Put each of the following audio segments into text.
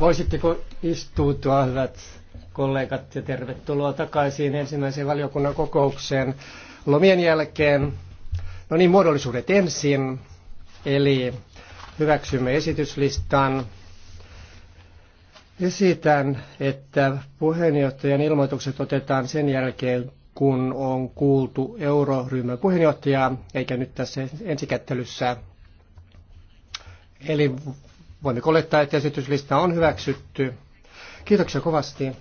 Voisitteko istua hyvät kollegat, ja tervetuloa takaisin ensimmäiseen valiokunnan kokoukseen lomien jälkeen. No niin, muodollisuudet ensin. Eli hyväksymme esityslistan. Esitän, että puheenjohtajan ilmoitukset otetaan sen jälkeen, kun on kuultu euroryhmän puheenjohtajaa, eikä nyt tässä ensikättelyssä Eli voimme olettaa, että esityslista on hyväksytty. Kiitoksia kovasti.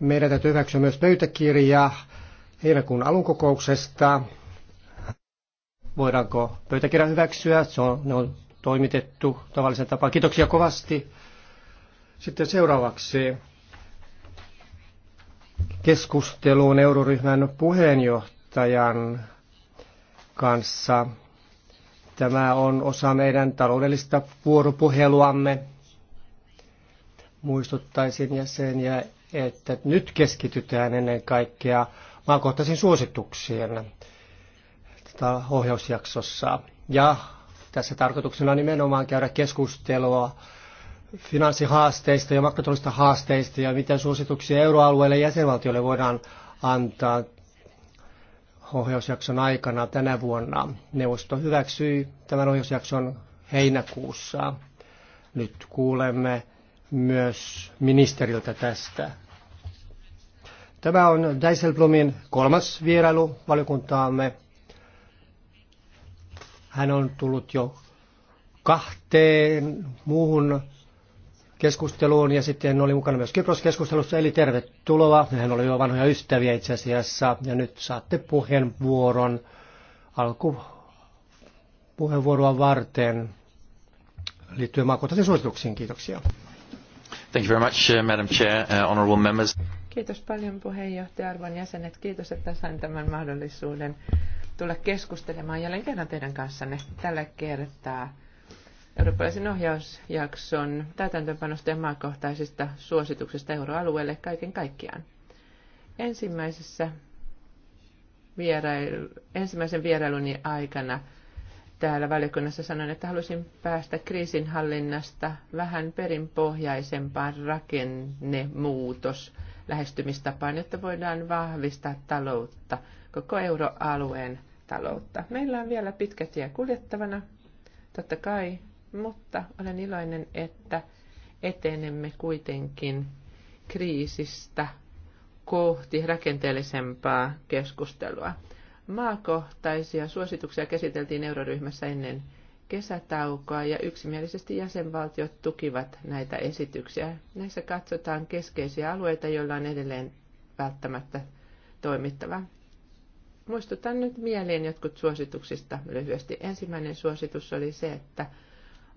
Meidän täytyy hyväksyä myös pöytäkirja heinäkuun alun kokouksesta. Voidaanko pöytäkirja hyväksyä? Se on, ne on toimitettu tavallisen tapaan. Kiitoksia kovasti. Sitten seuraavaksi keskusteluun euroryhmän puheenjohtajan kanssa. Tämä on osa meidän taloudellista vuoropuheluamme. Muistuttaisin jäseniä, että nyt keskitytään ennen kaikkea maakohtaisiin suosituksiin tätä ohjausjaksossa. Ja tässä tarkoituksena on nimenomaan käydä keskustelua finanssihaasteista ja makrotaloudellisista haasteista ja mitä suosituksia euroalueelle ja jäsenvaltiolle voidaan antaa ohjausjakson aikana tänä vuonna. Neuvosto hyväksyi tämän ohjausjakson heinäkuussa. Nyt kuulemme myös ministeriltä tästä. Tämä on Dijsselblomin kolmas vierailu valiokuntaamme. Hän on tullut jo kahteen muuhun keskusteluun ja sitten oli mukana myös Kypros-keskustelussa, eli tervetuloa. Hän oli jo vanhoja ystäviä itse asiassa ja nyt saatte puheenvuoron alkupuheenvuoroa varten liittyen maakohtaisiin suosituksiin. Kiitoksia. Thank you very much, uh, Madam Chair, uh, honorable members. Kiitos paljon puheenjohtaja arvon jäsenet. Kiitos, että sain tämän mahdollisuuden tulla keskustelemaan jälleen kerran teidän kanssanne tällä kertaa eurooppalaisen ohjausjakson täytäntöönpanosta ja maakohtaisista suosituksista euroalueelle kaiken kaikkiaan. Ensimmäisessä vierail, ensimmäisen vierailuni aikana täällä valiokunnassa sanoin, että halusin päästä kriisinhallinnasta vähän perinpohjaisempaan rakennemuutos lähestymistapaan, jotta voidaan vahvistaa taloutta, koko euroalueen taloutta. Meillä on vielä pitkä tie kuljettavana. Totta kai mutta olen iloinen, että etenemme kuitenkin kriisistä kohti rakenteellisempaa keskustelua. Maakohtaisia suosituksia käsiteltiin euroryhmässä ennen kesätaukoa ja yksimielisesti jäsenvaltiot tukivat näitä esityksiä. Näissä katsotaan keskeisiä alueita, joilla on edelleen välttämättä toimittava. Muistutan nyt mieleen jotkut suosituksista lyhyesti. Ensimmäinen suositus oli se, että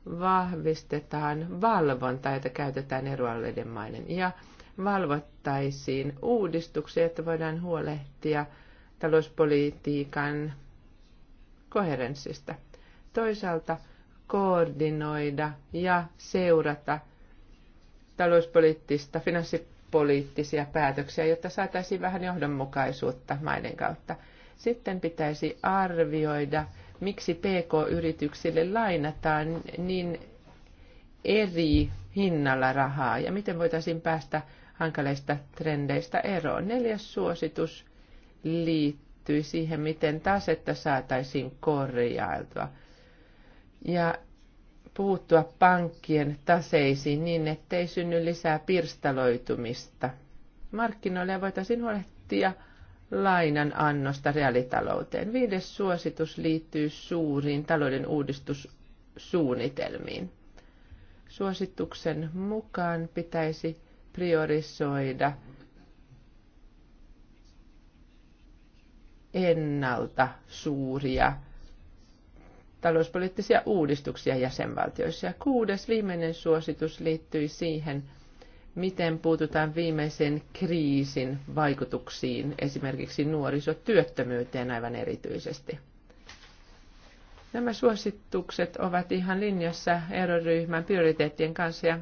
vahvistetaan valvonta jota käytetään eroalueiden maiden, ja valvottaisiin uudistuksia, että voidaan huolehtia talouspolitiikan koherenssista. Toisaalta koordinoida ja seurata talouspoliittista, finanssipoliittisia päätöksiä, jotta saataisiin vähän johdonmukaisuutta maiden kautta. Sitten pitäisi arvioida miksi PK-yrityksille lainataan niin eri hinnalla rahaa ja miten voitaisiin päästä hankaleista trendeistä eroon. Neljäs suositus liittyy siihen, miten tasetta saataisiin korjailtua ja puuttua pankkien taseisiin niin, ettei synny lisää pirstaloitumista. Markkinoille voitaisiin huolehtia lainan annosta reaalitalouteen. Viides suositus liittyy suuriin talouden uudistussuunnitelmiin. Suosituksen mukaan pitäisi priorisoida ennalta suuria talouspoliittisia uudistuksia jäsenvaltioissa. Ja kuudes viimeinen suositus liittyi siihen, miten puututaan viimeisen kriisin vaikutuksiin, esimerkiksi nuorisotyöttömyyteen aivan erityisesti. Nämä suositukset ovat ihan linjassa euroryhmän prioriteettien kanssa ja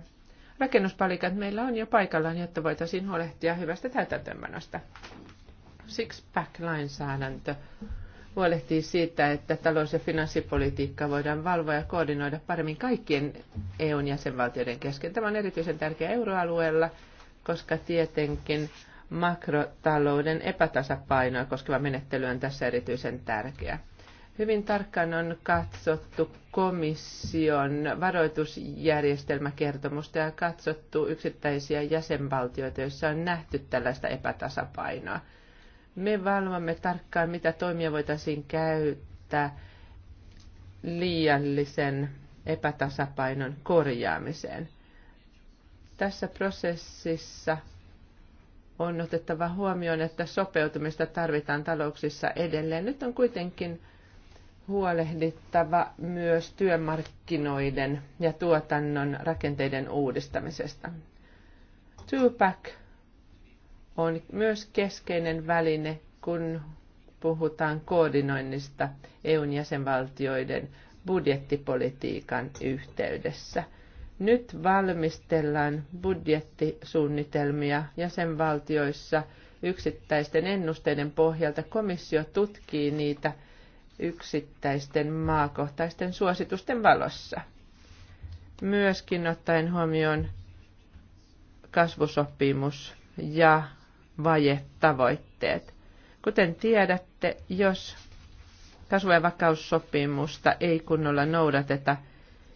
rakennuspalikat meillä on jo paikallaan, jotta voitaisiin huolehtia hyvästä täytäntöönpanosta. Six-pack-lainsäädäntö huolehtii siitä, että talous- ja finanssipolitiikkaa voidaan valvoa ja koordinoida paremmin kaikkien EUn jäsenvaltioiden kesken. Tämä on erityisen tärkeä euroalueella, koska tietenkin makrotalouden epätasapainoa koskeva menettely on tässä erityisen tärkeä. Hyvin tarkkaan on katsottu komission varoitusjärjestelmäkertomusta ja katsottu yksittäisiä jäsenvaltioita, joissa on nähty tällaista epätasapainoa. Me valvomme tarkkaan, mitä toimia voitaisiin käyttää liiallisen epätasapainon korjaamiseen. Tässä prosessissa on otettava huomioon, että sopeutumista tarvitaan talouksissa edelleen. Nyt on kuitenkin huolehdittava myös työmarkkinoiden ja tuotannon rakenteiden uudistamisesta. Tupac on myös keskeinen väline, kun puhutaan koordinoinnista EUn jäsenvaltioiden budjettipolitiikan yhteydessä. Nyt valmistellaan budjettisuunnitelmia jäsenvaltioissa yksittäisten ennusteiden pohjalta. Komissio tutkii niitä yksittäisten maakohtaisten suositusten valossa. Myöskin ottaen huomioon kasvusopimus ja vajetavoitteet. Kuten tiedätte, jos kasvu- ja vakaussopimusta ei kunnolla noudateta,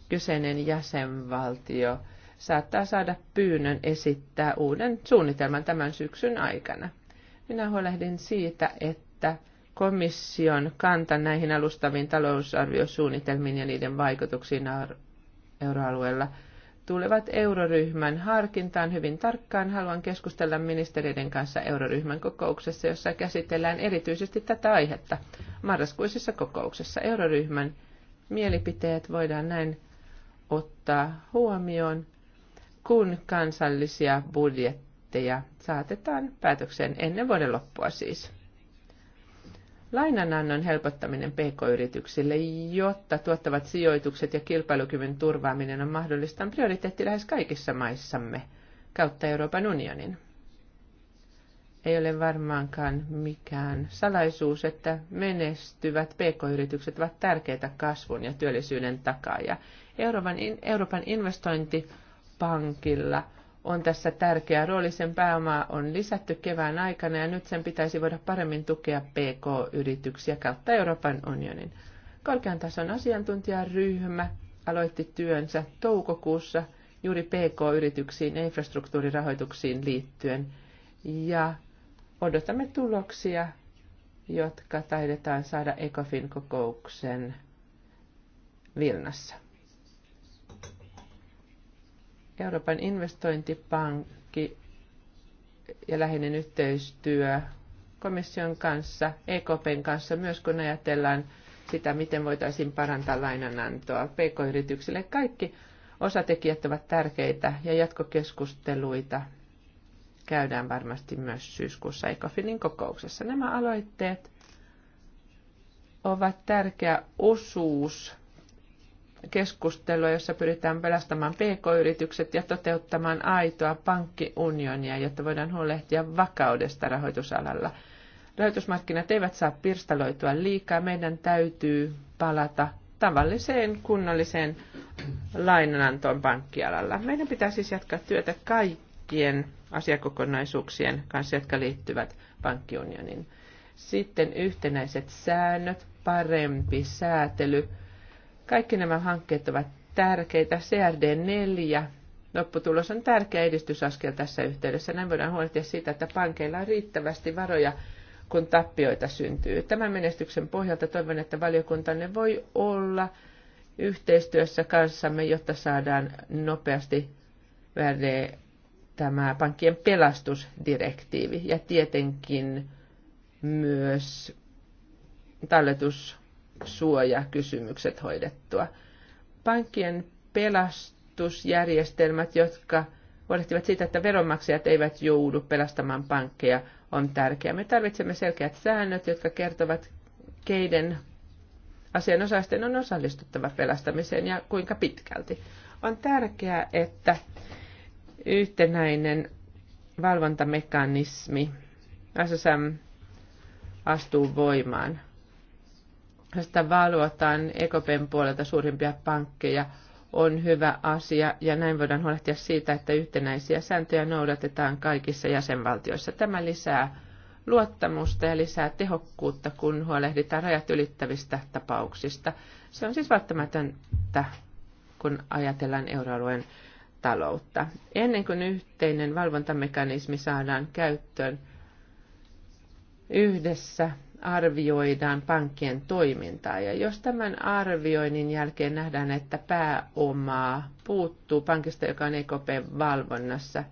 kyseinen jäsenvaltio saattaa saada pyynnön esittää uuden suunnitelman tämän syksyn aikana. Minä huolehdin siitä, että komission kanta näihin alustaviin talousarviosuunnitelmiin ja niiden vaikutuksiin euroalueella – tulevat euroryhmän harkintaan hyvin tarkkaan. Haluan keskustella ministeriöiden kanssa euroryhmän kokouksessa, jossa käsitellään erityisesti tätä aihetta. Marraskuisessa kokouksessa euroryhmän mielipiteet voidaan näin ottaa huomioon, kun kansallisia budjetteja saatetaan päätökseen ennen vuoden loppua siis. Lainanannon helpottaminen pk-yrityksille, jotta tuottavat sijoitukset ja kilpailukyvyn turvaaminen on mahdollista, on prioriteetti lähes kaikissa maissamme kautta Euroopan unionin. Ei ole varmaankaan mikään salaisuus, että menestyvät pk-yritykset ovat tärkeitä kasvun ja työllisyyden takaa. Ja Euroopan, Euroopan investointipankilla – on tässä tärkeä rooli. Sen pääomaa on lisätty kevään aikana ja nyt sen pitäisi voida paremmin tukea PK-yrityksiä kautta Euroopan unionin. Korkean tason asiantuntijaryhmä aloitti työnsä toukokuussa juuri PK-yrityksiin ja infrastruktuurirahoituksiin liittyen. Ja odotamme tuloksia, jotka taidetaan saada ECOFIN kokouksen Vilnassa. Euroopan investointipankki ja läheinen yhteistyö komission kanssa, EKPn kanssa, myös kun ajatellaan sitä, miten voitaisiin parantaa lainanantoa pk-yrityksille. Kaikki osatekijät ovat tärkeitä ja jatkokeskusteluita käydään varmasti myös syyskuussa ECOFINin kokouksessa. Nämä aloitteet ovat tärkeä osuus keskustelua, jossa pyritään pelastamaan pk-yritykset ja toteuttamaan aitoa pankkiunionia, jotta voidaan huolehtia vakaudesta rahoitusalalla. Rahoitusmarkkinat eivät saa pirstaloitua liikaa. Meidän täytyy palata tavalliseen kunnalliseen lainanantoon pankkialalla. Meidän pitää siis jatkaa työtä kaikkien asiakokonaisuuksien kanssa, jotka liittyvät pankkiunionin. Sitten yhtenäiset säännöt, parempi säätely – kaikki nämä hankkeet ovat tärkeitä. CRD4 lopputulos on tärkeä edistysaskel tässä yhteydessä. Näin voidaan huolehtia siitä, että pankeilla on riittävästi varoja, kun tappioita syntyy. Tämän menestyksen pohjalta toivon, että valiokuntanne voi olla yhteistyössä kanssamme, jotta saadaan nopeasti värde tämä pankkien pelastusdirektiivi ja tietenkin myös talletus suojakysymykset hoidettua. Pankkien pelastusjärjestelmät, jotka huolehtivat siitä, että veronmaksajat eivät joudu pelastamaan pankkeja, on tärkeää. Me tarvitsemme selkeät säännöt, jotka kertovat, keiden asianosaisten on osallistuttava pelastamiseen ja kuinka pitkälti. On tärkeää, että yhtenäinen valvontamekanismi SSM astuu voimaan sitä valvotaan EKPn puolelta suurimpia pankkeja, on hyvä asia ja näin voidaan huolehtia siitä, että yhtenäisiä sääntöjä noudatetaan kaikissa jäsenvaltioissa. Tämä lisää luottamusta ja lisää tehokkuutta, kun huolehditaan rajat ylittävistä tapauksista. Se on siis välttämätöntä, kun ajatellaan euroalueen taloutta. Ennen kuin yhteinen valvontamekanismi saadaan käyttöön, yhdessä arvioidaan pankkien toimintaa. Ja jos tämän arvioinnin jälkeen nähdään, että pääomaa puuttuu pankista, joka on EKP-valvonnassa,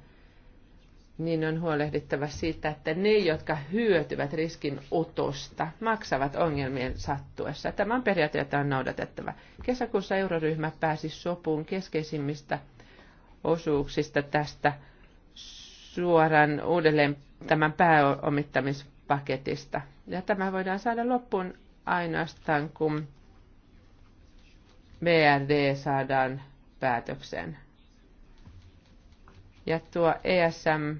niin on huolehdittava siitä, että ne, jotka hyötyvät riskin otosta, maksavat ongelmien sattuessa. Tämän periaate, on noudatettava. Kesäkuussa euroryhmä pääsi sopuun keskeisimmistä osuuksista tästä suoran uudelleen tämän pääomittamispaketista – ja tämä voidaan saada loppuun ainoastaan, kun BRD saadaan päätökseen. Ja tuo ESM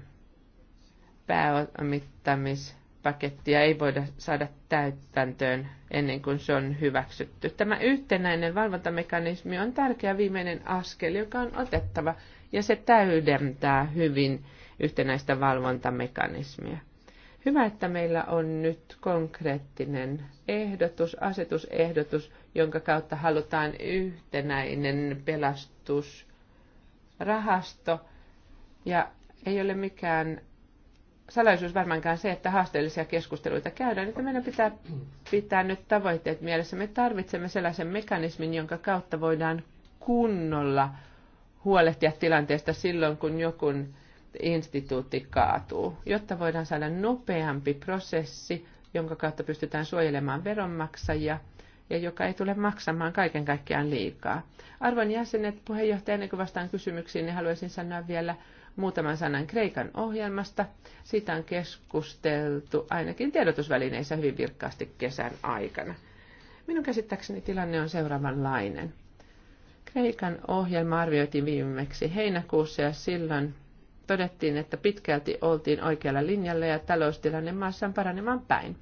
pääomittamispakettia ei voida saada täyttäntöön ennen kuin se on hyväksytty. Tämä yhtenäinen valvontamekanismi on tärkeä viimeinen askel, joka on otettava, ja se täydentää hyvin yhtenäistä valvontamekanismia. Hyvä, että meillä on nyt konkreettinen ehdotus, asetusehdotus, jonka kautta halutaan yhtenäinen pelastusrahasto. Ja ei ole mikään salaisuus varmaankaan se, että haasteellisia keskusteluita käydään, että meidän pitää pitää nyt tavoitteet mielessä. Me tarvitsemme sellaisen mekanismin, jonka kautta voidaan kunnolla huolehtia tilanteesta silloin, kun jokun instituutti kaatuu, jotta voidaan saada nopeampi prosessi, jonka kautta pystytään suojelemaan veronmaksajia ja joka ei tule maksamaan kaiken kaikkiaan liikaa. Arvon jäsenet, puheenjohtaja, ennen kuin vastaan kysymyksiin, niin haluaisin sanoa vielä muutaman sanan Kreikan ohjelmasta. Siitä on keskusteltu ainakin tiedotusvälineissä hyvin virkkaasti kesän aikana. Minun käsittääkseni tilanne on seuraavanlainen. Kreikan ohjelma arvioitiin viimeksi heinäkuussa ja silloin todettiin, että pitkälti oltiin oikealla linjalla ja taloustilanne maassa on paranemaan päin.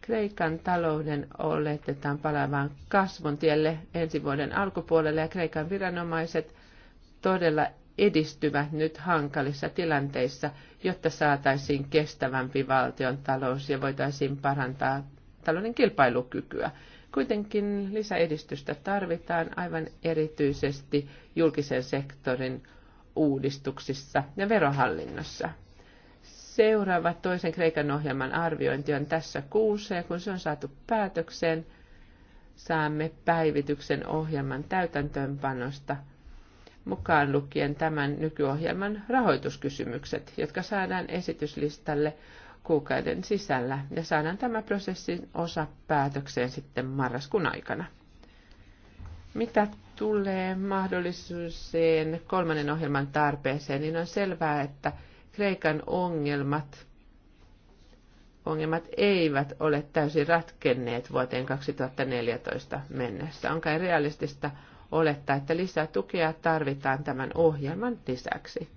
Kreikan talouden oletetaan palaavan kasvun tielle ensi vuoden alkupuolelle ja Kreikan viranomaiset todella edistyvät nyt hankalissa tilanteissa, jotta saataisiin kestävämpi valtion talous ja voitaisiin parantaa talouden kilpailukykyä. Kuitenkin lisäedistystä tarvitaan aivan erityisesti julkisen sektorin uudistuksissa ja verohallinnossa. Seuraava toisen Kreikan ohjelman arviointi on tässä kuussa ja kun se on saatu päätökseen, saamme päivityksen ohjelman täytäntöönpanosta mukaan lukien tämän nykyohjelman rahoituskysymykset, jotka saadaan esityslistalle kuukauden sisällä ja saadaan tämä prosessin osa päätökseen sitten marraskuun aikana. Mitä tulee mahdollisuuteen kolmannen ohjelman tarpeeseen, niin on selvää, että Kreikan ongelmat, ongelmat eivät ole täysin ratkenneet vuoteen 2014 mennessä. On kai realistista olettaa, että lisää tukea tarvitaan tämän ohjelman lisäksi.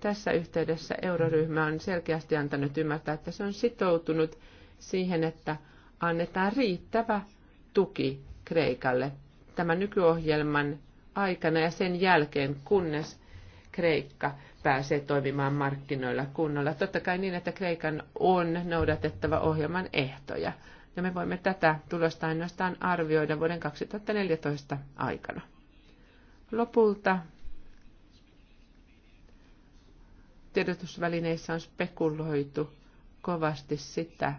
Tässä yhteydessä euroryhmä on selkeästi antanut ymmärtää, että se on sitoutunut siihen, että annetaan riittävä tuki Kreikalle tämän nykyohjelman aikana ja sen jälkeen, kunnes Kreikka pääsee toimimaan markkinoilla kunnolla. Totta kai niin, että Kreikan on noudatettava ohjelman ehtoja. Ja me voimme tätä tulosta ainoastaan arvioida vuoden 2014 aikana. Lopulta tiedotusvälineissä on spekuloitu kovasti sitä,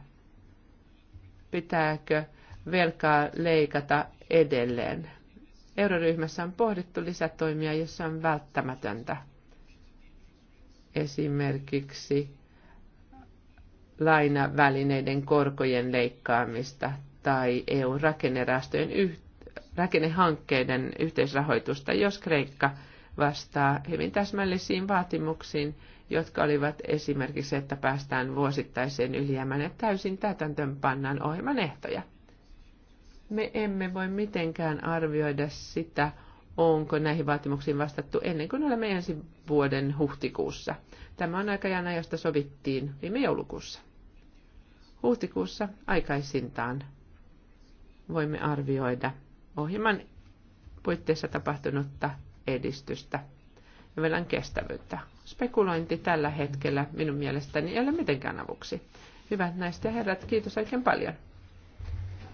pitääkö velkaa leikata edelleen. Euroryhmässä on pohdittu lisätoimia, joissa on välttämätöntä. Esimerkiksi lainavälineiden korkojen leikkaamista tai EU-rakennerastojen yh- rakennehankkeiden yhteisrahoitusta, jos Kreikka vastaa hyvin täsmällisiin vaatimuksiin, jotka olivat esimerkiksi, että päästään vuosittaiseen ylijäämään ja täysin täytäntöönpannaan ohjelman ehtoja. Me emme voi mitenkään arvioida sitä, onko näihin vaatimuksiin vastattu ennen kuin olemme ensi vuoden huhtikuussa. Tämä on aikajana, josta sovittiin viime joulukuussa. Huhtikuussa aikaisintaan voimme arvioida ohjelman puitteissa tapahtunutta edistystä ja velan kestävyyttä. Spekulointi tällä hetkellä minun mielestäni ei ole mitenkään avuksi. Hyvät naiset ja herrat, kiitos oikein paljon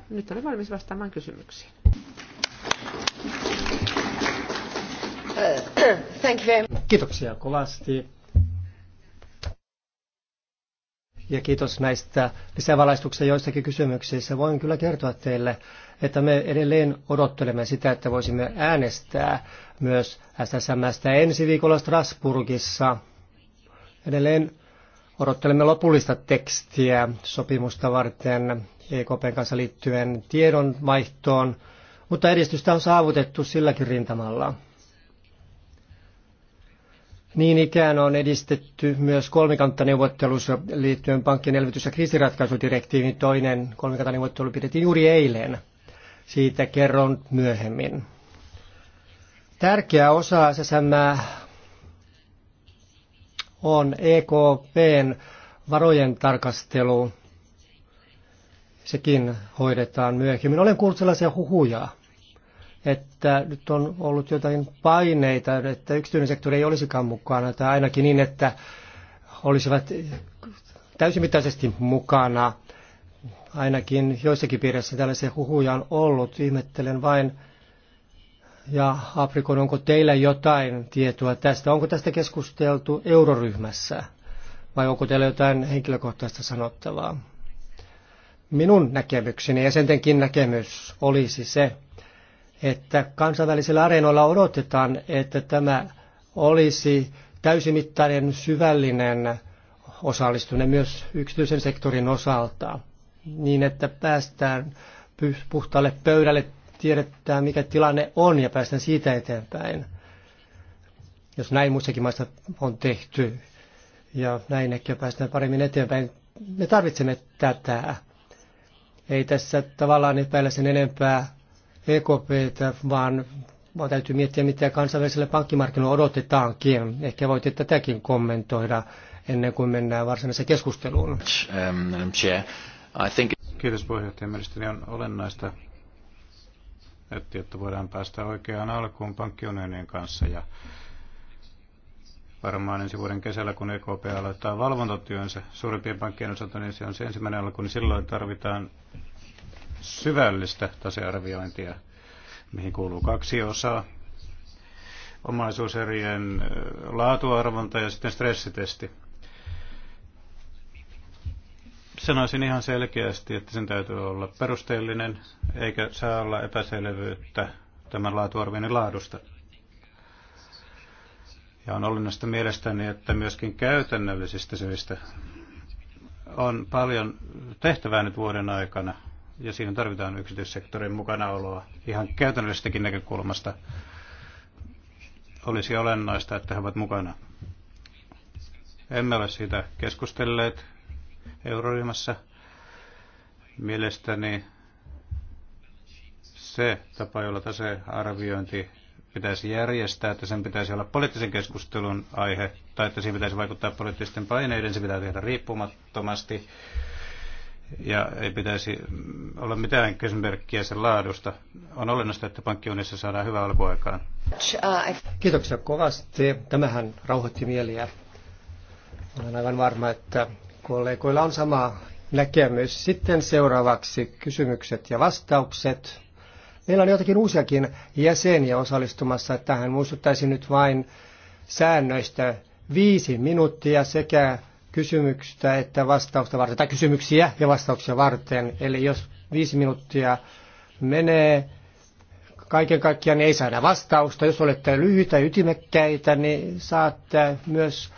nyt olen valmis vastaamaan kysymyksiin. Thank you Kiitoksia kovasti. Ja kiitos näistä lisävalaistuksista joistakin kysymyksissä. Voin kyllä kertoa teille, että me edelleen odottelemme sitä, että voisimme äänestää myös SSMstä ensi viikolla Strasburgissa. Edelleen odottelemme lopullista tekstiä sopimusta varten EKPn kanssa liittyen tiedonvaihtoon, mutta edistystä on saavutettu silläkin rintamalla. Niin ikään on edistetty myös kolmikanttaneuvottelussa liittyen pankkien elvytys- ja kriisiratkaisudirektiivin toinen kolmikantaneuvottelu pidettiin juuri eilen. Siitä kerron myöhemmin. Tärkeä osa SSM on EKPn varojen tarkastelu sekin hoidetaan myöhemmin. Olen kuullut sellaisia huhuja, että nyt on ollut jotain paineita, että yksityinen sektori ei olisikaan mukana, tai ainakin niin, että olisivat täysimittaisesti mukana. Ainakin joissakin piirissä tällaisia huhuja on ollut. Ihmettelen vain, ja Afrikon, onko teillä jotain tietoa tästä? Onko tästä keskusteltu euroryhmässä? Vai onko teillä jotain henkilökohtaista sanottavaa? Minun näkemykseni ja sentenkin näkemys olisi se, että kansainvälisillä areenoilla odotetaan, että tämä olisi täysimittainen syvällinen osallistuminen myös yksityisen sektorin osalta, niin että päästään puhtaalle pöydälle, tiedetään mikä tilanne on ja päästään siitä eteenpäin. Jos näin muissakin maissa on tehty ja näin ehkä päästään paremmin eteenpäin, me tarvitsemme tätä. Ei tässä tavallaan epäillä sen enempää EKPtä, vaan vaan täytyy miettiä, mitä kansainväliselle pankkimarkkinoille odotetaankin. Ehkä voitte tätäkin kommentoida ennen kuin mennään varsinaiseen keskusteluun. Um, Kiitos puheenjohtaja. Mielestäni on olennaista, että voidaan päästä oikeaan alkuun pankkiunionin kanssa ja varmaan ensi vuoden kesällä, kun EKP aloittaa valvontatyönsä suurimpien pankkien osalta, niin se on se ensimmäinen alku, niin silloin tarvitaan syvällistä tasearviointia, mihin kuuluu kaksi osaa. Omaisuuserien laatuarvonta ja sitten stressitesti. Sanoisin ihan selkeästi, että sen täytyy olla perusteellinen, eikä saa olla epäselvyyttä tämän laatuarvioinnin laadusta. Ja on olennaista mielestäni, että myöskin käytännöllisistä syistä on paljon tehtävää nyt vuoden aikana, ja siihen tarvitaan yksityissektorin mukanaoloa ihan käytännöllisestäkin näkökulmasta. Olisi olennaista, että he ovat mukana. Emme ole siitä keskustelleet euroryhmässä. Mielestäni se tapa, jolla tasearviointi pitäisi järjestää, että sen pitäisi olla poliittisen keskustelun aihe, tai että siihen pitäisi vaikuttaa poliittisten paineiden, se pitää tehdä riippumattomasti, ja ei pitäisi olla mitään kysymyksiä sen laadusta. On olennaista, että pankkiunissa saadaan hyvä alkuaikaan. Kiitoksia kovasti. Tämähän rauhoitti mieliä. Olen aivan varma, että kollegoilla on sama näkemys. Sitten seuraavaksi kysymykset ja vastaukset. Meillä on jotakin uusiakin jäseniä osallistumassa tähän. Muistuttaisin nyt vain säännöistä viisi minuuttia sekä kysymyksiä että vastausta varten, tai kysymyksiä ja vastauksia varten. Eli jos viisi minuuttia menee, kaiken kaikkiaan niin ei saada vastausta. Jos olette lyhyitä ja ytimekkäitä, niin saatte myös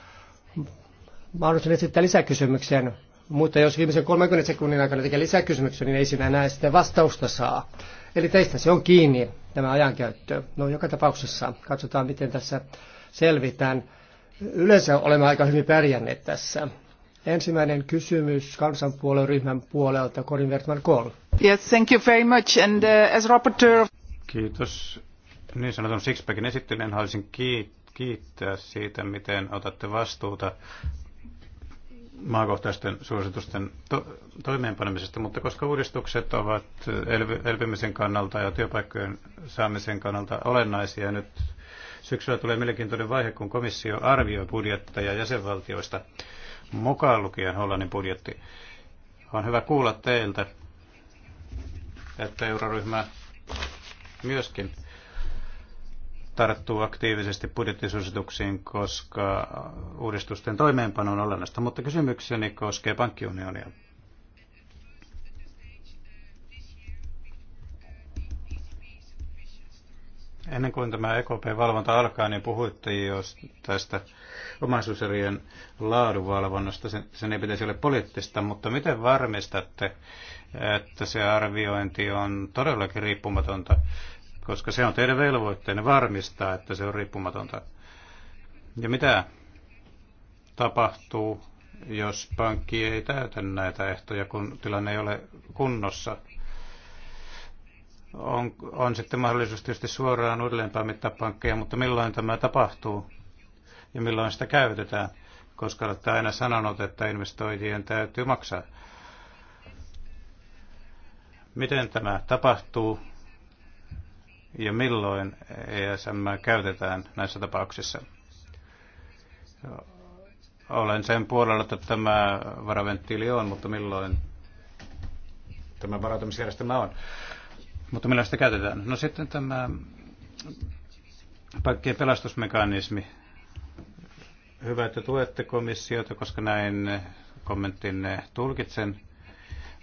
mahdollisuuden esittää lisäkysymyksiä. Mutta jos viimeisen 30 sekunnin aikana tekee lisäkysymyksiä, niin ei siinä enää sitten vastausta saa. Eli teistä se on kiinni tämä ajankäyttö. No joka tapauksessa katsotaan, miten tässä selvitään. Yleensä olemme aika hyvin pärjänneet tässä. Ensimmäinen kysymys ryhmän puolelta, Corin Wertman Kohl. Yes, thank you very much. And uh, as rapporteur... Kiitos. Niin sanotun Sixpackin esittelijän haluaisin kiittää siitä, miten otatte vastuuta maakohtaisten suositusten to- toimeenpanemisesta, mutta koska uudistukset ovat elv- elpymisen kannalta ja työpaikkojen saamisen kannalta olennaisia, nyt syksyllä tulee mielenkiintoinen vaihe, kun komissio arvioi budjetteja jäsenvaltioista, mukaan lukien Hollannin budjetti. On hyvä kuulla teiltä, että euroryhmä myöskin tarttuu aktiivisesti budjettisuosituksiin, koska uudistusten toimeenpano on olennaista. Mutta kysymykseni koskee pankkiunionia. Ennen kuin tämä EKP-valvonta alkaa, niin puhuitte jo tästä omaisuuserien laadunvalvonnasta. Sen, sen ei pitäisi olla poliittista, mutta miten varmistatte, että se arviointi on todellakin riippumatonta koska se on teidän velvoitteenne varmistaa, että se on riippumatonta. Ja mitä tapahtuu, jos pankki ei täytä näitä ehtoja, kun tilanne ei ole kunnossa? On, on sitten mahdollisuus tietysti suoraan uudelleenpäämittää pankkeja, mutta milloin tämä tapahtuu ja milloin sitä käytetään? Koska olette aina sanonut, että investoijien täytyy maksaa. Miten tämä tapahtuu ja milloin ESM käytetään näissä tapauksissa. Olen sen puolella, että tämä varaventtiili on, mutta milloin tämä varautumisjärjestelmä on. Mutta milloin sitä käytetään? No sitten tämä pankkien pelastusmekanismi. Hyvä, että tuette komissiota, koska näin kommentin tulkitsen.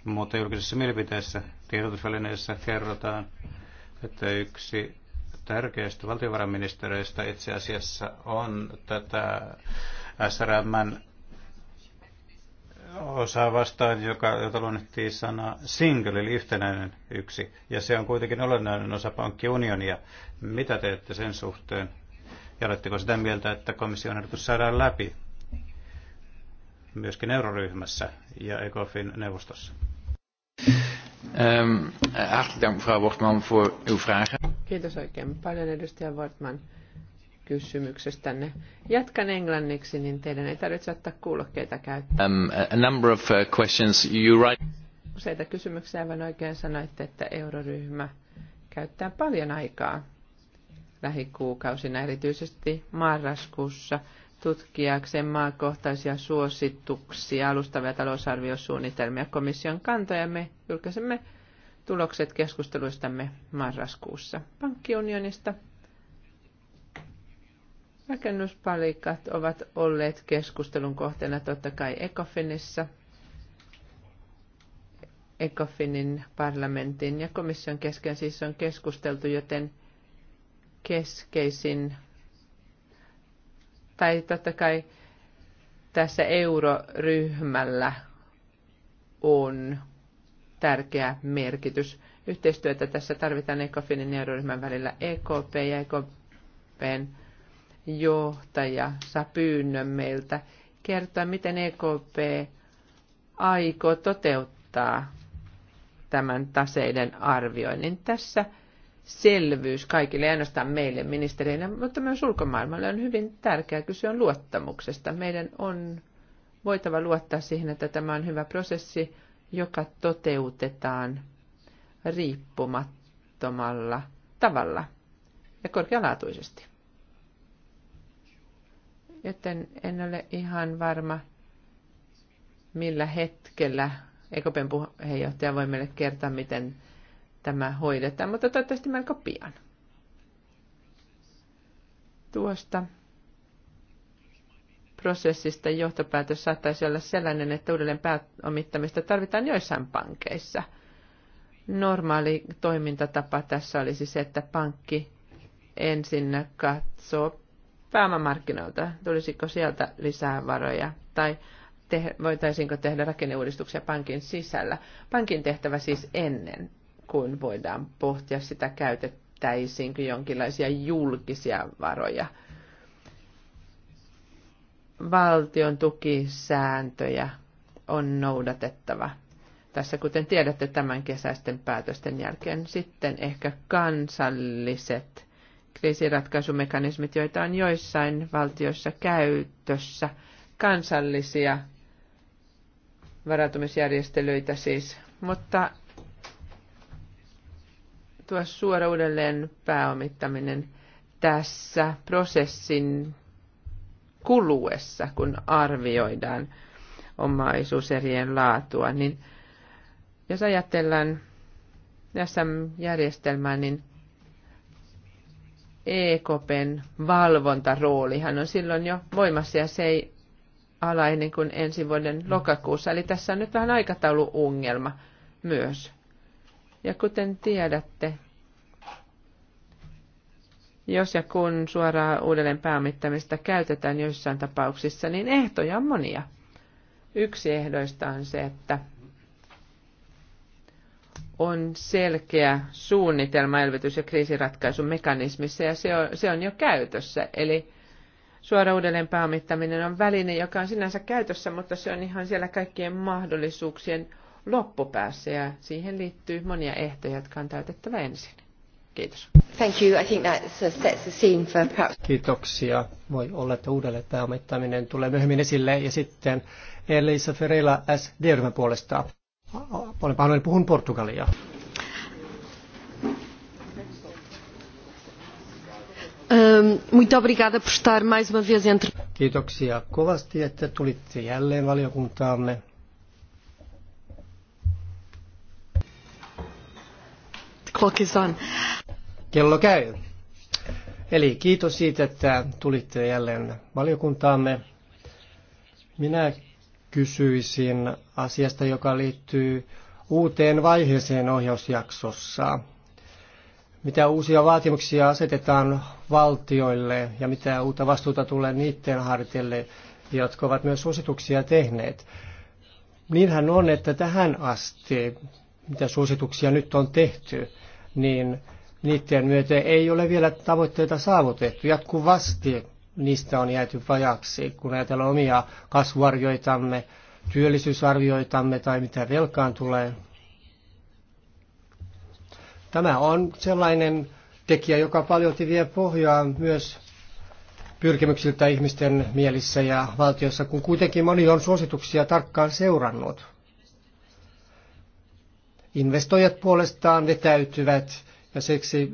Mutta julkisessa mielipiteessä tiedotusvälineissä kerrotaan, että yksi tärkeistä valtiovarainministeriöistä itse asiassa on tätä SRMn osaa vastaan, joka, jota luonnettiin sana single, eli yhtenäinen yksi. Ja se on kuitenkin olennainen osa pankkiunionia. Mitä teette sen suhteen? Ja oletteko sitä mieltä, että komission ehdotus saadaan läpi myöskin euroryhmässä ja ECOFIN neuvostossa? Ähm, hartelijk dank mevrouw Wortman voor uw vragen. Kiitos oikein paljon edustaja Wortman kysymyksestänne. Jatkan englanniksi, niin teidän ei tarvitse ottaa kuulokkeita käyttöön. Um, a number of uh, questions you write. Useita kysymyksiä aivan oikein sanoitte, että euroryhmä käyttää paljon aikaa lähikuukausina, erityisesti marraskuussa – tutkiakseen maakohtaisia suosituksia, alustavia talousarviosuunnitelmia komission kantoja. Me julkaisemme tulokset keskusteluistamme marraskuussa pankkiunionista. Rakennuspalikat ovat olleet keskustelun kohteena totta kai ECOFINissa, ECOFINin parlamentin ja komission kesken siis on keskusteltu, joten keskeisin tai totta kai tässä euroryhmällä on tärkeä merkitys. Yhteistyötä tässä tarvitaan ECOFINin ja euroryhmän välillä EKP ja EKPn johtaja saa pyynnön meiltä kertoa, miten EKP aikoo toteuttaa tämän taseiden arvioinnin. Tässä selvyys kaikille, ei ainoastaan meille ministerinä, mutta myös ulkomaailmalle on hyvin tärkeää kysyä on luottamuksesta. Meidän on voitava luottaa siihen, että tämä on hyvä prosessi, joka toteutetaan riippumattomalla tavalla ja korkealaatuisesti. Joten en ole ihan varma, millä hetkellä EKPn puheenjohtaja voi meille kertoa, miten tämä hoidetaan, mutta toivottavasti melko pian. Tuosta prosessista johtopäätös saattaisi olla sellainen, että uudelleen pääomittamista tarvitaan joissain pankeissa. Normaali toimintatapa tässä olisi se, että pankki ensin katsoo pääomamarkkinoilta, tulisiko sieltä lisää varoja, tai te, voitaisiinko tehdä rakenneuudistuksia pankin sisällä. Pankin tehtävä siis ennen kun voidaan pohtia sitä käytettäisiinkö jonkinlaisia julkisia varoja. Valtion tukisääntöjä on noudatettava. Tässä kuten tiedätte tämän kesäisten päätösten jälkeen sitten ehkä kansalliset kriisiratkaisumekanismit, joita on joissain valtioissa käytössä, kansallisia varautumisjärjestelyitä siis, mutta tuo suora uudelleen pääomittaminen tässä prosessin kuluessa, kun arvioidaan omaisuuserien laatua, niin jos ajatellaan tässä järjestelmää, niin EKPn valvontaroolihan on silloin jo voimassa ja se ei ala ennen kuin ensi vuoden lokakuussa. Eli tässä on nyt vähän aikatauluongelma myös. Ja kuten tiedätte, jos ja kun suoraa uudelleen pääomittamista käytetään joissain tapauksissa, niin ehtoja on monia. Yksi ehdoista on se, että on selkeä suunnitelma elvytys- ja mekanismissa ja se on, se on jo käytössä. Eli suora uudelleen pääomittaminen on väline, joka on sinänsä käytössä, mutta se on ihan siellä kaikkien mahdollisuuksien loppupäässä ja siihen liittyy monia ehtoja, jotka on täytettävä ensin. Kiitos. Thank you. I think that sets the scene for perhaps... Kiitoksia. Voi olla, että uudelleen pääomittaminen tulee myöhemmin esille. Ja sitten Elisa Ferreira S. Dierman puolesta. Olen pahoin, puhun Portugalia. Ehm, Kiitoksia kovasti, että tulitte jälleen valiokuntaamme. Clock is on. Kello käy. Eli kiitos siitä, että tulitte jälleen valiokuntaamme. Minä kysyisin asiasta, joka liittyy uuteen vaiheeseen ohjausjaksossa. Mitä uusia vaatimuksia asetetaan valtioille ja mitä uutta vastuuta tulee niiden harteille, jotka ovat myös suosituksia tehneet. Niinhän on, että tähän asti, mitä suosituksia nyt on tehty, niin niiden myötä ei ole vielä tavoitteita saavutettu. Jatkuvasti niistä on jääty vajaksi, kun ajatellaan omia kasvuarvioitamme, työllisyysarvioitamme tai mitä velkaan tulee. Tämä on sellainen tekijä, joka paljon vie pohjaa myös pyrkimyksiltä ihmisten mielissä ja valtiossa, kun kuitenkin moni on suosituksia tarkkaan seurannut. Investoijat puolestaan vetäytyvät ja siksi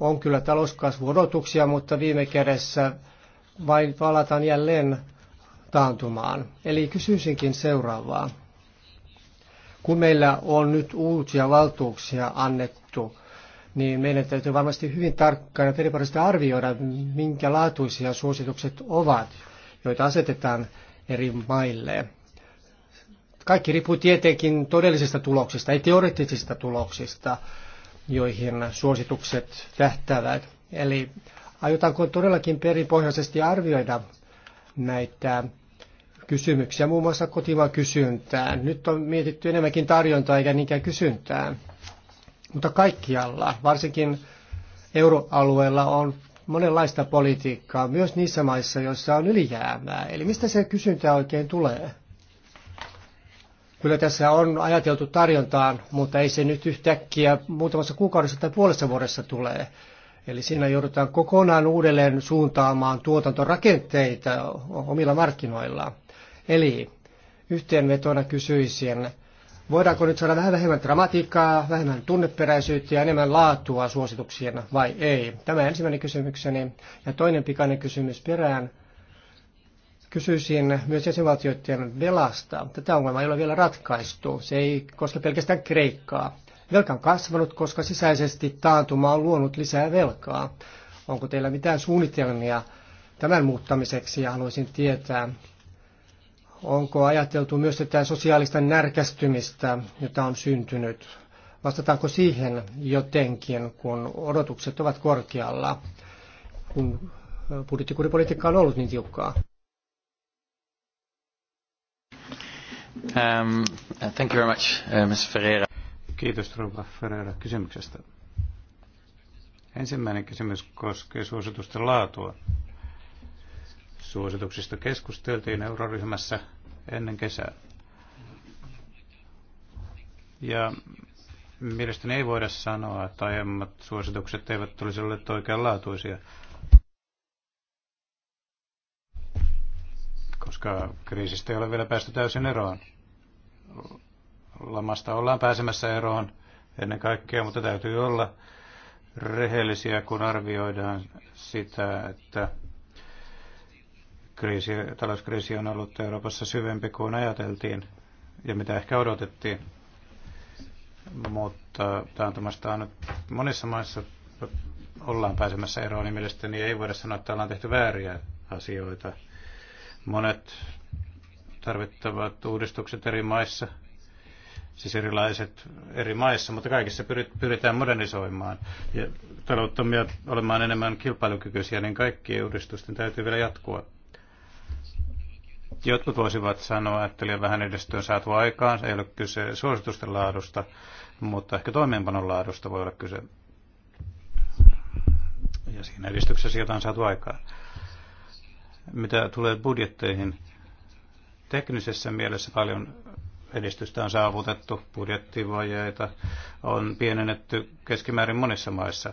on kyllä talouskasvuodotuksia, mutta viime kädessä vain palataan jälleen taantumaan. Eli kysyisinkin seuraavaa. Kun meillä on nyt uusia valtuuksia annettu, niin meidän täytyy varmasti hyvin tarkkaan ja periparisesti arvioida, minkä laatuisia suositukset ovat, joita asetetaan eri maille. Kaikki riippuu tietenkin todellisista tuloksista, ei teoreettisista tuloksista, joihin suositukset tähtävät. Eli aiotaanko todellakin perinpohjaisesti arvioida näitä kysymyksiä, muun muassa kotimaan kysyntään. Nyt on mietitty enemmänkin tarjontaa eikä niinkään kysyntää. Mutta kaikkialla, varsinkin euroalueella, on monenlaista politiikkaa, myös niissä maissa, joissa on ylijäämää. Eli mistä se kysyntä oikein tulee? Kyllä tässä on ajateltu tarjontaan, mutta ei se nyt yhtäkkiä muutamassa kuukaudessa tai puolessa vuodessa tulee. Eli siinä joudutaan kokonaan uudelleen suuntaamaan tuotantorakenteita omilla markkinoillaan. Eli yhteenvetona kysyisin, voidaanko nyt saada vähän vähemmän dramatiikkaa, vähemmän tunneperäisyyttä ja enemmän laatua suosituksien vai ei? Tämä ensimmäinen kysymykseni. Ja toinen pikainen kysymys perään. Kysyisin myös jäsenvaltioiden velasta. Tätä ongelmaa ei ole vielä ratkaistu. Se ei koske pelkästään Kreikkaa. Velka on kasvanut, koska sisäisesti taantuma on luonut lisää velkaa. Onko teillä mitään suunnitelmia tämän muuttamiseksi ja haluaisin tietää, onko ajateltu myös tätä sosiaalista närkästymistä, jota on syntynyt? Vastataanko siihen jotenkin, kun odotukset ovat korkealla, kun budjettikuripolitiikka on ollut niin tiukkaa? Um, thank you very much, uh, Ms. Ferreira. Kiitos rouva Ferreira kysymyksestä. Ensimmäinen kysymys koskee suositusten laatua. Suosituksista keskusteltiin euroryhmässä ennen kesää. Ja mielestäni ei voida sanoa, että aiemmat suositukset eivät olisi olleet oikeanlaatuisia. laatuisia koska kriisistä ei ole vielä päästy täysin eroon. Lamasta ollaan pääsemässä eroon ennen kaikkea, mutta täytyy olla rehellisiä, kun arvioidaan sitä, että kriisi, talouskriisi on ollut Euroopassa syvempi kuin ajateltiin ja mitä ehkä odotettiin. Mutta taantumasta on nyt monissa maissa ollaan pääsemässä eroon, niin mielestäni ei voida sanoa, että ollaan tehty vääriä asioita Monet tarvittavat uudistukset eri maissa, siis erilaiset eri maissa, mutta kaikissa pyritään modernisoimaan ja talouttamia olemaan enemmän kilpailukykyisiä, niin kaikkien uudistusten täytyy vielä jatkua. Jotkut voisivat sanoa, että liian vähän edistyä on saatu aikaan, se ei ole kyse suositusten laadusta, mutta ehkä toimeenpanon laadusta voi olla kyse. Ja siinä edistyksessä jotain on saatu aikaan. Mitä tulee budjetteihin, teknisessä mielessä paljon edistystä on saavutettu, budjettivajeita on pienennetty keskimäärin monissa maissa.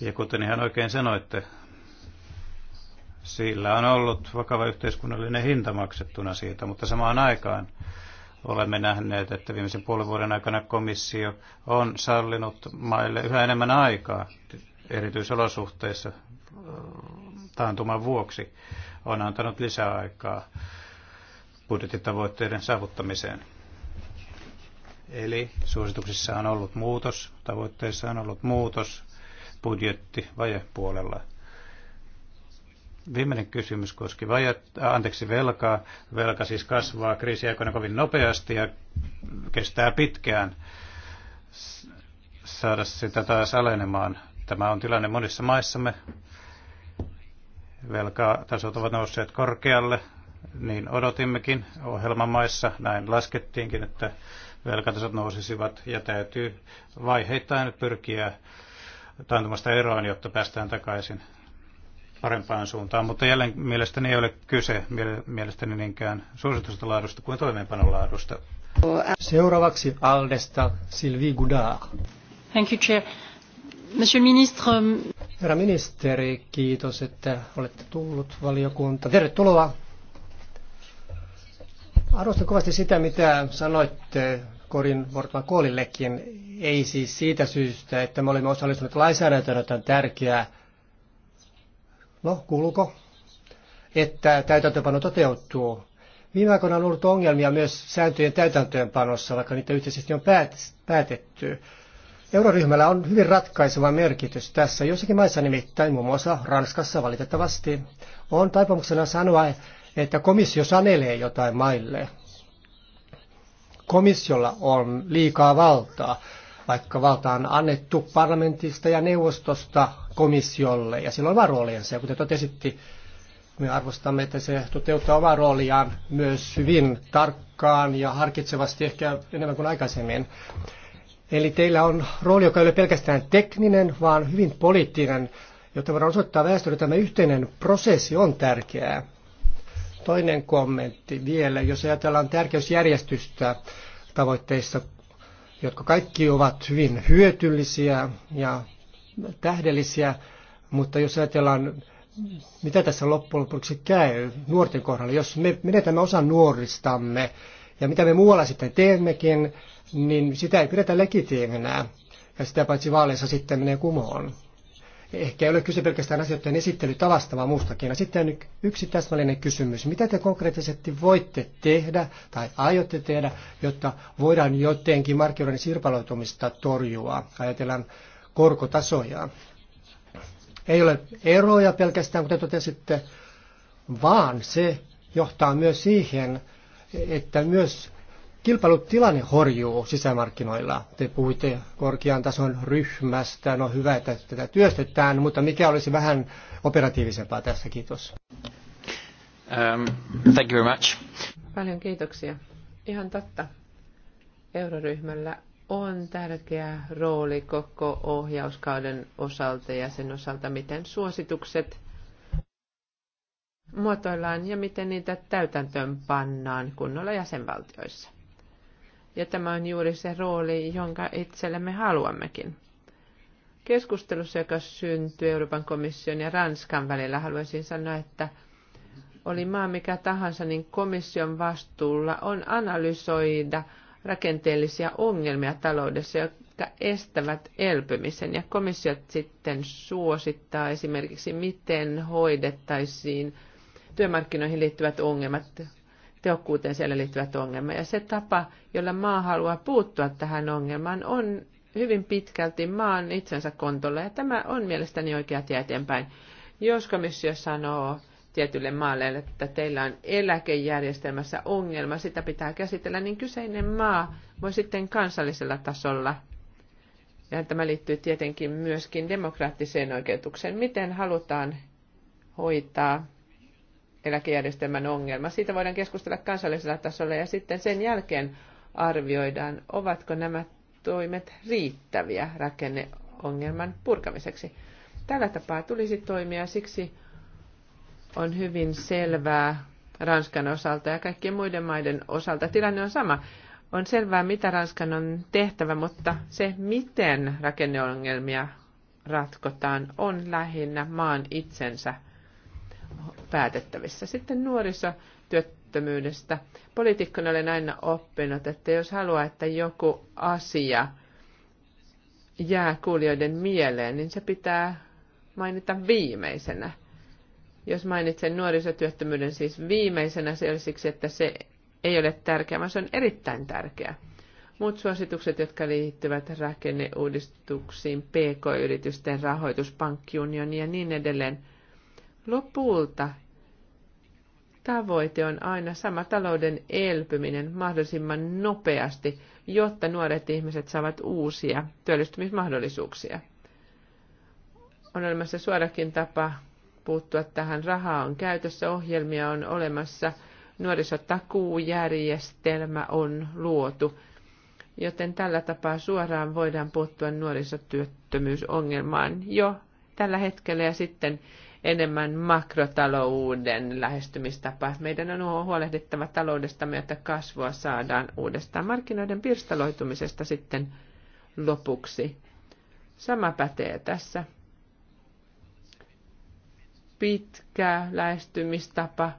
Ja kuten ihan oikein sanoitte, sillä on ollut vakava yhteiskunnallinen hinta maksettuna siitä, mutta samaan aikaan olemme nähneet, että viimeisen puolen vuoden aikana komissio on sallinut maille yhä enemmän aikaa erityisolosuhteissa taantuman vuoksi on antanut lisää aikaa budjettitavoitteiden saavuttamiseen. Eli suosituksissa on ollut muutos, tavoitteissa on ollut muutos budjetti puolella. Viimeinen kysymys koski vajat, äh, anteeksi, velkaa. Velka siis kasvaa kriisiaikoina kovin nopeasti ja kestää pitkään saada sitä taas alenemaan. Tämä on tilanne monissa maissamme. Velkatasot ovat nousseet korkealle, niin odotimmekin ohjelmamaissa. Näin laskettiinkin, että velkatasot nousisivat ja täytyy vaiheittain pyrkiä taantumasta eroon, jotta päästään takaisin parempaan suuntaan. Mutta jälleen mielestäni ei ole kyse mielestäni niinkään suositusta laadusta kuin toimeenpanon laadusta. Seuraavaksi Aldesta Sylvie Goudard. Thank you, Chair. Euh, Herra ministeri, kiitos, että olette tullut valiokunta. Tervetuloa. Arvostan kovasti sitä, mitä sanoitte Korin Wortman Koolillekin. Ei siis siitä syystä, että me olimme osallistuneet lainsäädäntöön, että on tärkeää. No, kuuluuko? Että täytäntöpano toteutuu. Viime aikoina on ollut ongelmia myös sääntöjen täytäntöönpanossa, vaikka niitä yhteisesti on päätetty. Euroryhmällä on hyvin ratkaiseva merkitys tässä. Jossakin maissa nimittäin, muun muassa Ranskassa valitettavasti, on taipumuksena sanoa, että komissio sanelee jotain maille. Komissiolla on liikaa valtaa, vaikka valta on annettu parlamentista ja neuvostosta komissiolle, ja silloin oma roolinsa. Ja kuten totesitti, me arvostamme, että se toteuttaa omaa rooliaan myös hyvin tarkkaan ja harkitsevasti ehkä enemmän kuin aikaisemmin. Eli teillä on rooli, joka ei ole pelkästään tekninen, vaan hyvin poliittinen, jotta voidaan osoittaa väestölle, että tämä yhteinen prosessi on tärkeää. Toinen kommentti vielä, jos ajatellaan tärkeysjärjestystä tavoitteissa, jotka kaikki ovat hyvin hyötyllisiä ja tähdellisiä, mutta jos ajatellaan, mitä tässä loppujen lopuksi käy nuorten kohdalla, jos me menetämme osan nuoristamme, ja mitä me muualla sitten teemmekin, niin sitä ei pidetä legitiiminä. Ja sitä paitsi vaaleissa sitten menee kumoon. Ehkä ei ole kyse pelkästään asioiden esittelytavasta, vaan muustakin. Ja sitten yksi täsmällinen kysymys. Mitä te konkreettisesti voitte tehdä tai aiotte tehdä, jotta voidaan jotenkin markkinoiden sirpaloitumista torjua? Ajatellaan korkotasoja. Ei ole eroja pelkästään, kuten totesitte, vaan se johtaa myös siihen, että myös kilpailutilanne horjuu sisämarkkinoilla. Te puhuitte korkean tason ryhmästä, no hyvä, että tätä työstetään, mutta mikä olisi vähän operatiivisempaa tässä, kiitos. Um, thank you very much. Paljon kiitoksia. Ihan totta. Euroryhmällä on tärkeä rooli koko ohjauskauden osalta ja sen osalta, miten suositukset muotoillaan ja miten niitä täytäntöön pannaan kunnolla jäsenvaltioissa. Ja tämä on juuri se rooli, jonka itsellemme haluammekin. Keskustelussa, joka syntyi Euroopan komission ja Ranskan välillä, haluaisin sanoa, että oli maa mikä tahansa, niin komission vastuulla on analysoida rakenteellisia ongelmia taloudessa, jotka estävät elpymisen. Ja komissiot sitten suosittaa esimerkiksi, miten hoidettaisiin työmarkkinoihin liittyvät ongelmat, tehokkuuteen siellä liittyvät ongelmat. Ja se tapa, jolla maa haluaa puuttua tähän ongelmaan, on hyvin pitkälti maan itsensä kontolla. Ja tämä on mielestäni oikea tie eteenpäin. Jos komissio sanoo tietylle maalle, että teillä on eläkejärjestelmässä ongelma, sitä pitää käsitellä, niin kyseinen maa voi sitten kansallisella tasolla ja tämä liittyy tietenkin myöskin demokraattiseen oikeutukseen, miten halutaan hoitaa eläkejärjestelmän ongelma. Siitä voidaan keskustella kansallisella tasolla ja sitten sen jälkeen arvioidaan, ovatko nämä toimet riittäviä rakenneongelman purkamiseksi. Tällä tapaa tulisi toimia, siksi on hyvin selvää Ranskan osalta ja kaikkien muiden maiden osalta. Tilanne on sama. On selvää, mitä Ranskan on tehtävä, mutta se, miten rakenneongelmia ratkotaan, on lähinnä maan itsensä päätettävissä. Sitten nuorisotyöttömyydestä. Poliitikkona olen aina oppinut, että jos haluaa, että joku asia jää kuulijoiden mieleen, niin se pitää mainita viimeisenä. Jos mainitsen nuorisotyöttömyyden siis viimeisenä, se ei siksi, että se ei ole tärkeä, vaan se on erittäin tärkeä. Muut suositukset, jotka liittyvät rakenneuudistuksiin, pk-yritysten rahoitus, pankkiunioni ja niin edelleen – Lopulta tavoite on aina sama talouden elpyminen mahdollisimman nopeasti, jotta nuoret ihmiset saavat uusia työllistymismahdollisuuksia. On olemassa suorakin tapa puuttua tähän. Rahaa on käytössä, ohjelmia on olemassa, nuorisotakuujärjestelmä on luotu, joten tällä tapaa suoraan voidaan puuttua nuorisotyöttömyysongelmaan jo tällä hetkellä ja sitten enemmän makrotalouden lähestymistapa. Meidän on huolehdittava taloudesta, että kasvua saadaan uudestaan. Markkinoiden pirstaloitumisesta sitten lopuksi. Sama pätee tässä. Pitkä lähestymistapa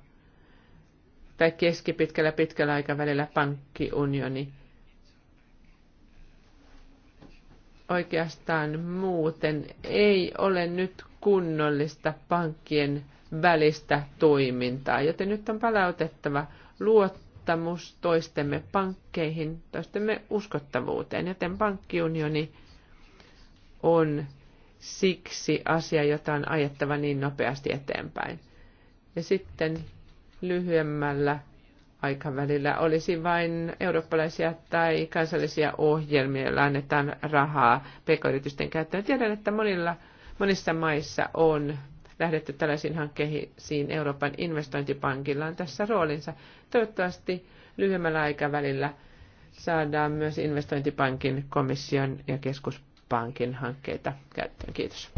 tai keskipitkällä pitkällä aikavälillä pankkiunioni. Oikeastaan muuten ei ole nyt kunnollista pankkien välistä toimintaa, joten nyt on palautettava luottamus toistemme pankkeihin, toistemme uskottavuuteen, joten pankkiunioni on siksi asia, jota on ajettava niin nopeasti eteenpäin. Ja sitten lyhyemmällä aikavälillä olisi vain eurooppalaisia tai kansallisia ohjelmia, joilla annetaan rahaa pk-yritysten käyttöön. Tiedän, että monilla Monissa maissa on lähdetty tällaisiin hankkeisiin Euroopan investointipankilla on tässä roolinsa. Toivottavasti lyhyemmällä aikavälillä saadaan myös investointipankin, komission ja keskuspankin hankkeita käyttöön. Kiitos.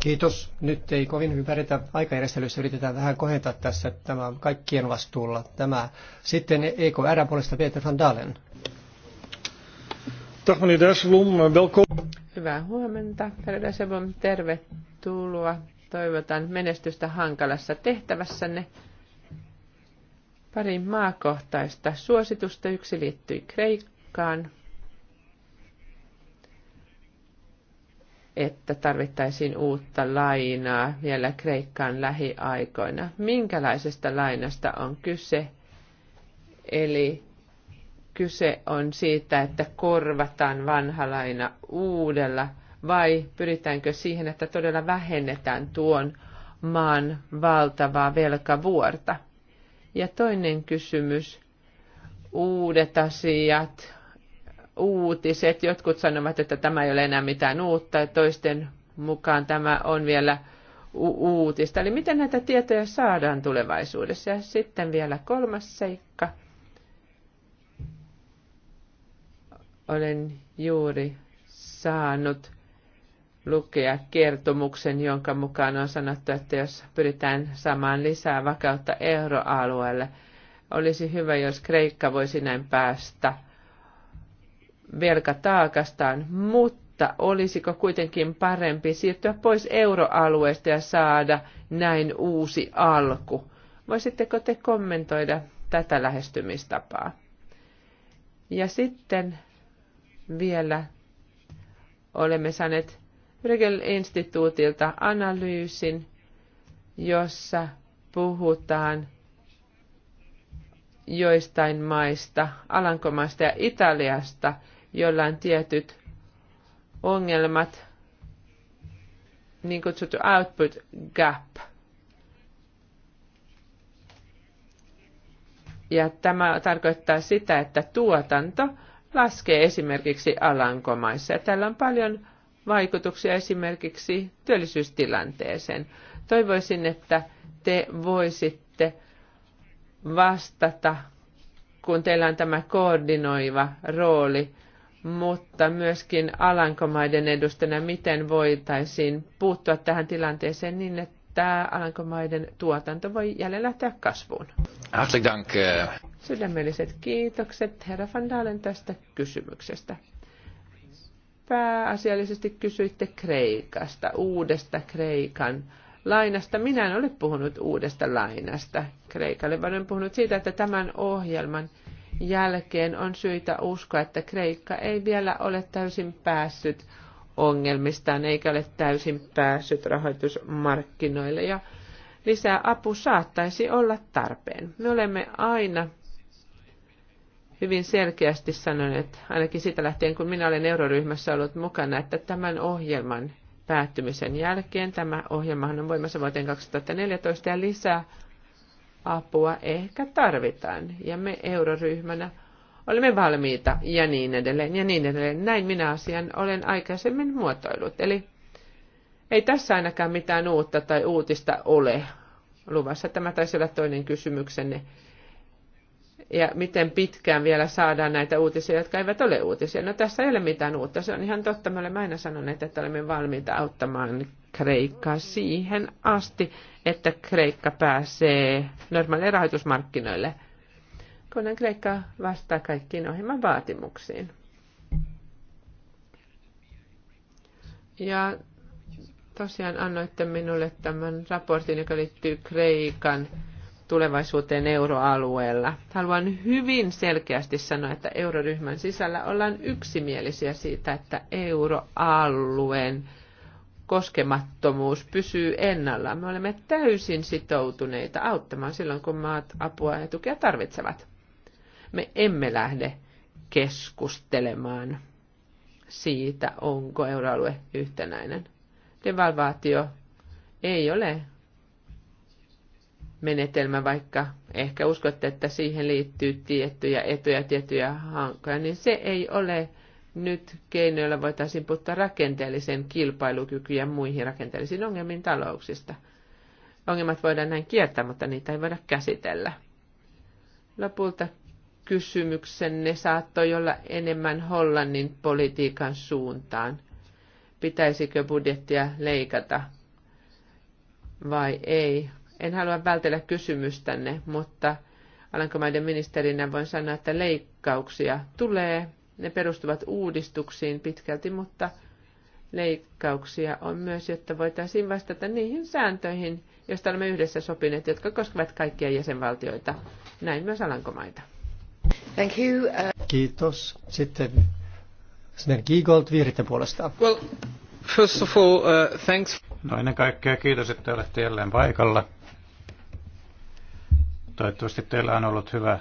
Kiitos. Nyt ei kovin hyvin pärjätä aikajärjestelyssä. Yritetään vähän kohentaa tässä tämä kaikkien vastuulla. Tämä sitten EKR puolesta Peter van Dalen. Dag meneer Dijsselbloem, welkom. Hyvää huomenta, Herra Sebom. Tervetuloa. Toivotan menestystä hankalassa tehtävässänne. Pari maakohtaista suositusta. Yksi liittyi Kreikkaan. että tarvittaisiin uutta lainaa vielä Kreikkaan lähiaikoina. Minkälaisesta lainasta on kyse? Eli kyse on siitä, että korvataan vanhalaina uudella, vai pyritäänkö siihen, että todella vähennetään tuon maan valtavaa velkavuorta? Ja toinen kysymys, uudet asiat, uutiset. Jotkut sanovat, että tämä ei ole enää mitään uutta, ja toisten mukaan tämä on vielä uutista. Eli miten näitä tietoja saadaan tulevaisuudessa? Ja sitten vielä kolmas seikka – Olen juuri saanut lukea kertomuksen, jonka mukaan on sanottu, että jos pyritään saamaan lisää vakautta euroalueelle, olisi hyvä, jos Kreikka voisi näin päästä velkataakastaan, mutta olisiko kuitenkin parempi siirtyä pois euroalueesta ja saada näin uusi alku? Voisitteko te kommentoida tätä lähestymistapaa? Ja sitten vielä olemme saaneet bregel instituutilta analyysin, jossa puhutaan joistain maista, Alankomaista ja Italiasta, joilla on tietyt ongelmat, niin kutsuttu output gap. Ja tämä tarkoittaa sitä, että tuotanto laskee esimerkiksi Alankomaissa. Ja tällä on paljon vaikutuksia esimerkiksi työllisyystilanteeseen. Toivoisin, että te voisitte vastata, kun teillä on tämä koordinoiva rooli, mutta myöskin Alankomaiden edustajana, miten voitaisiin puuttua tähän tilanteeseen niin, että Alankomaiden tuotanto voi jälleen lähteä kasvuun. Hartelijk dank. Eh. Sydämelliset kiitokset herra Van Dalen tästä kysymyksestä. Pääasiallisesti kysyitte Kreikasta, uudesta Kreikan lainasta. Minä en ole puhunut uudesta lainasta Kreikalle, vaan olen puhunut siitä, että tämän ohjelman jälkeen on syytä uskoa, että Kreikka ei vielä ole täysin päässyt ongelmistaan eikä ole täysin päässyt rahoitusmarkkinoille ja lisää apu saattaisi olla tarpeen. Me olemme aina hyvin selkeästi sanoneet, ainakin sitä lähtien kun minä olen euroryhmässä ollut mukana, että tämän ohjelman päättymisen jälkeen, tämä ohjelmahan on voimassa vuoteen 2014 ja lisää apua ehkä tarvitaan. Ja me euroryhmänä olemme valmiita ja niin edelleen ja niin edelleen. Näin minä asian olen aikaisemmin muotoillut. Eli ei tässä ainakaan mitään uutta tai uutista ole luvassa. Tämä taisi olla toinen kysymyksenne ja miten pitkään vielä saadaan näitä uutisia, jotka eivät ole uutisia. No tässä ei ole mitään uutta, se on ihan totta. Me olemme aina sanoneet, että olemme valmiita auttamaan Kreikkaa siihen asti, että Kreikka pääsee normaaleille rahoitusmarkkinoille, kunhan Kreikka vastaa kaikkiin ohjelman vaatimuksiin. Ja tosiaan annoitte minulle tämän raportin, joka liittyy Kreikan tulevaisuuteen euroalueella. Haluan hyvin selkeästi sanoa, että euroryhmän sisällä ollaan yksimielisiä siitä, että euroalueen koskemattomuus pysyy ennalla. Me olemme täysin sitoutuneita auttamaan silloin, kun maat apua ja tukea tarvitsevat. Me emme lähde keskustelemaan siitä, onko euroalue yhtenäinen. Devalvaatio ei ole menetelmä, vaikka ehkä uskotte, että siihen liittyy tiettyjä etuja, tiettyjä hankoja, niin se ei ole nyt keinoilla voitaisiin puuttua rakenteellisen kilpailukykyyn ja muihin rakenteellisiin ongelmiin talouksista. Ongelmat voidaan näin kiertää, mutta niitä ei voida käsitellä. Lopulta kysymyksenne saattoi olla enemmän Hollannin politiikan suuntaan. Pitäisikö budjettia leikata vai ei? En halua vältellä kysymystänne, mutta Alankomaiden ministerinä voin sanoa, että leikkauksia tulee. Ne perustuvat uudistuksiin pitkälti, mutta leikkauksia on myös, jotta voitaisiin vastata niihin sääntöihin, joista olemme yhdessä sopineet, jotka koskevat kaikkia jäsenvaltioita, näin myös Alankomaita. Thank you. Uh, kiitos. Sitten Sven Giegold vihreiden puolesta. Well, first of all, uh, thanks. No ennen kaikkea kiitos, että olette jälleen paikalla. Toivottavasti teillä on ollut hyvä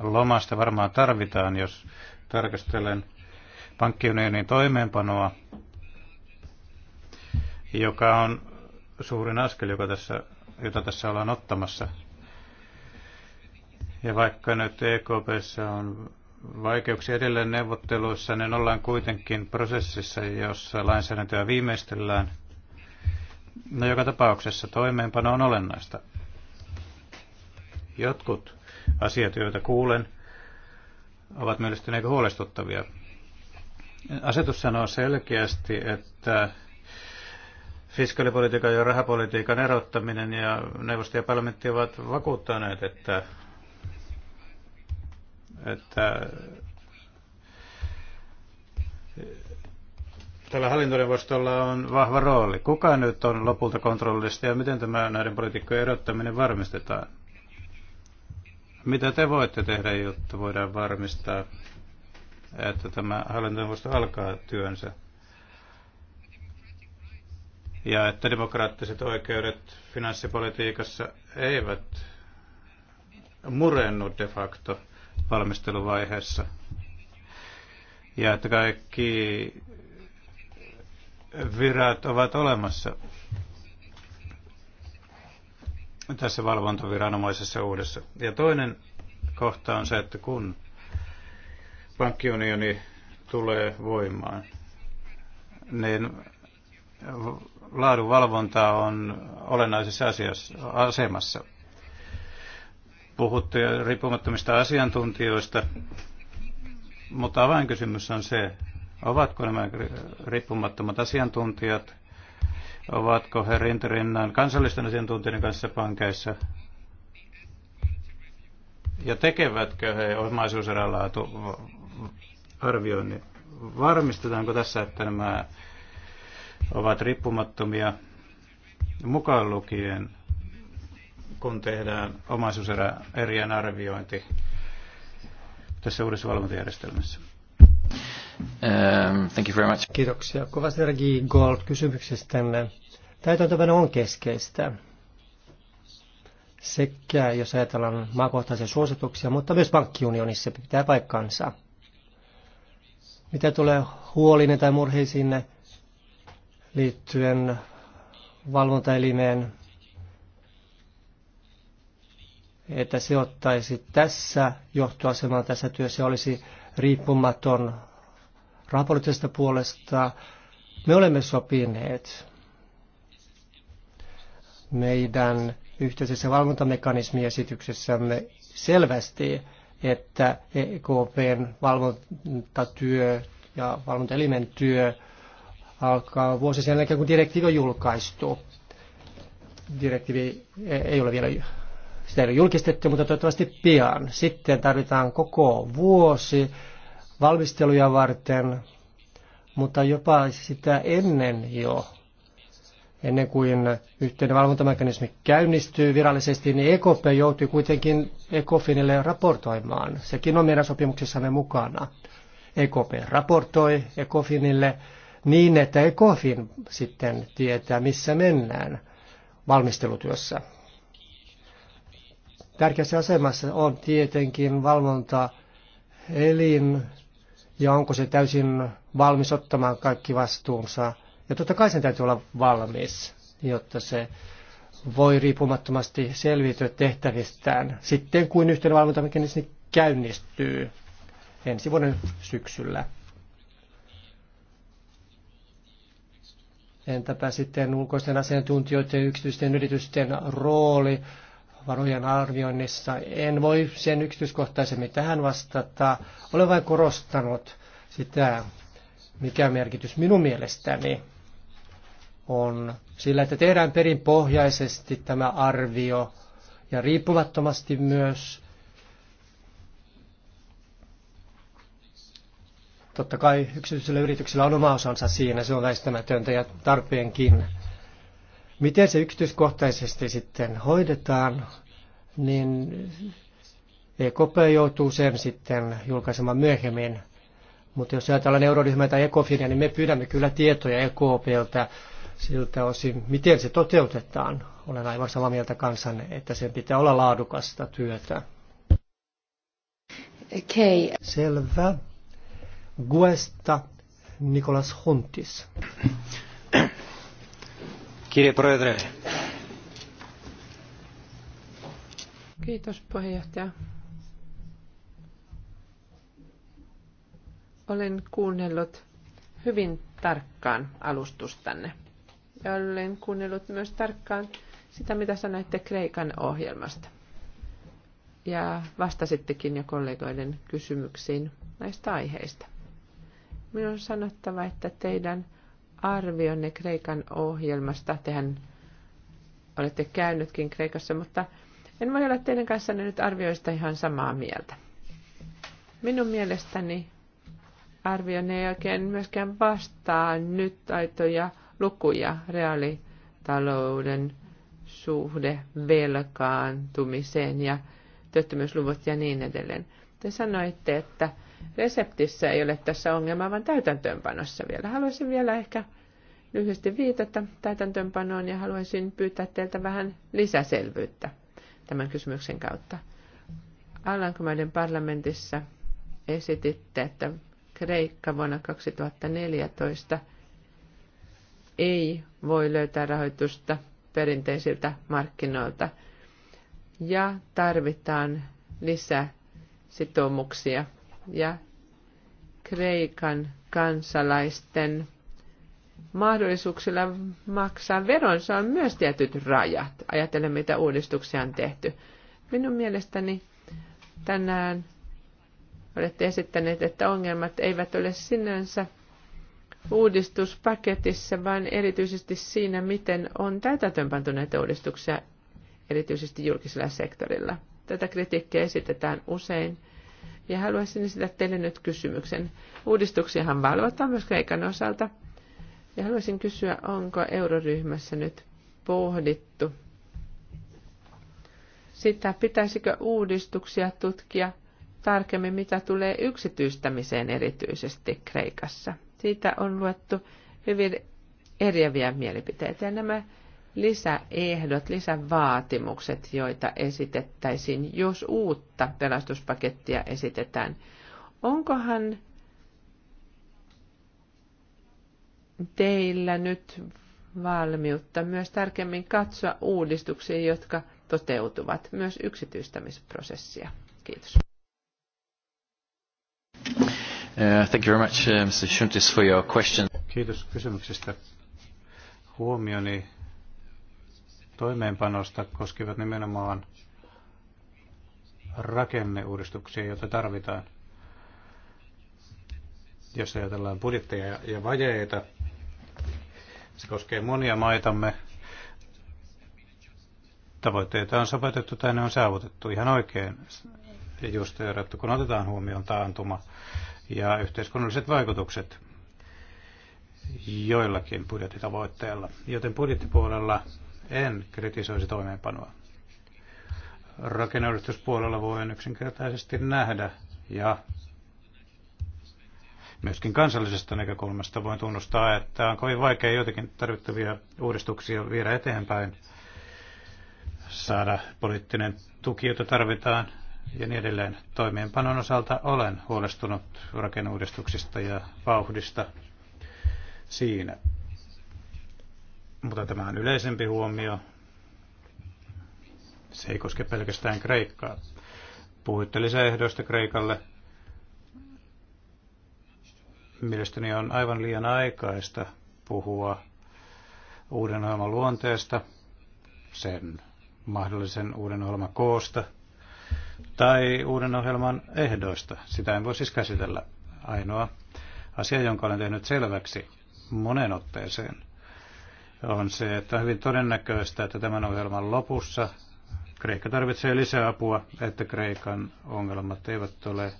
lomasta varmaan tarvitaan, jos tarkastelen pankkiunionin toimeenpanoa, joka on suurin askel, joka tässä, jota tässä ollaan ottamassa. Ja vaikka nyt EKPssä on vaikeuksia edelleen neuvotteluissa, niin ollaan kuitenkin prosessissa, jossa lainsäädäntöä viimeistellään. No joka tapauksessa toimeenpano on olennaista. Jotkut asiat, joita kuulen, ovat mielestäni aika huolestuttavia. Asetus sanoo selkeästi, että fiskaalipolitiikan ja rahapolitiikan erottaminen ja neuvosto ja parlamentti ovat vakuuttaneet, että, että tällä hallintoneuvostolla on vahva rooli. Kuka nyt on lopulta kontrollista ja miten tämä näiden poliitikkojen erottaminen varmistetaan? Mitä te voitte tehdä, jotta voidaan varmistaa, että tämä hallintoneuvosto alkaa työnsä? Ja että demokraattiset oikeudet finanssipolitiikassa eivät murennu de facto valmisteluvaiheessa. Ja että kaikki virat ovat olemassa tässä valvontaviranomaisessa uudessa. Ja toinen kohta on se, että kun pankkiunioni tulee voimaan, niin laadunvalvonta on olennaisessa asiassa, asemassa. Puhutte riippumattomista asiantuntijoista, mutta avainkysymys on se, ovatko nämä riippumattomat asiantuntijat Ovatko he rintarinnan kansallisten asiantuntijoiden kanssa pankeissa? Ja tekevätkö he omaisuuserän arvioinnin? Varmistetaanko tässä, että nämä ovat riippumattomia mukaan lukien, kun tehdään omaisuuserien arviointi tässä uudessa valvontajärjestelmässä? Um, thank you very much. Kiitoksia Kova Sergi Gold kysymyksestänne. Täytäntöpano on keskeistä sekä jos ajatellaan maakohtaisia suosituksia, mutta myös pankkiunionissa pitää paikkansa. Mitä tulee huoline tai murheisiin liittyen valvontaelimeen, että se ottaisi tässä johtoasemaan tässä työssä olisi riippumaton rahapoliittisesta puolesta me olemme sopineet meidän yhteisessä valvontamekanismiesityksessämme selvästi, että EKPn valvontatyö ja valvontaelimen työ alkaa vuosi sen jälkeen, kun direktiivi on julkaistu. Direktiivi ei ole vielä sitä ei ole julkistettu, mutta toivottavasti pian. Sitten tarvitaan koko vuosi valmisteluja varten, mutta jopa sitä ennen jo, ennen kuin yhteinen valvontamekanismi käynnistyy virallisesti, niin EKP joutui kuitenkin ECOFINille raportoimaan. Sekin on meidän sopimuksessamme mukana. EKP raportoi ECOFINille niin, että ECOFIN sitten tietää, missä mennään valmistelutyössä. Tärkeässä asemassa on tietenkin valvonta elin, ja onko se täysin valmis ottamaan kaikki vastuunsa. Ja totta kai sen täytyy olla valmis, jotta se voi riippumattomasti selviytyä tehtävistään sitten, kuin yhteen valvontamekanismi käynnistyy ensi vuoden syksyllä. Entäpä sitten ulkoisten asiantuntijoiden ja yksityisten yritysten rooli varojen arvioinnissa. En voi sen yksityiskohtaisemmin tähän vastata. Olen vain korostanut sitä, mikä merkitys minun mielestäni on sillä, että tehdään perinpohjaisesti tämä arvio ja riippumattomasti myös. Totta kai yksityisellä yrityksellä on oma osansa siinä, se on väistämätöntä ja tarpeenkin. Miten se yksityiskohtaisesti sitten hoidetaan, niin EKP joutuu sen sitten julkaisemaan myöhemmin. Mutta jos ajatellaan euroryhmää tai ECOFINia, niin me pyydämme kyllä tietoja EKPltä siltä osin, miten se toteutetaan. Olen aivan samaa mieltä kansanne, että sen pitää olla laadukasta työtä. Okay. Selvä. Guesta Nikolas Huntis. Kirje Proedre. Kiitos puheenjohtaja. Olen kuunnellut hyvin tarkkaan alustustanne. Ja olen kuunnellut myös tarkkaan sitä, mitä sanoitte Kreikan ohjelmasta. Ja vastasittekin jo kollegoiden kysymyksiin näistä aiheista. Minun on sanottava, että teidän arvionne Kreikan ohjelmasta? Tehän olette käynytkin Kreikassa, mutta en voi olla teidän kanssanne nyt arvioista ihan samaa mieltä. Minun mielestäni arvionne ei oikein myöskään vastaa nyt aitoja lukuja reaalitalouden suhde velkaantumiseen ja työttömyysluvut ja niin edelleen. Te sanoitte, että Reseptissä ei ole tässä ongelmaa, vaan täytäntöönpanossa vielä. Haluaisin vielä ehkä lyhyesti viitata täytäntöönpanoon ja haluaisin pyytää teiltä vähän lisäselvyyttä tämän kysymyksen kautta. Alankomaiden parlamentissa esititte, että Kreikka vuonna 2014 ei voi löytää rahoitusta perinteisiltä markkinoilta ja tarvitaan lisää sitoumuksia ja Kreikan kansalaisten mahdollisuuksilla maksaa veronsa on myös tietyt rajat. Ajattelen, mitä uudistuksia on tehty. Minun mielestäni tänään olette esittäneet, että ongelmat eivät ole sinänsä uudistuspaketissa, vaan erityisesti siinä, miten on täytäntöönpantu näitä uudistuksia, erityisesti julkisella sektorilla. Tätä kritiikkiä esitetään usein ja haluaisin esittää teille nyt kysymyksen. Uudistuksiahan valvotaan myös Kreikan osalta. Ja haluaisin kysyä, onko euroryhmässä nyt pohdittu sitä, pitäisikö uudistuksia tutkia tarkemmin, mitä tulee yksityistämiseen erityisesti Kreikassa. Siitä on luettu hyvin eriäviä mielipiteitä ja nämä lisäehdot, lisävaatimukset, joita esitettäisiin, jos uutta pelastuspakettia esitetään. Onkohan teillä nyt valmiutta myös tarkemmin katsoa uudistuksia, jotka toteutuvat, myös yksityistämisprosessia? Kiitos. Uh, thank you very much, uh, Mr. Schuntis, for your question. Kiitos kysymyksestä. Huomioni toimeenpanosta koskivat nimenomaan rakenneuudistuksia, joita tarvitaan. Jos ajatellaan budjetteja ja vajeita, se koskee monia maitamme. Tavoitteita on sopeutettu tai ne on saavutettu ihan oikein ja erottu, kun otetaan huomioon taantuma ja yhteiskunnalliset vaikutukset joillakin budjettitavoitteilla. Joten budjettipuolella en kritisoisi toimeenpanoa. Rakenneuudistuspuolella voin yksinkertaisesti nähdä ja myöskin kansallisesta näkökulmasta voin tunnustaa, että on kovin vaikea jotenkin tarvittavia uudistuksia viedä eteenpäin, saada poliittinen tuki, jota tarvitaan ja niin edelleen. Toimeenpanon osalta olen huolestunut rakennuudistuksista ja vauhdista siinä. Mutta tämä on yleisempi huomio. Se ei koske pelkästään Kreikkaa. Puhuitte lisäehdoista Kreikalle. Mielestäni on aivan liian aikaista puhua uuden ohjelman luonteesta, sen mahdollisen uuden ohjelman koosta tai uuden ohjelman ehdoista. Sitä en voi siis käsitellä. Ainoa asia, jonka olen tehnyt selväksi monen otteeseen, on se, että on hyvin todennäköistä, että tämän ohjelman lopussa Kreikka tarvitsee lisää apua, että Kreikan ongelmat eivät ole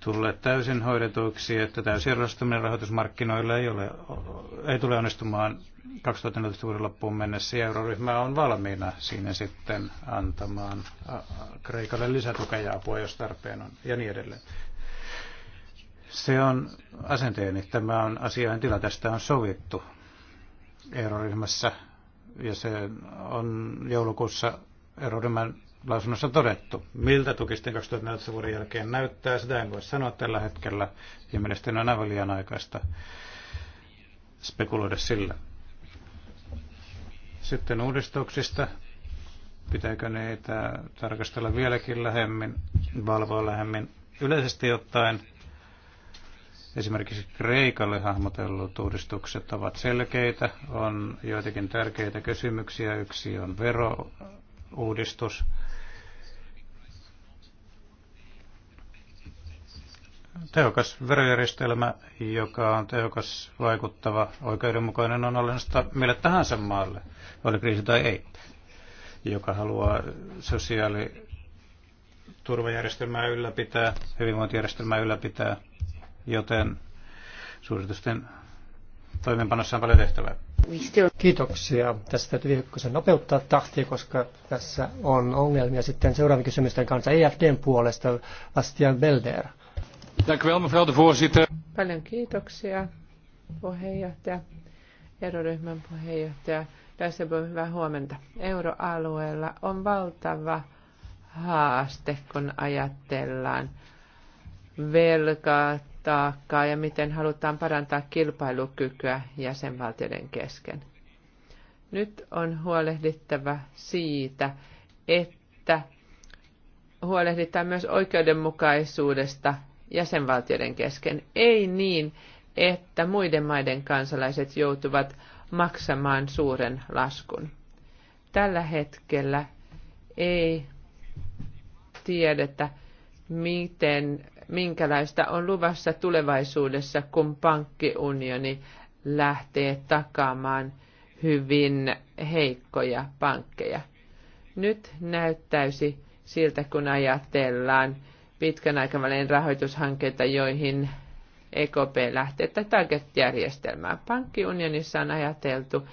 tulleet täysin hoidetuiksi, että täysin erostuminen rahoitusmarkkinoille ei, ole, ei tule onnistumaan 2014 vuoden loppuun mennessä euroryhmä on valmiina siinä sitten antamaan Kreikalle lisätukea ja apua, jos tarpeen on ja niin edelleen. Se on asenteeni. Tämä on asiain tila. Tästä on sovittu euroryhmässä ja se on joulukuussa euroryhmän lausunnossa todettu. Miltä tukisten 2014 vuoden jälkeen näyttää, sitä en voi sanoa tällä hetkellä ja mielestäni on aivan liian aikaista spekuloida sillä. Sitten uudistuksista. Pitääkö niitä tarkastella vieläkin lähemmin, valvoa lähemmin? Yleisesti ottaen Esimerkiksi Kreikalle hahmotellut uudistukset ovat selkeitä. On joitakin tärkeitä kysymyksiä. Yksi on verouudistus. Tehokas verojärjestelmä, joka on tehokas, vaikuttava, oikeudenmukainen, on olennaista mille tahansa maalle, oli kriisi tai ei, joka haluaa sosiaaliturvajärjestelmää ylläpitää, hyvinvointijärjestelmää ylläpitää, joten suositusten toimeenpanossa on paljon tehtävää. Kiitoksia. Tässä täytyy hiukkasen nopeuttaa tahtia, koska tässä on ongelmia sitten seuraavien kysymysten kanssa. EFDn puolesta Bastian Belder. Paljon kiitoksia puheenjohtaja, euroryhmän puheenjohtaja. voi hyvää huomenta. Euroalueella on valtava haaste, kun ajatellaan velkaa, taakkaa ja miten halutaan parantaa kilpailukykyä jäsenvaltioiden kesken. Nyt on huolehdittava siitä, että huolehditaan myös oikeudenmukaisuudesta jäsenvaltioiden kesken. Ei niin, että muiden maiden kansalaiset joutuvat maksamaan suuren laskun. Tällä hetkellä ei tiedetä, miten minkälaista on luvassa tulevaisuudessa, kun pankkiunioni lähtee takaamaan hyvin heikkoja pankkeja. Nyt näyttäisi siltä, kun ajatellaan pitkän aikavälin rahoitushankkeita, joihin EKP lähtee tai target-järjestelmää. Pankkiunionissa on ajateltu,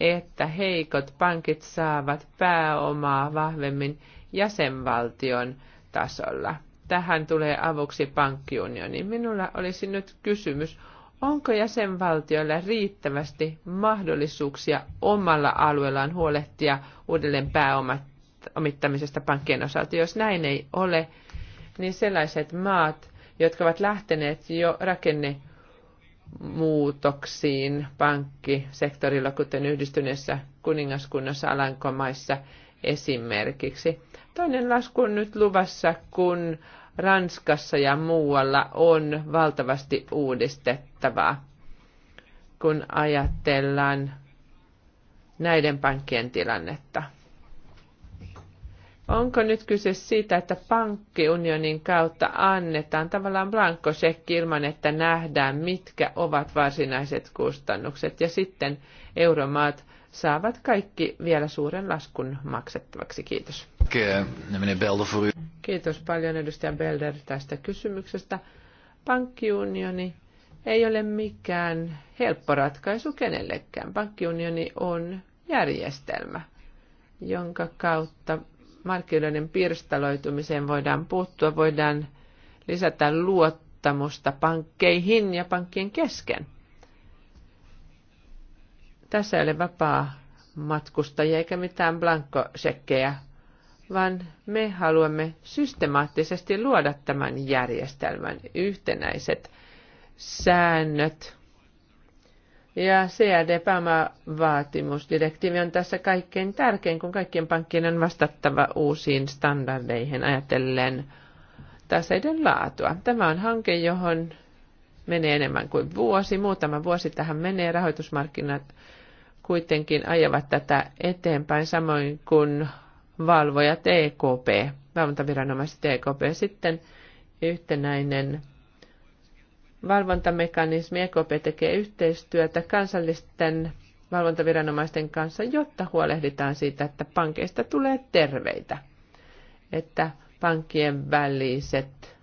että heikot pankit saavat pääomaa vahvemmin jäsenvaltion tasolla – tähän tulee avuksi pankkiunioni. Minulla olisi nyt kysymys, onko jäsenvaltioilla riittävästi mahdollisuuksia omalla alueellaan huolehtia uudelleen pääomittamisesta pankkien osalta? Jos näin ei ole, niin sellaiset maat, jotka ovat lähteneet jo rakenne muutoksiin pankkisektorilla, kuten yhdistyneessä kuningaskunnassa Alankomaissa esimerkiksi. Toinen lasku on nyt luvassa, kun Ranskassa ja muualla on valtavasti uudistettavaa, kun ajatellaan näiden pankkien tilannetta. Onko nyt kyse siitä, että pankkiunionin kautta annetaan tavallaan blankkosekki ilman, että nähdään, mitkä ovat varsinaiset kustannukset, ja sitten euromaat saavat kaikki vielä suuren laskun maksettavaksi. Kiitos. Kiitos paljon edustaja Belder tästä kysymyksestä. Pankkiunioni ei ole mikään helppo ratkaisu kenellekään. Pankkiunioni on järjestelmä, jonka kautta markkinoiden pirstaloitumiseen voidaan puuttua, voidaan lisätä luottamusta pankkeihin ja pankkien kesken – tässä ei ole vapaa matkustajia eikä mitään blankkosekkejä, vaan me haluamme systemaattisesti luoda tämän järjestelmän yhtenäiset säännöt. Ja cad pääomavaatimusdirektiivi on tässä kaikkein tärkein, kun kaikkien pankkien on vastattava uusiin standardeihin ajatellen taseiden laatua. Tämä on hanke, johon menee enemmän kuin vuosi. Muutama vuosi tähän menee. Rahoitusmarkkinat kuitenkin ajavat tätä eteenpäin, samoin kuin valvoja TKP, valvontaviranomaiset TKP. Sitten yhtenäinen valvontamekanismi EKP tekee yhteistyötä kansallisten valvontaviranomaisten kanssa, jotta huolehditaan siitä, että pankeista tulee terveitä, että pankkien väliset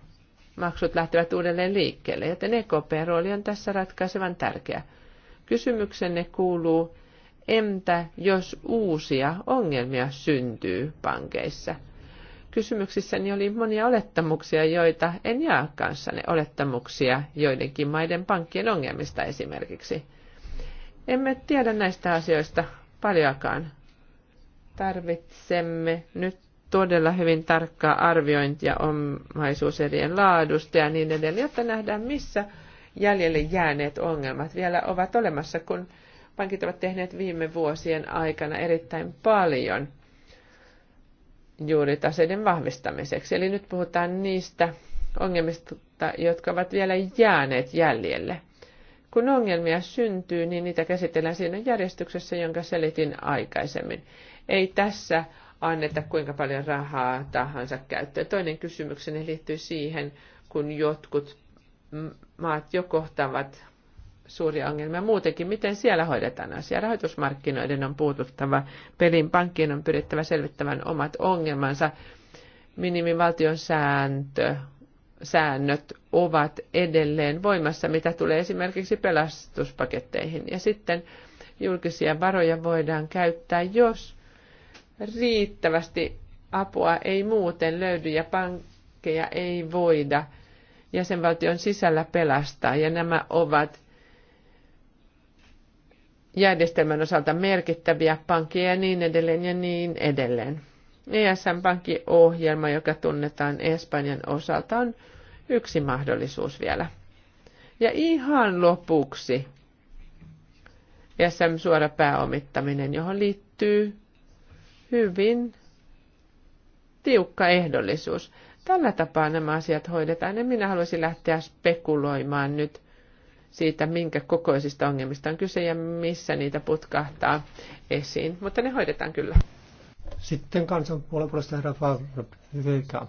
maksut lähtevät uudelleen liikkeelle, joten ekp rooli on tässä ratkaisevan tärkeä. Kysymyksenne kuuluu, Entä jos uusia ongelmia syntyy pankeissa? Kysymyksissäni oli monia olettamuksia, joita en jaa kanssanne. Olettamuksia joidenkin maiden pankkien ongelmista esimerkiksi. Emme tiedä näistä asioista paljoakaan. Tarvitsemme nyt todella hyvin tarkkaa arviointia omaisuuserien laadusta ja niin edelleen, jotta nähdään, missä jäljelle jääneet ongelmat vielä ovat olemassa, kun pankit ovat tehneet viime vuosien aikana erittäin paljon juuri taseiden vahvistamiseksi. Eli nyt puhutaan niistä ongelmista, jotka ovat vielä jääneet jäljelle. Kun ongelmia syntyy, niin niitä käsitellään siinä järjestyksessä, jonka selitin aikaisemmin. Ei tässä anneta kuinka paljon rahaa tahansa käyttöön. Toinen kysymykseni liittyy siihen, kun jotkut maat jo kohtaavat suuria ongelmia muutenkin. Miten siellä hoidetaan asiaa? Rahoitusmarkkinoiden on puututtava pelin. Pankkien on pyrittävä selvittämään omat ongelmansa. Minimivaltion sääntö, säännöt ovat edelleen voimassa, mitä tulee esimerkiksi pelastuspaketteihin. Ja sitten julkisia varoja voidaan käyttää, jos riittävästi apua ei muuten löydy ja pankkeja ei voida jäsenvaltion sisällä pelastaa. Ja nämä ovat järjestelmän osalta merkittäviä pankkeja ja niin edelleen ja niin edelleen. ESM-pankkiohjelma, joka tunnetaan Espanjan osalta, on yksi mahdollisuus vielä. Ja ihan lopuksi ESM-suora pääomittaminen, johon liittyy hyvin tiukka ehdollisuus. Tällä tapaa nämä asiat hoidetaan ja minä haluaisin lähteä spekuloimaan nyt siitä, minkä kokoisista ongelmista on kyse ja missä niitä putkahtaa esiin. Mutta ne hoidetaan kyllä. Sitten kansan puolesta herra Favrika.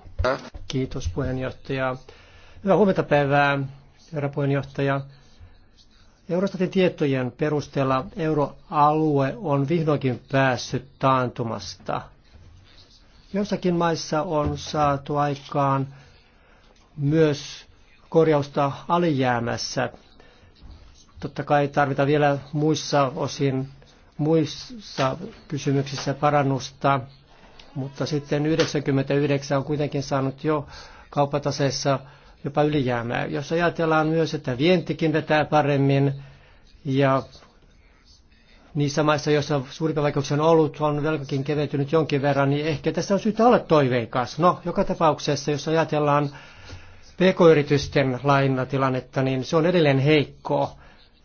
Kiitos puheenjohtaja. Hyvää huomenta päivää, herra puheenjohtaja. Eurostatin tietojen perusteella euroalue on vihdoinkin päässyt taantumasta. Jossakin maissa on saatu aikaan myös korjausta alijäämässä Totta kai tarvitaan vielä muissa osin, muissa kysymyksissä parannusta, mutta sitten 99 on kuitenkin saanut jo kauppataseessa jopa ylijäämää. Jos ajatellaan myös, että vientikin vetää paremmin ja niissä maissa, joissa suurimpia vaikeuksia on ollut, on velkakin keventynyt jonkin verran, niin ehkä tässä on syytä olla toiveikas. No, joka tapauksessa, jos ajatellaan pk-yritysten lainatilannetta, niin se on edelleen heikkoa.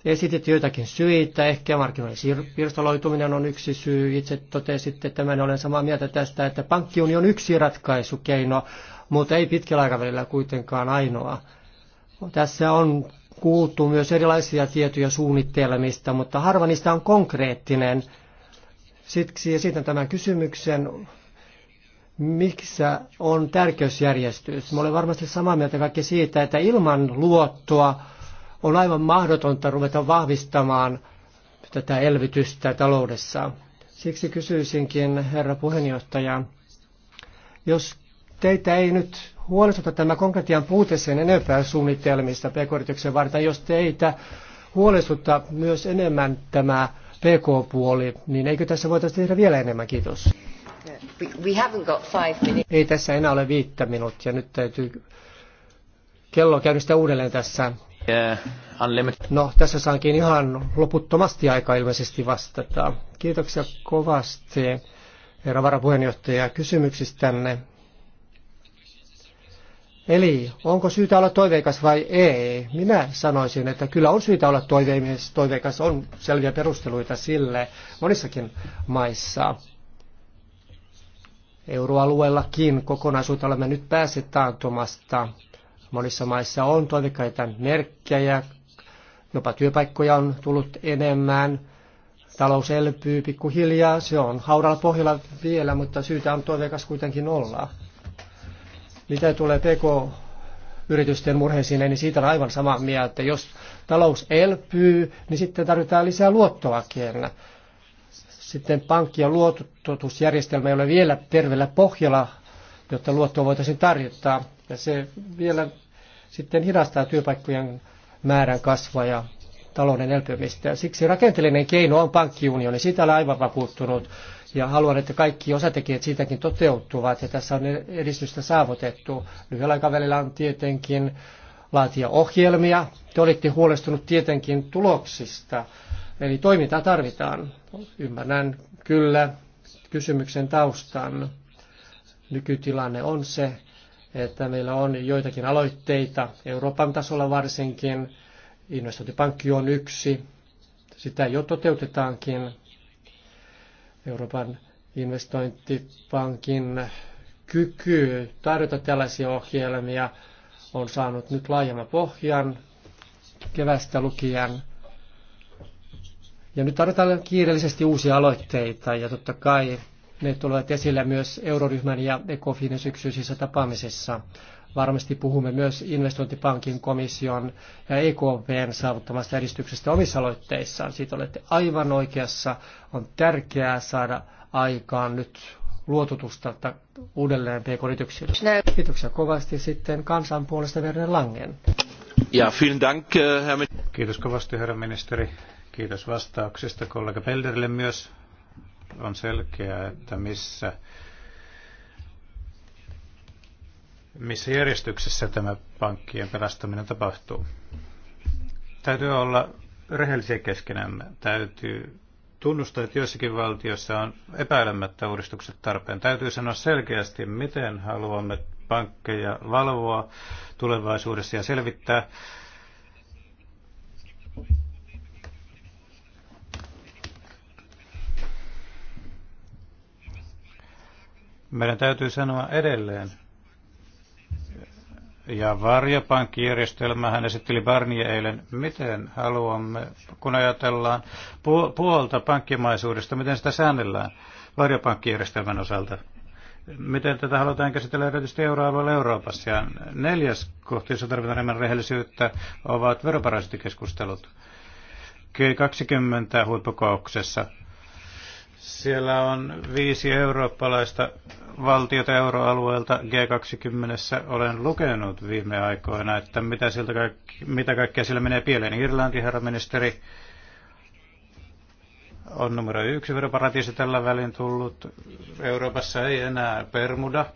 Esitit joitakin syitä, ehkä markkinoiden pirstaloituminen on yksi syy. Itse totesitte, että minä olen samaa mieltä tästä, että pankkiuni on yksi ratkaisukeino, mutta ei pitkällä aikavälillä kuitenkaan ainoa. Tässä on kuultu myös erilaisia tietoja suunnittelemista, mutta harva niistä on konkreettinen. Siksi esitän tämän kysymyksen, miksi on tärkeysjärjestys. Me olen varmasti samaa mieltä kaikki siitä, että ilman luottoa on aivan mahdotonta ruveta vahvistamaan tätä elvytystä taloudessa. Siksi kysyisinkin, herra puheenjohtaja, jos teitä ei nyt huolestuta tämä konkretian puute sen enempää suunnitelmista pk varten, jos teitä huolestuttaa myös enemmän tämä pk-puoli, niin eikö tässä voitaisiin tehdä vielä enemmän? Kiitos. We haven't got five minutes. Ei tässä enää ole viittä minuuttia, nyt täytyy kello käynnistää uudelleen tässä. Uh, no, tässä saankin ihan loputtomasti aika ilmeisesti vastata. Kiitoksia kovasti, herra varapuheenjohtaja, kysymyksistänne. Eli onko syytä olla toiveikas vai ei? Minä sanoisin, että kyllä on syytä olla toiveikas. toiveikas. On selviä perusteluita sille monissakin maissa. Euroalueellakin kokonaisuutta olemme nyt päässeet taantumasta. Monissa maissa on toivekkaita merkkejä, jopa työpaikkoja on tullut enemmän, talous elpyy pikkuhiljaa, se on hauralla pohjalla vielä, mutta syytä on toiveikas kuitenkin olla. Mitä tulee PK yritysten murheisiin, niin siitä on aivan samaa mieltä, että jos talous elpyy, niin sitten tarvitaan lisää kielenä. Sitten pankki- ja luototusjärjestelmä ei ole vielä terveellä pohjalla, jotta luottoa voitaisiin tarjottaa. Ja se vielä sitten hidastaa työpaikkojen määrän kasvua ja talouden elpymistä. Siksi rakenteellinen keino on pankkiunioni. Siitä olen aivan vakuuttunut ja haluan, että kaikki osatekijät siitäkin toteutuvat ja tässä on edistystä saavutettu. Lyhyellä aikavälillä on tietenkin laatia ohjelmia. Te olitte huolestunut tietenkin tuloksista, eli toimintaa tarvitaan. Ymmärrän kyllä kysymyksen taustan. Nykytilanne on se, että meillä on joitakin aloitteita, Euroopan tasolla varsinkin. Investointipankki on yksi. Sitä jo toteutetaankin. Euroopan investointipankin kyky tarjota tällaisia ohjelmia on saanut nyt laajemman pohjan kevästä lukien. Ja nyt tarvitaan kiireellisesti uusia aloitteita ja totta kai ne tulevat esillä myös euroryhmän ja ECOFINin syksyisissä tapaamisissa. Varmasti puhumme myös investointipankin komission ja EKPn saavuttamasta edistyksestä omissa aloitteissaan. Siitä olette aivan oikeassa. On tärkeää saada aikaan nyt luototusta uudelleen pk-yrityksille. Kiitoksia kovasti sitten kansan puolesta Verne Langen. Ja, vielen dank, äh, herr Kiitos kovasti, herra ministeri. Kiitos vastauksista kollega Pelderille myös. On selkeää, että missä, missä järjestyksessä tämä pankkien pelastaminen tapahtuu. Täytyy olla rehellisiä keskenämme. Täytyy tunnustaa, että joissakin valtioissa on epäilemättä uudistukset tarpeen. Täytyy sanoa selkeästi, miten haluamme pankkeja valvoa tulevaisuudessa ja selvittää, Meidän täytyy sanoa edelleen, ja varjopankkijärjestelmä, hän esitteli Barnier eilen, miten haluamme, kun ajatellaan puolta pankkimaisuudesta, miten sitä säännellään varjopankkijärjestelmän osalta. Miten tätä halutaan käsitellä erityisesti euroalueella Euroopassa? Ja neljäs kohti, jossa tarvitaan enemmän rehellisyyttä, ovat veroparasitikeskustelut. G20 huippukouksessa siellä on viisi eurooppalaista valtiota euroalueelta G20. Olen lukenut viime aikoina, että mitä, siltä kaikki, mitä kaikkea siellä menee pieleen. Irlanti, herra ministeri, on numero yksi veroparatiisi tällä välin tullut. Euroopassa ei enää Permuda.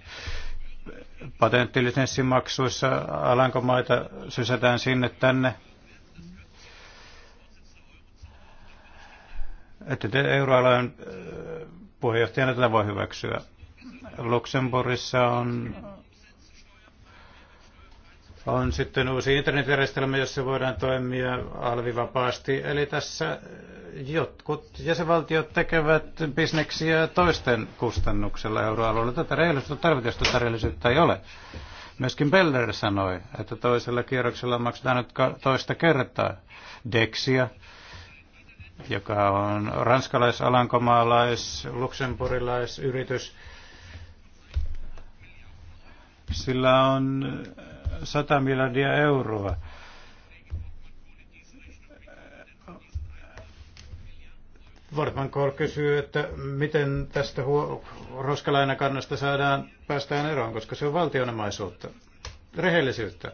Patenttilisenssimaksuissa Alankomaita sysätään sinne tänne. että te euroalueen äh, puheenjohtajana tätä voi hyväksyä. Luxemburgissa on, on sitten uusi internetjärjestelmä, jossa voidaan toimia alvivapaasti. Eli tässä jotkut jäsenvaltiot tekevät bisneksiä toisten kustannuksella euroalueella. Tätä reiluutta tarvitaan, jos tätä ei ole. Myöskin Beller sanoi, että toisella kierroksella maksetaan nyt toista kertaa deksiä joka on ranskalais, alankomaalais, luksemburilaisyritys. Sillä on 100 miljardia euroa. Wortman Kohl kysyy, että miten tästä huo- roskalainakannasta saadaan, päästään eroon, koska se on valtionomaisuutta, rehellisyyttä.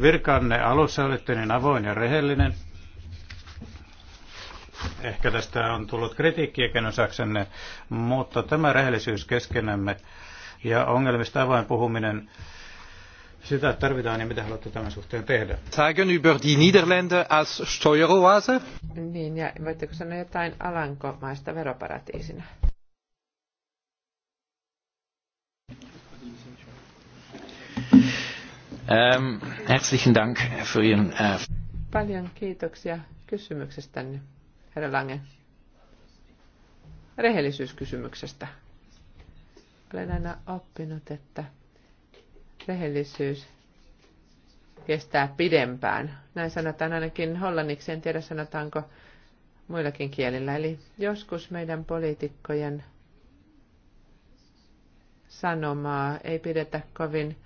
Virkanne alussa olitte niin avoin ja rehellinen. Ehkä tästä on tullut kritiikkiäkin osaksenne, mutta tämä rehellisyys keskenämme ja ongelmista avain puhuminen, sitä tarvitaan ja mitä haluatte tämän suhteen tehdä? Sagen über die Niederlande als Steueroase? Niin, ja voitteko sanoa jotain alankomaista veroparatiisina? Ähm, herzlichen Dank für Ihren... Äh... Paljon kiitoksia kysymyksestänne herra Lange, rehellisyyskysymyksestä. Olen aina oppinut, että rehellisyys kestää pidempään. Näin sanotaan ainakin hollanniksi, en tiedä sanotaanko muillakin kielillä. Eli joskus meidän poliitikkojen sanomaa ei pidetä kovin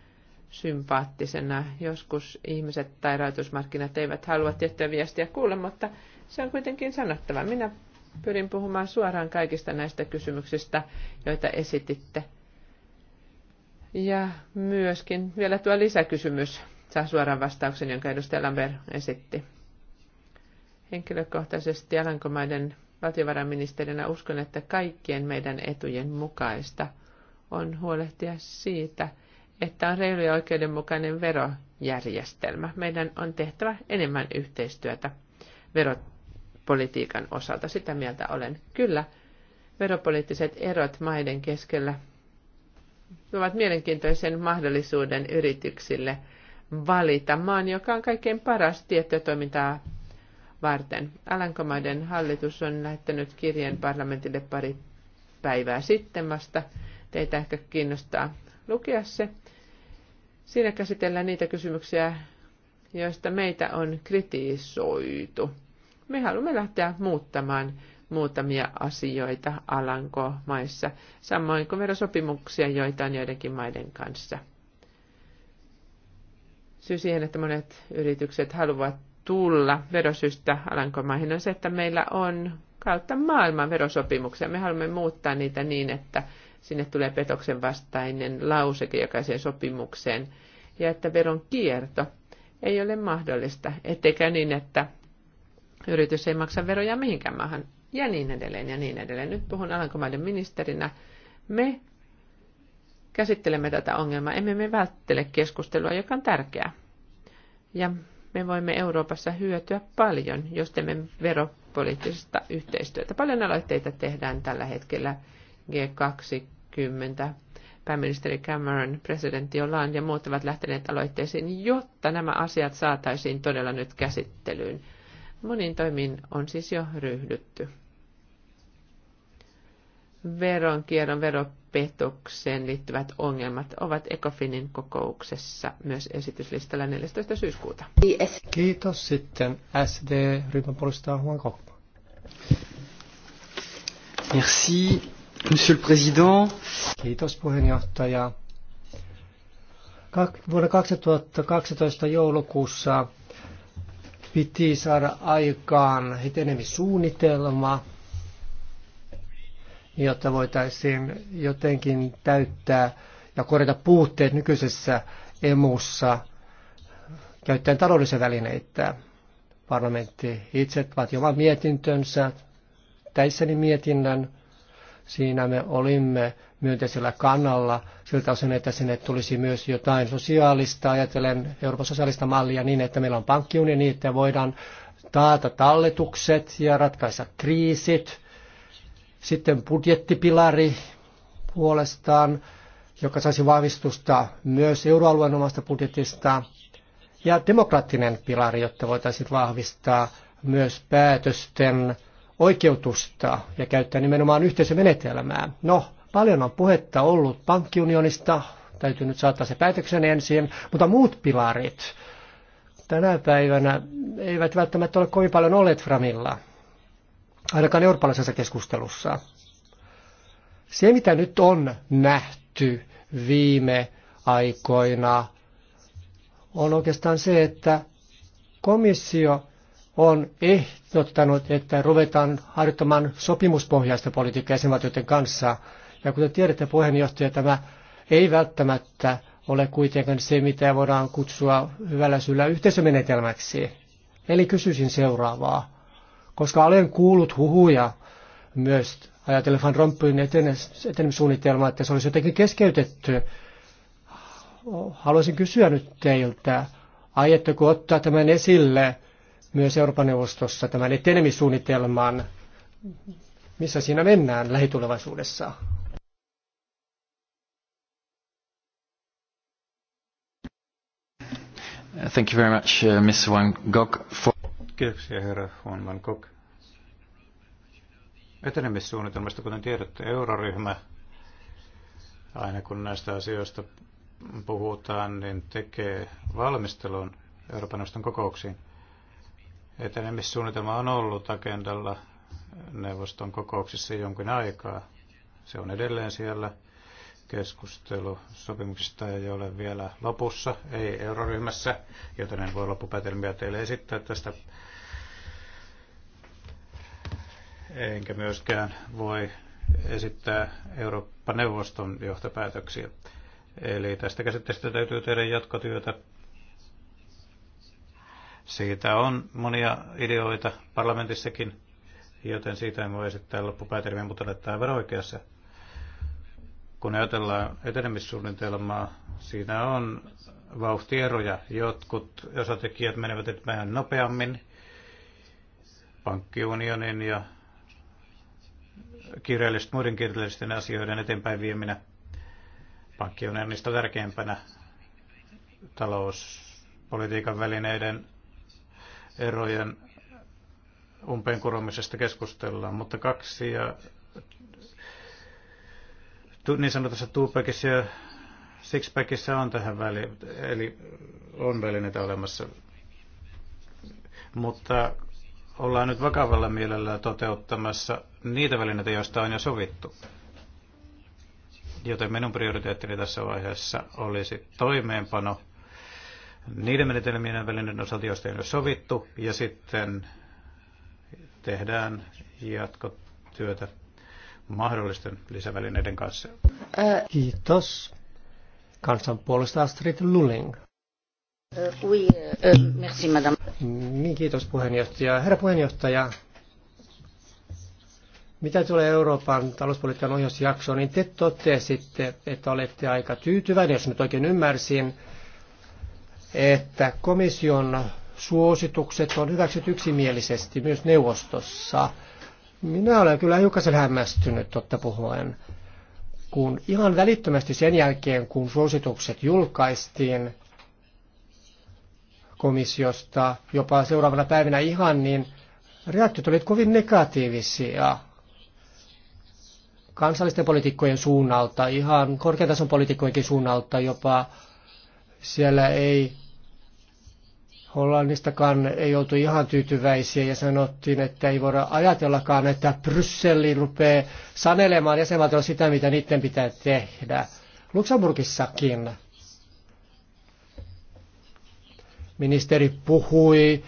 sympaattisena. Joskus ihmiset tai rahoitusmarkkinat eivät halua tiettyä viestiä kuulla, mutta se on kuitenkin sanottava. Minä pyrin puhumaan suoraan kaikista näistä kysymyksistä, joita esititte. Ja myöskin vielä tuo lisäkysymys saa suoraan vastauksen, jonka edustaja Lambert esitti. Henkilökohtaisesti Alankomaiden valtiovarainministerinä uskon, että kaikkien meidän etujen mukaista on huolehtia siitä, että on reilu ja oikeudenmukainen verojärjestelmä. Meidän on tehtävä enemmän yhteistyötä verot politiikan osalta. Sitä mieltä olen. Kyllä, veropoliittiset erot maiden keskellä ovat mielenkiintoisen mahdollisuuden yrityksille valita maan, joka on kaikkein paras tietotoimintaa varten. Alankomaiden hallitus on lähettänyt kirjeen parlamentille pari päivää sitten vasta. Teitä ehkä kiinnostaa lukea se. Siinä käsitellään niitä kysymyksiä, joista meitä on kritisoitu. Me haluamme lähteä muuttamaan muutamia asioita Alanko-maissa, samoin kuin verosopimuksia, joitain on joidenkin maiden kanssa. Syy siihen, että monet yritykset haluavat tulla verosystä Alankomaihin, on se, että meillä on kautta maailman verosopimuksia. Me haluamme muuttaa niitä niin, että sinne tulee petoksen vastainen lauseke jokaiseen sopimukseen, ja että veron kierto ei ole mahdollista, ettekä niin, että yritys ei maksa veroja mihinkään maahan, ja niin edelleen, ja niin edelleen. Nyt puhun Alankomaiden ministerinä. Me käsittelemme tätä ongelmaa, emme me välttele keskustelua, joka on tärkeää. Ja me voimme Euroopassa hyötyä paljon, jos teemme veropoliittisesta yhteistyötä. Paljon aloitteita tehdään tällä hetkellä G20. Pääministeri Cameron, presidentti Hollande ja muut ovat lähteneet aloitteisiin, jotta nämä asiat saataisiin todella nyt käsittelyyn. Monin toimin on siis jo ryhdytty. Veronkierron, veropetokseen liittyvät ongelmat ovat Ecofinin kokouksessa myös esityslistalla 14. syyskuuta. Kiitos sitten sd ryhmäpuolustaja puolesta Juan Kokko. Merci, monsieur le président. Kiitos puheenjohtaja. Vuonna 2012 joulukuussa piti saada aikaan etenemissuunnitelma, jotta voitaisiin jotenkin täyttää ja korjata puutteet nykyisessä emussa käyttäen taloudellisia välineitä. Parlamentti itse vaati oman mietintönsä, täissäni mietinnän. Siinä me olimme myönteisellä kannalla siltä osin, että sinne tulisi myös jotain sosiaalista, ajatellen Euroopan sosiaalista mallia niin, että meillä on pankkiunioni, niin että voidaan taata talletukset ja ratkaista kriisit. Sitten budjettipilari puolestaan, joka saisi vahvistusta myös euroalueen omasta budjetista. Ja demokraattinen pilari, jotta voitaisiin vahvistaa myös päätösten oikeutusta ja käyttää nimenomaan yhteisömenetelmää. No, Paljon on puhetta ollut pankkiunionista, täytyy nyt saattaa se päätöksen ensin, mutta muut pilarit tänä päivänä eivät välttämättä ole kovin paljon olleet Framilla, ainakaan eurooppalaisessa keskustelussa. Se, mitä nyt on nähty viime aikoina, on oikeastaan se, että komissio on ehdottanut, että ruvetaan harjoittamaan sopimuspohjaista politiikkaa jäsenvaltioiden kanssa – ja kuten tiedätte puheenjohtaja, tämä ei välttämättä ole kuitenkaan se, mitä voidaan kutsua hyvällä syyllä yhteisömenetelmäksi. Eli kysyisin seuraavaa. Koska olen kuullut huhuja myös ajatellen Van Rompuyn etenemissuunnitelmaa, että se olisi jotenkin keskeytetty. Haluaisin kysyä nyt teiltä, aiotteko ottaa tämän esille myös Euroopan neuvostossa, tämän etenemissuunnitelman, missä siinä mennään lähitulevaisuudessa? Thank you very much, uh, Mr. Van Gogh. For... Kiitoksia, herra Van Van Gogh. Etenemissuunnitelmasta, kuten tiedätte, euroryhmä, aina kun näistä asioista puhutaan, niin tekee valmistelun Euroopan neuvoston kokouksiin. Etenemissuunnitelma on ollut agendalla neuvoston kokouksissa jonkin aikaa. Se on edelleen siellä. Keskustelu sopimuksista ei ole vielä lopussa, ei euroryhmässä, joten en voi loppupäätelmiä teille esittää tästä. Enkä myöskään voi esittää Eurooppa-neuvoston johtopäätöksiä. Eli tästä käsitteestä täytyy tehdä jatkotyötä. Siitä on monia ideoita parlamentissakin, joten siitä en voi esittää loppupäätelmiä, mutta olette aivan oikeassa. Kun ajatellaan etenemissuunnitelmaa, siinä on vauhtieroja. Jotkut osatekijät menevät eteenpäin nopeammin, pankkiunionin ja kirjallisten, muiden kirjallisten asioiden eteenpäin vieminä. Pankkiunionista tärkeimpänä talouspolitiikan välineiden erojen umpeen kuromisesta keskustellaan, mutta kaksi ja niin sanotussa Tupekissa ja Sixpackissa on tähän väli, eli on välineitä olemassa. Mutta ollaan nyt vakavalla mielellä toteuttamassa niitä välineitä, joista on jo sovittu. Joten minun prioriteettini tässä vaiheessa olisi toimeenpano niiden menetelmien ja välineiden osalta, joista on jo sovittu, ja sitten tehdään jatkotyötä mahdollisten lisävälineiden kanssa. Kiitos. Kansan puolesta Astrid Luling. Euh, oui, euh, euh, merci madame. Niin, kiitos puheenjohtaja. Herra puheenjohtaja, mitä tulee Euroopan talouspolitiikan ohjausjaksoon, niin te totesitte, että olette aika tyytyväinen, jos nyt oikein ymmärsin, että komission suositukset on hyväksytty yksimielisesti myös neuvostossa. Minä olen kyllä hiukkasen hämmästynyt, totta puhuen, kun ihan välittömästi sen jälkeen, kun suositukset julkaistiin komissiosta, jopa seuraavana päivänä ihan, niin reaktiot olivat kovin negatiivisia kansallisten poliitikkojen suunnalta, ihan korkeatason poliitikkojenkin suunnalta jopa. Siellä ei Hollannistakaan ei oltu ihan tyytyväisiä ja sanottiin, että ei voida ajatellakaan, että Brysseli rupeaa sanelemaan jäsenvaltiolla sitä, mitä niiden pitää tehdä. Luxemburgissakin ministeri puhui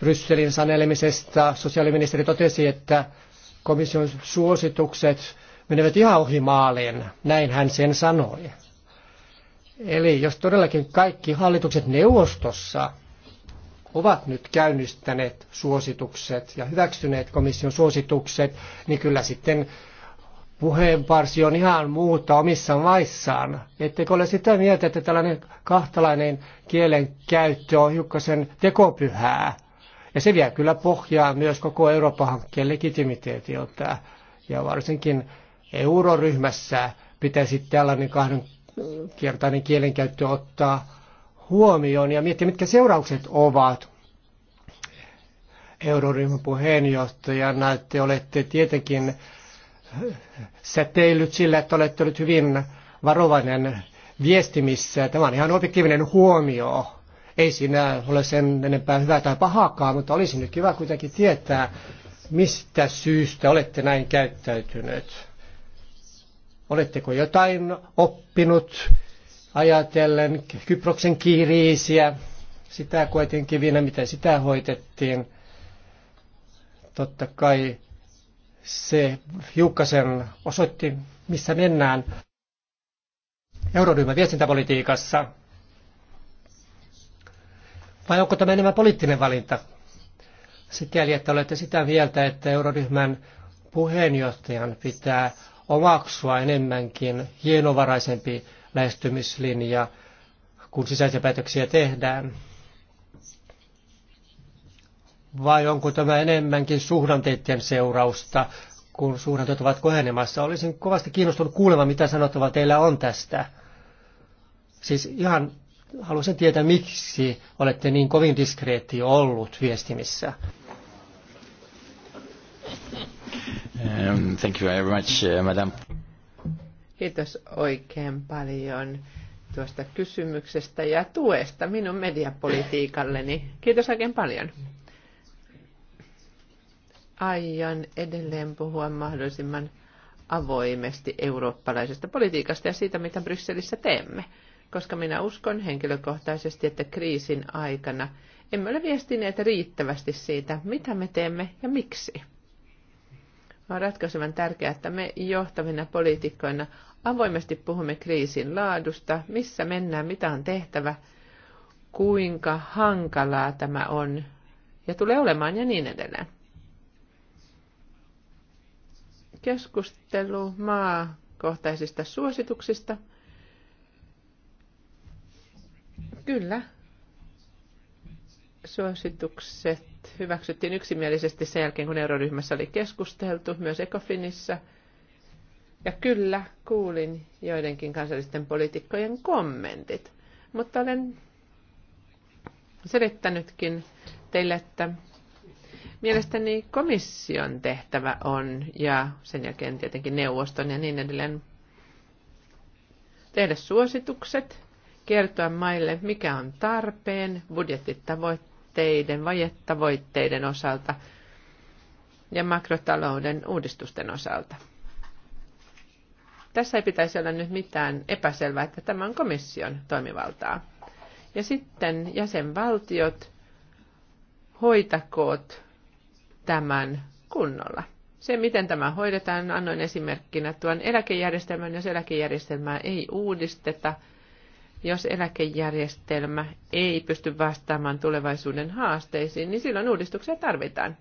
Brysselin sanelemisesta. Sosiaaliministeri totesi, että komission suositukset menevät ihan ohi maaliin. Näin hän sen sanoi. Eli jos todellakin kaikki hallitukset neuvostossa ovat nyt käynnistäneet suositukset ja hyväksyneet komission suositukset, niin kyllä sitten puheenparsi on ihan muuta omissa maissaan. Etteikö ole sitä mieltä, että tällainen kahtalainen kielen käyttö on hiukkasen tekopyhää? Ja se vie kyllä pohjaa myös koko Euroopan hankkeen legitimiteetiltä. Ja varsinkin euroryhmässä pitäisi tällainen kahden kertainen kielenkäyttö ottaa huomioon ja miettiä, mitkä seuraukset ovat. Euroryhmän puheenjohtajana, että te olette tietenkin säteillyt sillä, että olette olleet hyvin varovainen viestimissä. Tämä on ihan objektiivinen huomio. Ei siinä ole sen enempää hyvää tai pahaakaan, mutta olisi nyt kiva kuitenkin tietää, mistä syystä olette näin käyttäytyneet. Oletteko jotain oppinut ajatellen Kyproksen kriisiä, sitä kuitenkin viinä, miten sitä hoitettiin. Totta kai se hiukkasen osoitti, missä mennään euroryhmän viestintäpolitiikassa. Vai onko tämä enemmän poliittinen valinta? Sikäli, että olette sitä mieltä, että euroryhmän puheenjohtajan pitää omaksua enemmänkin hienovaraisempi lähestymislinja, kun sisäisiä päätöksiä tehdään? Vai onko tämä enemmänkin suhdanteiden seurausta, kun suhdanteet ovat kohenemassa? Olisin kovasti kiinnostunut kuulemaan, mitä sanottavaa teillä on tästä. Siis ihan haluaisin tietää, miksi olette niin kovin diskreetti ollut viestimissä. Um, thank you very much, uh, madam. Kiitos oikein paljon tuosta kysymyksestä ja tuesta minun mediapolitiikalleni. Kiitos oikein paljon. Aion edelleen puhua mahdollisimman avoimesti eurooppalaisesta politiikasta ja siitä, mitä Brysselissä teemme, koska minä uskon henkilökohtaisesti, että kriisin aikana emme ole viestineet riittävästi siitä, mitä me teemme ja miksi. On ratkaisevan tärkeää, että me johtavina poliitikkoina avoimesti puhumme kriisin laadusta, missä mennään, mitä on tehtävä, kuinka hankalaa tämä on ja tulee olemaan ja niin edelleen. Keskustelu maakohtaisista suosituksista. Kyllä, suositukset hyväksyttiin yksimielisesti sen jälkeen, kun euroryhmässä oli keskusteltu, myös Ecofinissä. Ja kyllä, kuulin joidenkin kansallisten poliitikkojen kommentit. Mutta olen selittänytkin teille, että mielestäni komission tehtävä on, ja sen jälkeen tietenkin neuvoston ja niin edelleen, tehdä suositukset, kertoa maille, mikä on tarpeen, budjettitavoitteet, tavoitteiden, vajetavoitteiden osalta ja makrotalouden uudistusten osalta. Tässä ei pitäisi olla nyt mitään epäselvää, että tämä on komission toimivaltaa. Ja sitten jäsenvaltiot hoitakoot tämän kunnolla. Se, miten tämä hoidetaan, annoin esimerkkinä tuon eläkejärjestelmän, jos eläkejärjestelmää ei uudisteta – jos eläkejärjestelmä ei pysty vastaamaan tulevaisuuden haasteisiin, niin silloin uudistuksia tarvitaan.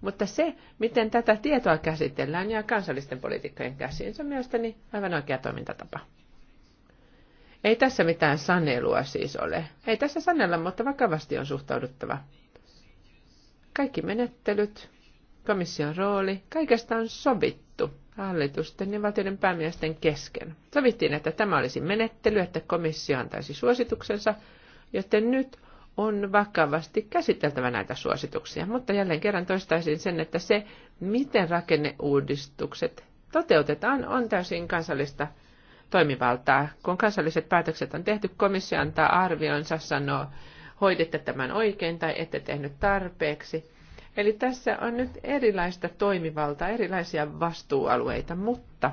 Mutta se, miten tätä tietoa käsitellään, ja kansallisten poliitikkojen käsiin. Se on mielestäni aivan oikea toimintatapa. Ei tässä mitään sanelua siis ole. Ei tässä sanella, mutta vakavasti on suhtauduttava. Kaikki menettelyt, komission rooli, kaikesta on sovittu hallitusten ja valtioiden päämiesten kesken. Sovittiin, että tämä olisi menettely, että komissio antaisi suosituksensa, joten nyt on vakavasti käsiteltävä näitä suosituksia. Mutta jälleen kerran toistaisin sen, että se, miten rakenneuudistukset toteutetaan, on täysin kansallista toimivaltaa. Kun kansalliset päätökset on tehty, komissio antaa arvionsa, sanoo, hoiditte tämän oikein tai ette tehnyt tarpeeksi. Eli tässä on nyt erilaista toimivaltaa, erilaisia vastuualueita, mutta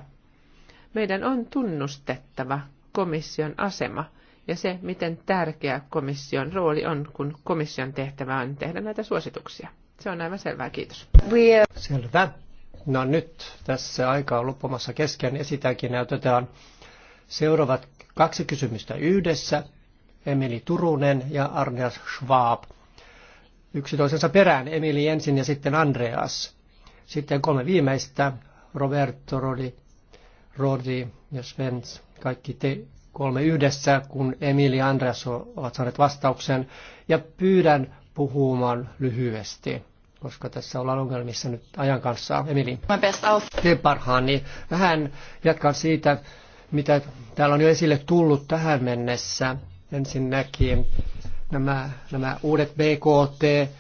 meidän on tunnustettava komission asema ja se, miten tärkeä komission rooli on, kun komission tehtävä on tehdä näitä suosituksia. Se on aivan selvää, kiitos. Selvä. No nyt tässä aika on loppumassa kesken ja sitäkin näytetään seuraavat kaksi kysymystä yhdessä. Emeli Turunen ja Arne Schwab yksi toisensa perään, Emili ensin ja sitten Andreas. Sitten kolme viimeistä, Roberto, Rodi, Rodi ja Svens, kaikki te kolme yhdessä, kun Emili ja Andreas ovat saaneet vastauksen. Ja pyydän puhumaan lyhyesti, koska tässä ollaan ongelmissa nyt ajan kanssa. Emili, Te parhaan, niin vähän jatkan siitä, mitä täällä on jo esille tullut tähän mennessä. Ensinnäkin nämä, nämä uudet BKT,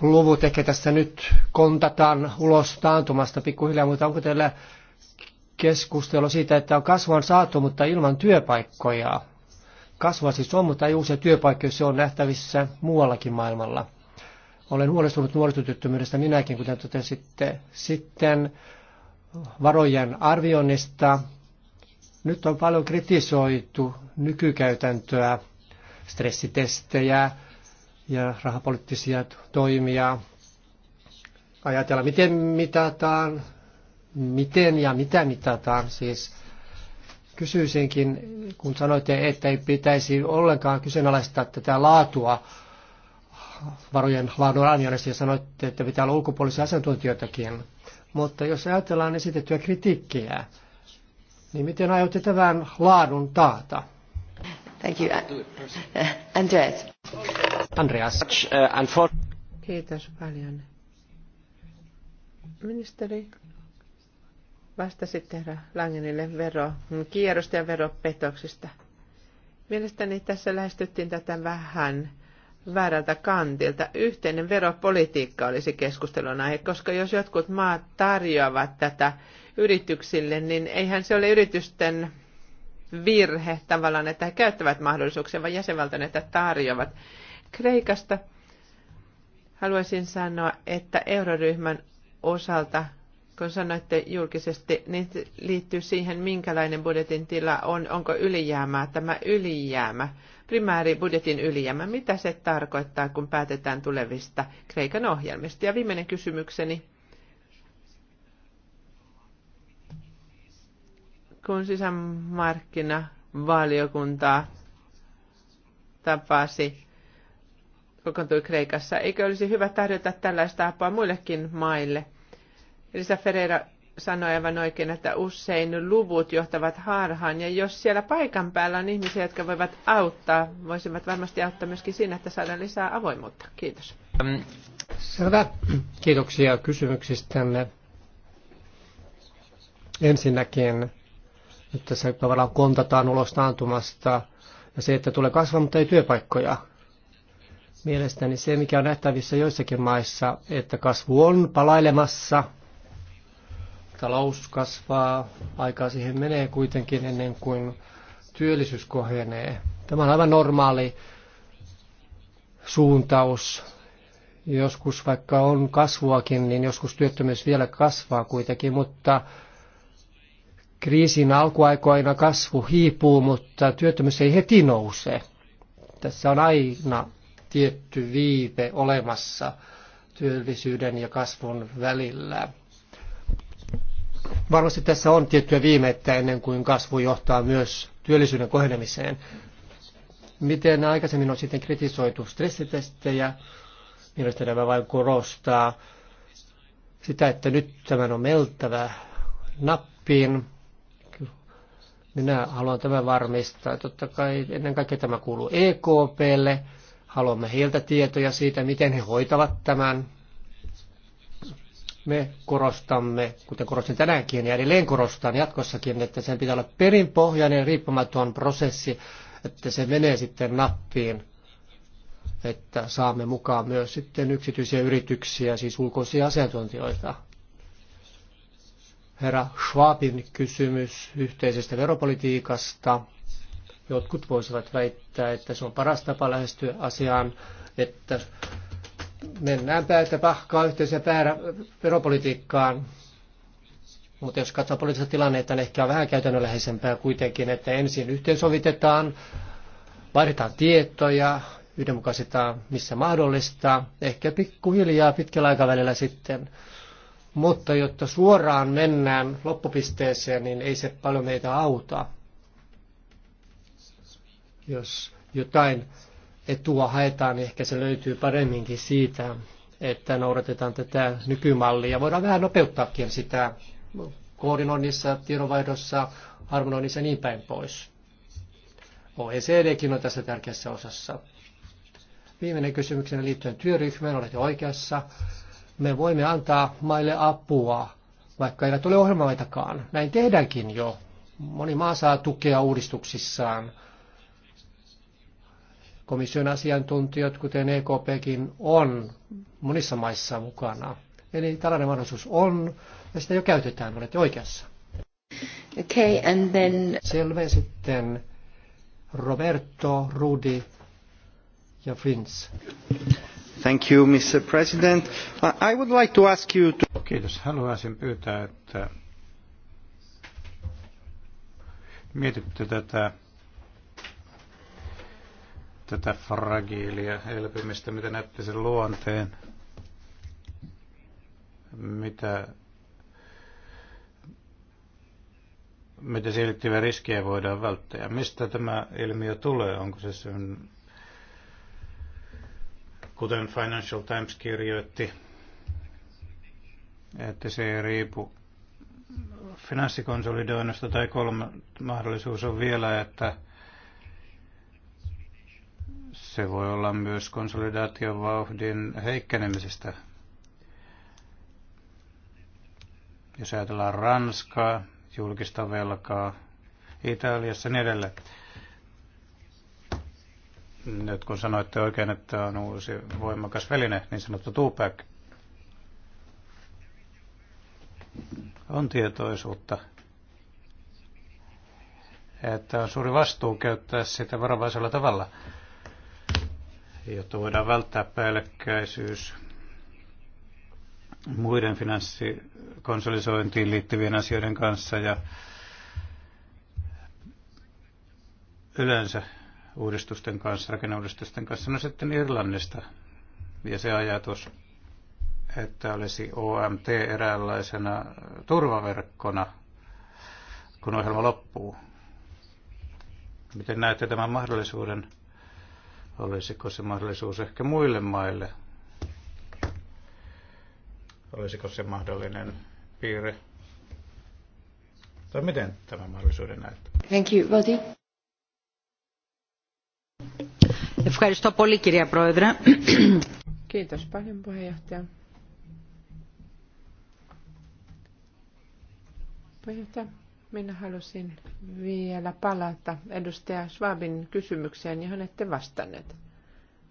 luvut ehkä tässä nyt kontataan ulos taantumasta pikkuhiljaa, mutta onko teillä keskustelu siitä, että on kasvua on saatu, mutta ilman työpaikkoja? Kasvua siis on, mutta ei uusia työpaikkoja, se on nähtävissä muuallakin maailmalla. Olen huolestunut nuorisotyöttömyydestä minäkin, kuten totesitte. Sitten varojen arvioinnista. Nyt on paljon kritisoitu nykykäytäntöä stressitestejä ja rahapoliittisia toimia. Ajatella, miten mitataan, miten ja mitä mitataan. Siis kysyisinkin, kun sanoitte, että ei pitäisi ollenkaan kyseenalaistaa tätä laatua, varojen laadun arvioinnissa ja sanoitte, että pitää olla ulkopuolisia asiantuntijoitakin. Mutta jos ajatellaan esitettyä kritiikkiä, niin miten aiotte tämän laadun taata? Thank you. Uh, Andreas. Andreas. Uh, Kiitos paljon. Ministeri, vastasitte herra Langenille verokierrosta ja veropetoksista. Mielestäni tässä lähestyttiin tätä vähän väärältä kantilta. Yhteinen veropolitiikka olisi keskustelun aihe, koska jos jotkut maat tarjoavat tätä yrityksille, niin eihän se ole yritysten virhe tavallaan, että he käyttävät mahdollisuuksia, vaan jäsenvaltion, että tarjoavat. Kreikasta haluaisin sanoa, että euroryhmän osalta, kun sanoitte julkisesti, niin liittyy siihen, minkälainen budjetin tila on, onko ylijäämää tämä ylijäämä, primääri budjetin ylijäämä, mitä se tarkoittaa, kun päätetään tulevista Kreikan ohjelmista. Ja viimeinen kysymykseni kun valiokuntaa tapasi, kokoontui Kreikassa. Eikö olisi hyvä tarjota tällaista apua muillekin maille? Elisa Ferreira sanoi aivan oikein, että usein luvut johtavat harhaan, ja jos siellä paikan päällä on ihmisiä, jotka voivat auttaa, voisivat varmasti auttaa myöskin siinä, että saadaan lisää avoimuutta. Kiitos. Selvä. Kiitoksia kysymyksistänne. Ensinnäkin että se tavallaan kontataan ulos taantumasta ja se, että tulee kasvaa, mutta ei työpaikkoja. Mielestäni se, mikä on nähtävissä joissakin maissa, että kasvu on palailemassa, talous kasvaa, aikaa siihen menee kuitenkin ennen kuin työllisyys kohenee. Tämä on aivan normaali suuntaus. Joskus vaikka on kasvuakin, niin joskus työttömyys vielä kasvaa kuitenkin, mutta Kriisin alkuaikoina kasvu hiipuu, mutta työttömyys ei heti nouse. Tässä on aina tietty viive olemassa työllisyyden ja kasvun välillä. Varmasti tässä on tiettyä viimettä ennen kuin kasvu johtaa myös työllisyyden kohenemiseen. Miten aikaisemmin on sitten kritisoitu stressitestejä, mielestäni tämä vain korostaa sitä, että nyt tämän on meltävä nappiin. Minä haluan tämän varmistaa. Totta kai ennen kaikkea tämä kuuluu EKPlle. Haluamme heiltä tietoja siitä, miten he hoitavat tämän. Me korostamme, kuten korostin tänäänkin ja edelleen korostan jatkossakin, että sen pitää olla perinpohjainen riippumaton prosessi, että se menee sitten nappiin että saamme mukaan myös sitten yksityisiä yrityksiä, siis ulkoisia asiantuntijoita herra Schwabin kysymys yhteisestä veropolitiikasta. Jotkut voisivat väittää, että se on paras tapa lähestyä asiaan, että mennään päältä pahkaa päärä veropolitiikkaan. Mutta jos katsoo poliittista tilannetta, niin ehkä on vähän käytännönläheisempää kuitenkin, että ensin yhteensovitetaan, vaihdetaan tietoja, yhdenmukaistetaan missä mahdollista, ehkä pikkuhiljaa pitkällä aikavälillä sitten mutta jotta suoraan mennään loppupisteeseen, niin ei se paljon meitä auta. Jos jotain etua haetaan, niin ehkä se löytyy paremminkin siitä, että noudatetaan tätä nykymallia. Voidaan vähän nopeuttaakin sitä koordinoinnissa, tiedonvaihdossa, harmonoinnissa ja niin päin pois. OECDkin on tässä tärkeässä osassa. Viimeinen kysymyksenä liittyen työryhmään, olette oikeassa me voimme antaa maille apua, vaikka eivät ole ohjelmaitakaan. Näin tehdäänkin jo. Moni maa saa tukea uudistuksissaan. Komission asiantuntijat, kuten EKPkin, on monissa maissa mukana. Eli tällainen mahdollisuus on, ja sitä jo käytetään, olette oikeassa. Okay, and then... Selvä sitten Roberto, Rudi ja Fins. Thank you, Mr. President. I would like to ask you to... Kiitos. Haluaisin pyytää, että mietitte tätä, tätä fragiilia elpymistä, mitä näette sen luonteen, mitä, miten siirrettyviä riskejä voidaan välttää. Mistä tämä ilmiö tulee? Onko se sen Kuten Financial Times kirjoitti, että se ei riipu finanssikonsolidoinnista tai kolme mahdollisuus on vielä, että se voi olla myös konsolidaation vauhdin heikkenemisestä. Jos ajatellaan Ranskaa, julkista velkaa, Italiassa ja niin edelleen nyt kun sanoitte oikein, että on uusi voimakas väline, niin sanottu Tupac, on tietoisuutta, että on suuri vastuu käyttää sitä varovaisella tavalla, jotta voidaan välttää päällekkäisyys muiden finanssikonsolisointiin liittyvien asioiden kanssa ja yleensä uudistusten kanssa, rakenneuudistusten kanssa. No sitten Irlannista ja se ajatus, että olisi OMT eräänlaisena turvaverkkona, kun ohjelma loppuu. Miten näette tämän mahdollisuuden? Olisiko se mahdollisuus ehkä muille maille? Olisiko se mahdollinen piirre? Tai miten tämän mahdollisuuden näette? Thank you, Ευχαριστώ πολύ κυρία Πρόεδρε. paljon puheenjohtaja. minä halusin vielä palata edustaja Schwabin kysymykseen, johon niin ette vastanneet.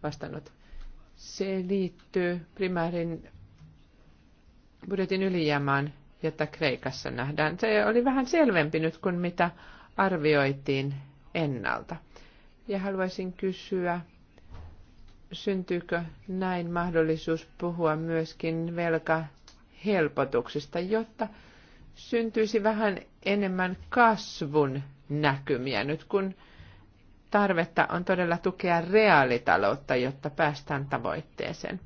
vastannut. Se liittyy primäärin budjetin ylijäämään, jota Kreikassa nähdään. Se oli vähän selvempi nyt kuin mitä arvioitiin ennalta. Ja haluaisin kysyä, syntyykö näin mahdollisuus puhua myöskin velkahelpotuksista, jotta syntyisi vähän enemmän kasvun näkymiä nyt, kun tarvetta on todella tukea reaalitaloutta, jotta päästään tavoitteeseen.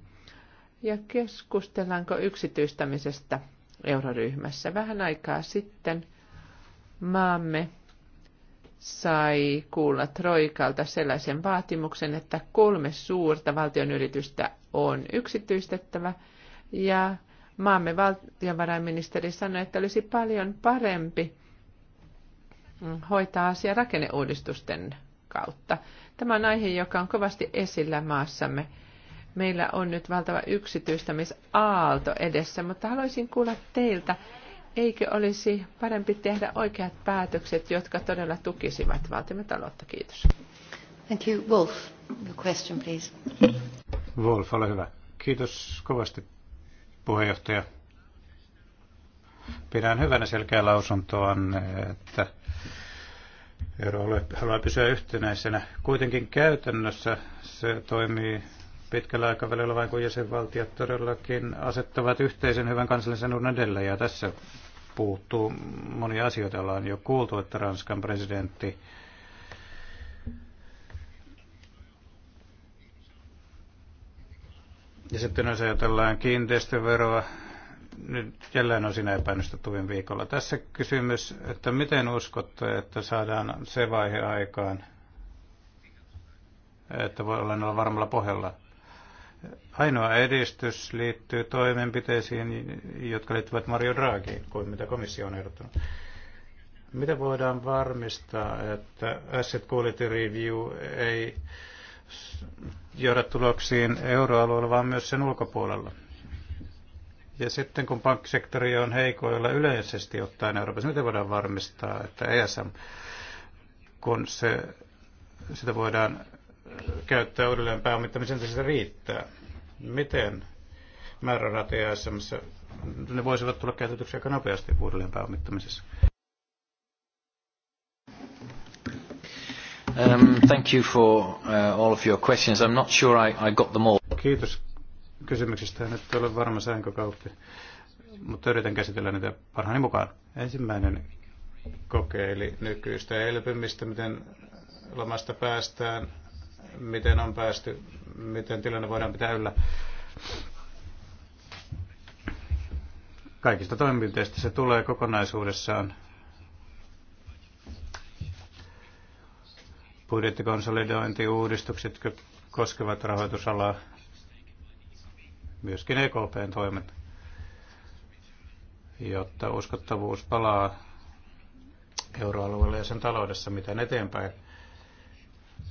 Ja keskustellaanko yksityistämisestä euroryhmässä? Vähän aikaa sitten maamme sai kuulla Troikalta sellaisen vaatimuksen, että kolme suurta valtion yritystä on yksityistettävä ja maamme valtiovarainministeri sanoi, että olisi paljon parempi hoitaa asia rakenneuudistusten kautta. Tämä on aihe, joka on kovasti esillä maassamme. Meillä on nyt valtava yksityistämisaalto edessä, mutta haluaisin kuulla teiltä, eikö olisi parempi tehdä oikeat päätökset, jotka todella tukisivat valtimme taloutta? Kiitos. Thank you. Wolf, your question, please. Wolf, ole hyvä. Kiitos kovasti, puheenjohtaja. Pidän hyvänä selkeää lausuntoa, että euroalue haluaa pysyä yhtenäisenä. Kuitenkin käytännössä se toimii pitkällä aikavälillä vain kun jäsenvaltiot todellakin asettavat yhteisen hyvän kansallisen edelle. Ja tässä puuttuu monia asioita. Ollaan jo kuultu, että Ranskan presidentti Ja sitten jos ajatellaan kiinteistöveroa, nyt jälleen on sinä epäonnistu tuvin viikolla. Tässä kysymys, että miten uskotte, että saadaan se vaihe aikaan, että voi olla varmalla pohjalla Ainoa edistys liittyy toimenpiteisiin, jotka liittyvät Mario Draghiin, kuin mitä komissio on ehdottanut. Miten voidaan varmistaa, että Asset Quality Review ei johda tuloksiin euroalueella, vaan myös sen ulkopuolella? Ja sitten kun pankkisektori on heikoilla yleisesti ottaen Euroopassa, miten voidaan varmistaa, että ESM, kun se, sitä voidaan käyttää uudelleen että se riittää. Miten määrärahat ESMssä, ne voisivat tulla käytetyksi aika nopeasti uudelleen pääomittamisessa? Um, thank you for uh, all of your questions. I'm not sure I, I got them all. Kiitos kysymyksistä. Nyt ole varma säänkö kauppi, mutta yritän käsitellä niitä parhaani mukaan. Ensimmäinen kokeili nykyistä elpymistä, miten lamasta päästään miten on päästy, miten tilanne voidaan pitää yllä. Kaikista toimenpiteistä se tulee kokonaisuudessaan. Budjettikonsolidointi, uudistukset koskevat rahoitusalaa, myöskin EKPn toimet, jotta uskottavuus palaa euroalueelle ja sen taloudessa miten eteenpäin.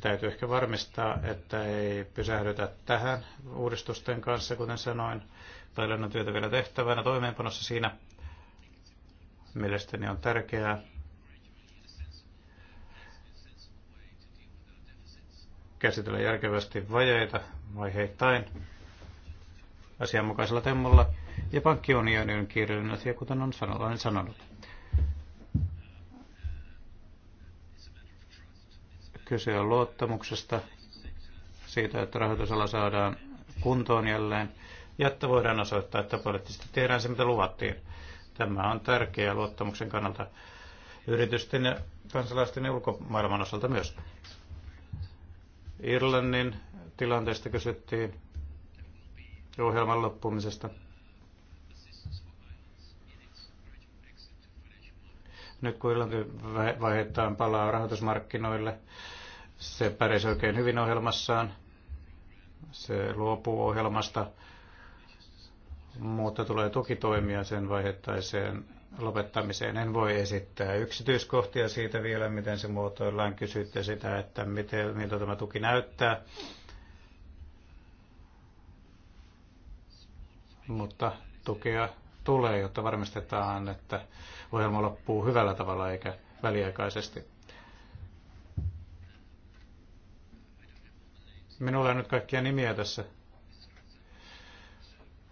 Täytyy ehkä varmistaa, että ei pysähdytä tähän uudistusten kanssa, kuten sanoin. Paljon on työtä vielä tehtävänä toimeenpanossa siinä. Mielestäni on tärkeää käsitellä järkevästi vajeita vaiheittain asianmukaisella temmolla ja pankkiunionin kirjallinen asia, kuten on sanonut. Kyse on luottamuksesta, siitä, että rahoitusala saadaan kuntoon jälleen, ja että voidaan osoittaa, että poliittisesti tehdään se, mitä luvattiin. Tämä on tärkeää luottamuksen kannalta yritysten ja kansalaisten ja ulkomaailman osalta myös. Irlannin tilanteesta kysyttiin ohjelman loppumisesta. Nyt kun Irlanti vaihdetaan palaa rahoitusmarkkinoille, se pärjäsi oikein hyvin ohjelmassaan. Se luopuu ohjelmasta, mutta tulee tukitoimia sen vaihettaiseen lopettamiseen. En voi esittää yksityiskohtia siitä vielä, miten se muotoillaan. Kysytte sitä, että miten, miltä tämä tuki näyttää. Mutta tukea tulee, jotta varmistetaan, että ohjelma loppuu hyvällä tavalla eikä väliaikaisesti. Minulla on nyt kaikkia nimiä tässä.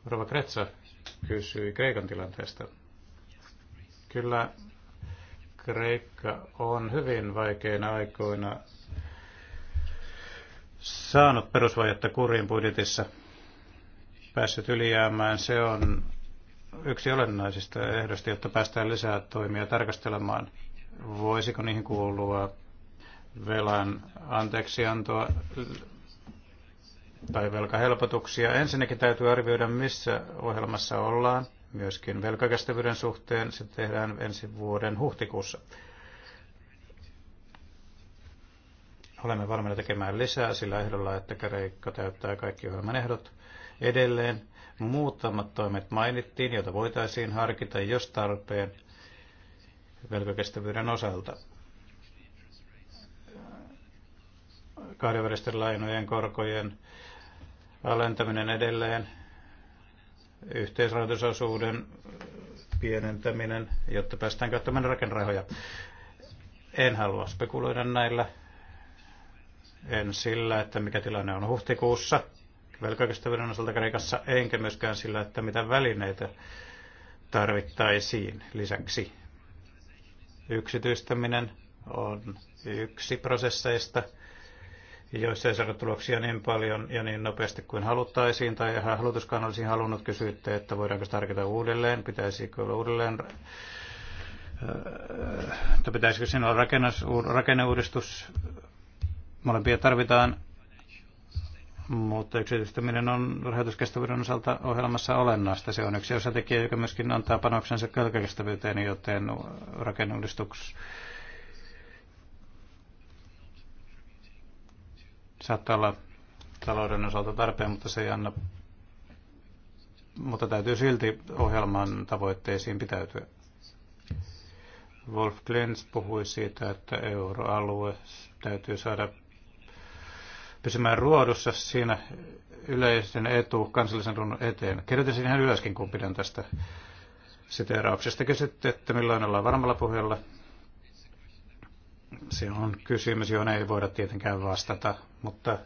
Rova Kretsa kysyi Kreikan tilanteesta. Kyllä Kreikka on hyvin vaikeina aikoina saanut perusvajetta kurin budjetissa, päässyt ylijäämään. Se on yksi olennaisista ehdosta, jotta päästään lisää toimia tarkastelemaan, voisiko niihin kuulua velan anteeksiantoa tai velkahelpotuksia. Ensinnäkin täytyy arvioida, missä ohjelmassa ollaan, myöskin velkakestävyyden suhteen. Se tehdään ensi vuoden huhtikuussa. Olemme valmiita tekemään lisää sillä ehdolla, että Kreikka täyttää kaikki ohjelman ehdot edelleen. Muutamat toimet mainittiin, joita voitaisiin harkita, jos tarpeen, velkakestävyyden osalta. kahdenvälisten lainojen korkojen alentaminen edelleen, yhteisrahoitusosuuden pienentäminen, jotta päästään käyttämään rakenrahoja. En halua spekuloida näillä. En sillä, että mikä tilanne on huhtikuussa velkakestävyyden osalta Kreikassa, enkä myöskään sillä, että mitä välineitä tarvittaisiin lisäksi. Yksityistäminen on yksi prosesseista – joissa ei saada tuloksia niin paljon ja niin nopeasti kuin haluttaisiin, tai ihan halutuskaan olisi halunnut kysyä, että voidaanko tarkita uudelleen, pitäisikö olla uudelleen, että äh, pitäisikö siinä olla rakennus, rakenneuudistus, molempia tarvitaan, mutta yksityistäminen on rahoituskestävyyden osalta ohjelmassa olennaista. Se on yksi osatekijä, joka myöskin antaa panoksensa kölkäkestävyyteen, joten rakenneuudistus saattaa olla talouden osalta tarpeen, mutta se ei anna. Mutta täytyy silti ohjelman tavoitteisiin pitäytyä. Wolf Klins puhui siitä, että euroalue täytyy saada pysymään ruodussa siinä yleisen etu, kansallisen runnon eteen. Kirjoitin ihan ylöskin, kun pidän tästä siteerauksesta. Kysytte, että milloin ollaan varmalla pohjalla. Se on kysymys, johon ei voida tietenkään vastata, mutta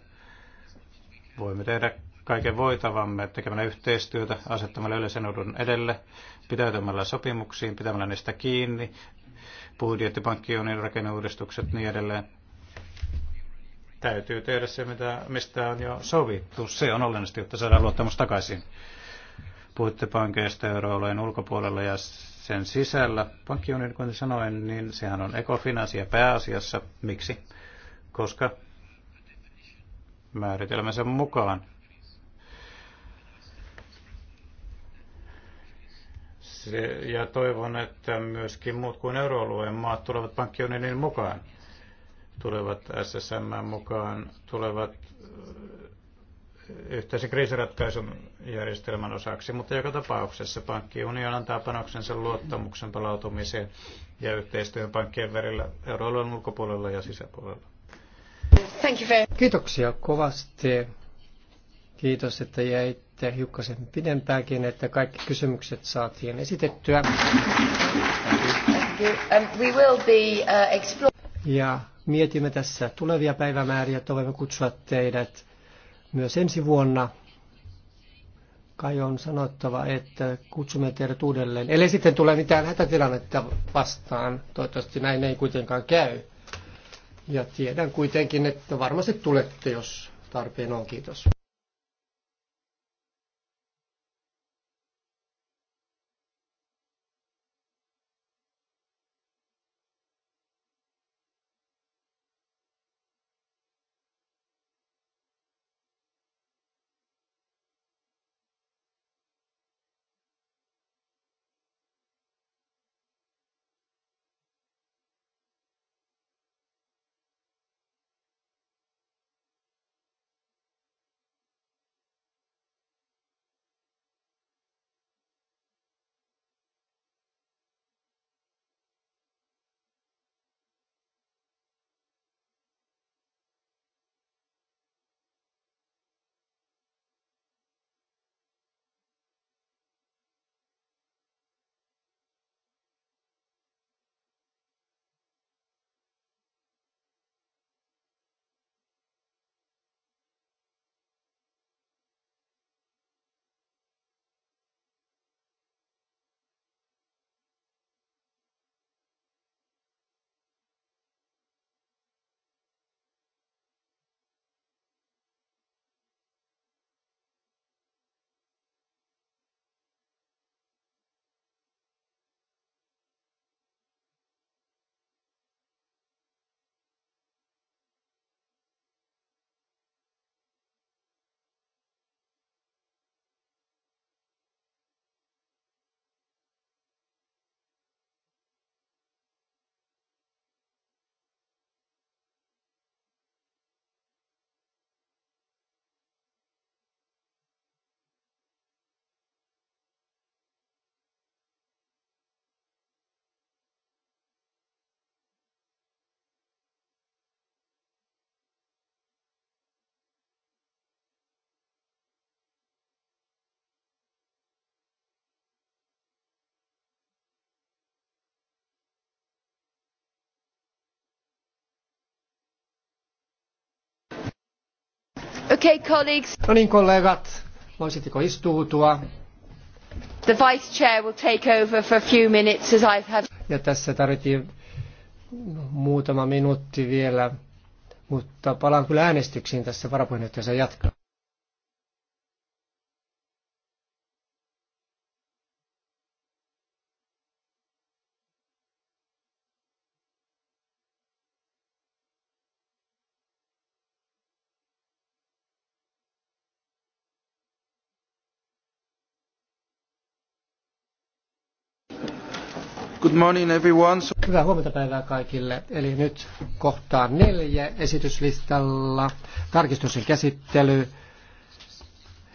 voimme tehdä kaiken voitavamme tekemällä yhteistyötä, asettamalla yleisen edun edelle, pitäytymällä sopimuksiin, pitämällä niistä kiinni, budjettipankkiunin rakenneuudistukset niin edelleen. Täytyy tehdä se, mitä, mistä on jo sovittu. Se on olennaista, jotta saadaan luottamus takaisin. Puhutte pankeista euroalueen ulkopuolella ja sen sisällä. Pankkiunin, kuten sanoin, niin sehän on ekofinansia pääasiassa. Miksi? Koska määritelmänsä mukaan. Se, ja toivon, että myöskin muut kuin euroalueen maat tulevat pankkiunionin mukaan, tulevat SSM mukaan, tulevat eh, yhteisen kriisiratkaisun järjestelmän osaksi, mutta joka tapauksessa pankkiunion antaa panoksensa luottamuksen palautumiseen ja yhteistyön pankkien välillä euroalueen ulkopuolella ja sisäpuolella. Kiitoksia kovasti. Kiitos, että jäitte hiukkasen pidempääkin, että kaikki kysymykset saatiin esitettyä. Um, uh, ja mietimme tässä tulevia päivämääriä, että voimme kutsua teidät myös ensi vuonna. Kai on sanottava, että kutsumme teidät uudelleen. Eli sitten tulee mitään hätätilannetta vastaan. Toivottavasti näin ei kuitenkaan käy. Ja tiedän kuitenkin, että varmasti tulette, jos tarpeen on. Kiitos. Okay, colleagues. No niin, kollegat, voisitteko istuutua? The vice chair will take over for a few minutes as I have. Ja tässä tarvittiin muutama minuutti vielä, mutta palaan kyllä äänestyksiin tässä varapuheenjohtajansa jatkaa. Good morning everyone. Hyvää huomenta päivää kaikille. Eli nyt kohtaan neljä esityslistalla tarkistuksen käsittely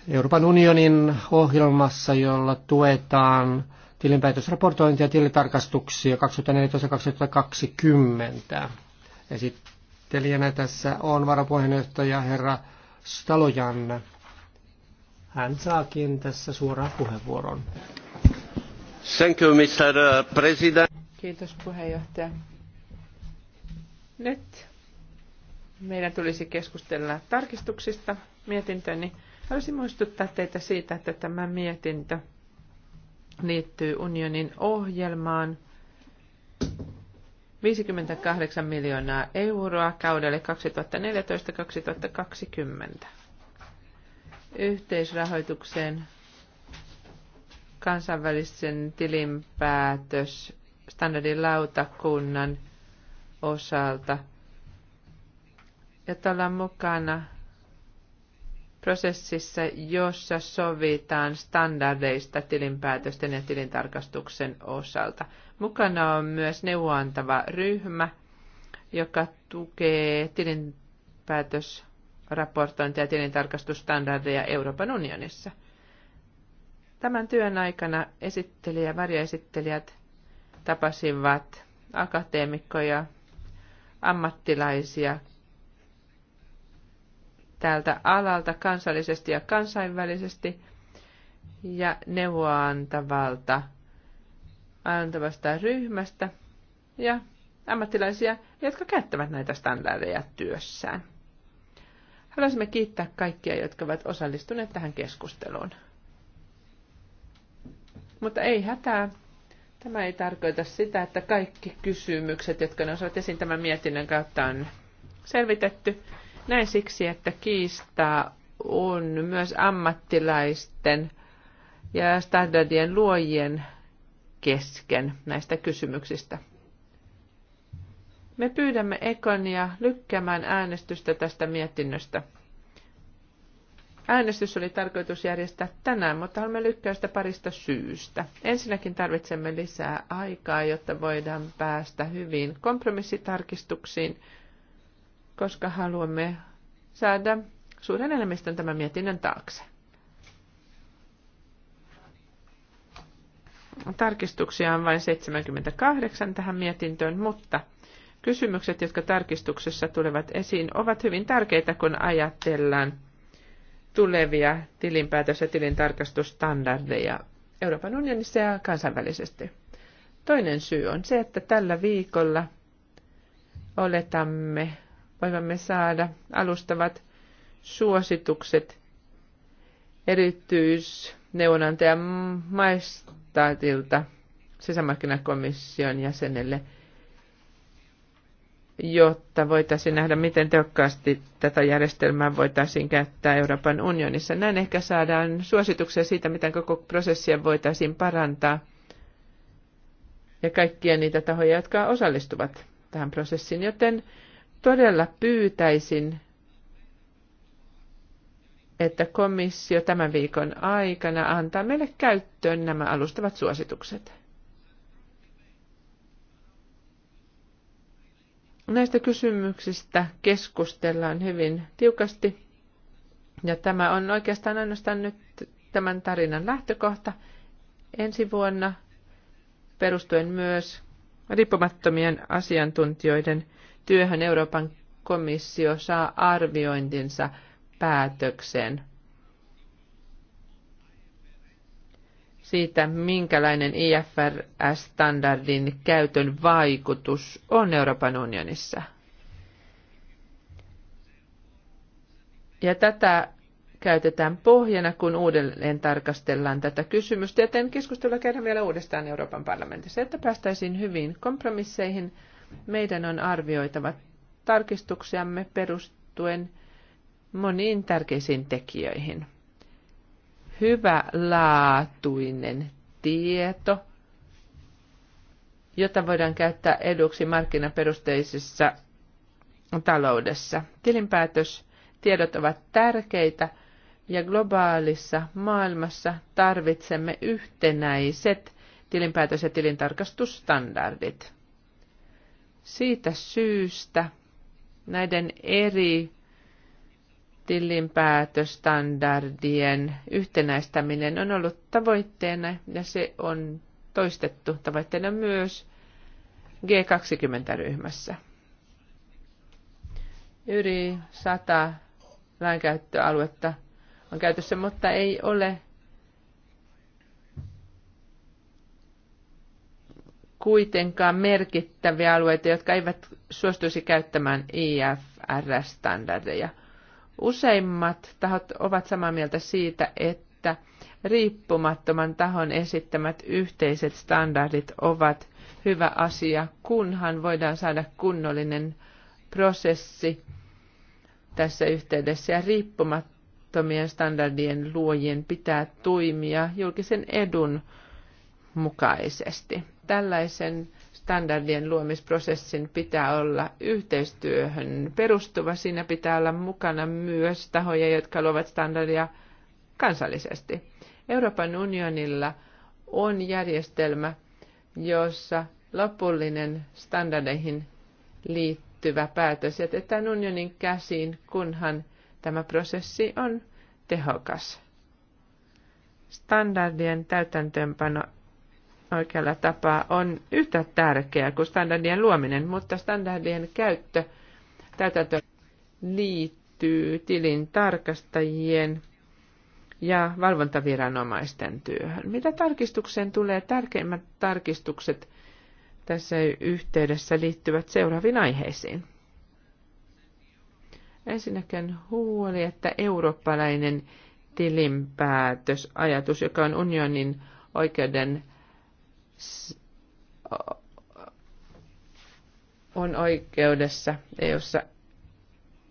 Euroopan unionin ohjelmassa, jolla tuetaan tilinpäätösraportointia ja tilitarkastuksia 2014-2020. Esittelijänä tässä on varapuheenjohtaja herra Stalojan. Hän saakin tässä suoraan puheenvuoron. Thank you, Mr. Uh, president. Kiitos puheenjohtaja. Nyt meidän tulisi keskustella tarkistuksista mietintöni. Haluaisin muistuttaa teitä siitä, että tämä mietintö liittyy unionin ohjelmaan 58 miljoonaa euroa kaudelle 2014-2020 yhteisrahoitukseen kansainvälisen tilinpäätös standardin lautakunnan osalta. Ja ollaan mukana prosessissa, jossa sovitaan standardeista tilinpäätösten ja tilintarkastuksen osalta. Mukana on myös neuvoantava ryhmä, joka tukee tilinpäätösraportointia ja tilintarkastusstandardeja Euroopan unionissa – Tämän työn aikana esittelijä, varjoesittelijät tapasivat akateemikkoja, ammattilaisia tältä alalta kansallisesti ja kansainvälisesti ja neuvoa antavalta antavasta ryhmästä ja ammattilaisia, jotka käyttävät näitä standardeja työssään. Haluaisimme kiittää kaikkia, jotka ovat osallistuneet tähän keskusteluun. Mutta ei hätää. Tämä ei tarkoita sitä, että kaikki kysymykset, jotka nousevat esiin tämän mietinnön kautta, on selvitetty. Näin siksi, että kiistaa on myös ammattilaisten ja standardien luojien kesken näistä kysymyksistä. Me pyydämme Ekonia lykkäämään äänestystä tästä mietinnöstä. Äänestys oli tarkoitus järjestää tänään, mutta olemme lykkäystä parista syystä. Ensinnäkin tarvitsemme lisää aikaa, jotta voidaan päästä hyvin kompromissitarkistuksiin, koska haluamme saada suuren enemmistön tämän mietinnön taakse. Tarkistuksia on vain 78 tähän mietintöön, mutta kysymykset, jotka tarkistuksessa tulevat esiin, ovat hyvin tärkeitä, kun ajatellaan – tulevia tilinpäätös- ja tilintarkastusstandardeja Euroopan unionissa ja kansainvälisesti. Toinen syy on se, että tällä viikolla oletamme voimme saada alustavat suositukset erityisneuvonantajan maistaatilta sisämarkkinakomission jäsenelle – jotta voitaisiin nähdä, miten tehokkaasti tätä järjestelmää voitaisiin käyttää Euroopan unionissa. Näin ehkä saadaan suosituksia siitä, miten koko prosessia voitaisiin parantaa ja kaikkia niitä tahoja, jotka osallistuvat tähän prosessiin. Joten todella pyytäisin, että komissio tämän viikon aikana antaa meille käyttöön nämä alustavat suositukset. Näistä kysymyksistä keskustellaan hyvin tiukasti. Ja tämä on oikeastaan ainoastaan nyt tämän tarinan lähtökohta. Ensi vuonna perustuen myös riippumattomien asiantuntijoiden työhön Euroopan komissio saa arviointinsa päätökseen. siitä, minkälainen IFRS-standardin käytön vaikutus on Euroopan unionissa. Ja tätä käytetään pohjana, kun uudelleen tarkastellaan tätä kysymystä. Joten keskustelua käydään vielä uudestaan Euroopan parlamentissa. Että päästäisiin hyvin kompromisseihin, meidän on arvioitava tarkistuksiamme perustuen moniin tärkeisiin tekijöihin – hyvälaatuinen tieto, jota voidaan käyttää eduksi markkinaperusteisessa taloudessa. Tilinpäätös Tiedot ovat tärkeitä ja globaalissa maailmassa tarvitsemme yhtenäiset tilinpäätös- ja tilintarkastustandardit. Siitä syystä näiden eri tilinpäätöstandardien yhtenäistäminen on ollut tavoitteena ja se on toistettu tavoitteena myös G20-ryhmässä. Yli sata lainkäyttöaluetta on käytössä, mutta ei ole kuitenkaan merkittäviä alueita, jotka eivät suostuisi käyttämään IFR-standardeja – Useimmat tahot ovat samaa mieltä siitä, että riippumattoman tahon esittämät yhteiset standardit ovat hyvä asia, kunhan voidaan saada kunnollinen prosessi tässä yhteydessä ja riippumattomien standardien luojien pitää toimia julkisen edun mukaisesti. Tällaisen standardien luomisprosessin pitää olla yhteistyöhön perustuva. Siinä pitää olla mukana myös tahoja, jotka luovat standardia kansallisesti. Euroopan unionilla on järjestelmä, jossa lopullinen standardeihin liittyvä päätös jätetään unionin käsiin, kunhan tämä prosessi on tehokas. Standardien täytäntöönpano oikealla tapaa on yhtä tärkeää kuin standardien luominen, mutta standardien käyttö tätä liittyy tilin tarkastajien ja valvontaviranomaisten työhön. Mitä tarkistukseen tulee, tärkeimmät tarkistukset tässä yhteydessä liittyvät seuraaviin aiheisiin. Ensinnäkin huoli, että eurooppalainen tilinpäätösajatus, joka on unionin oikeuden on oikeudessa, jossa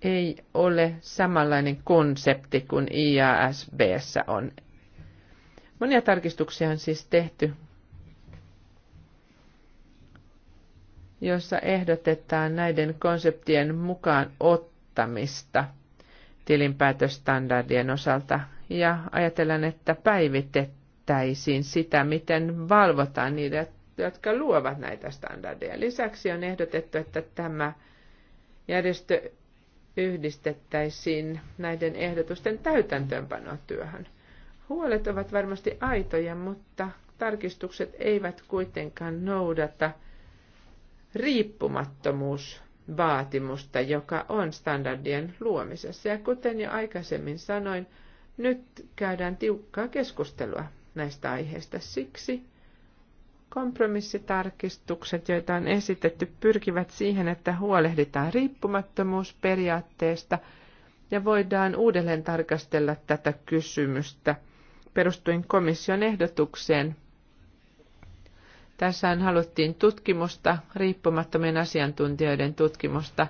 e ei ole samanlainen konsepti kuin IASBssä on. Monia tarkistuksia on siis tehty, jossa ehdotetaan näiden konseptien mukaan ottamista tilinpäätöstandardien osalta ja ajatellaan, että päivitetty mietittäisiin sitä, miten valvotaan niitä, jotka luovat näitä standardeja. Lisäksi on ehdotettu, että tämä järjestö yhdistettäisiin näiden ehdotusten täytäntöönpanotyöhön. Huolet ovat varmasti aitoja, mutta tarkistukset eivät kuitenkaan noudata riippumattomuusvaatimusta, joka on standardien luomisessa. Ja kuten jo aikaisemmin sanoin, nyt käydään tiukkaa keskustelua näistä aiheista. Siksi kompromissitarkistukset, joita on esitetty, pyrkivät siihen, että huolehditaan riippumattomuusperiaatteesta ja voidaan uudelleen tarkastella tätä kysymystä perustuen komission ehdotukseen. Tässä haluttiin tutkimusta, riippumattomien asiantuntijoiden tutkimusta,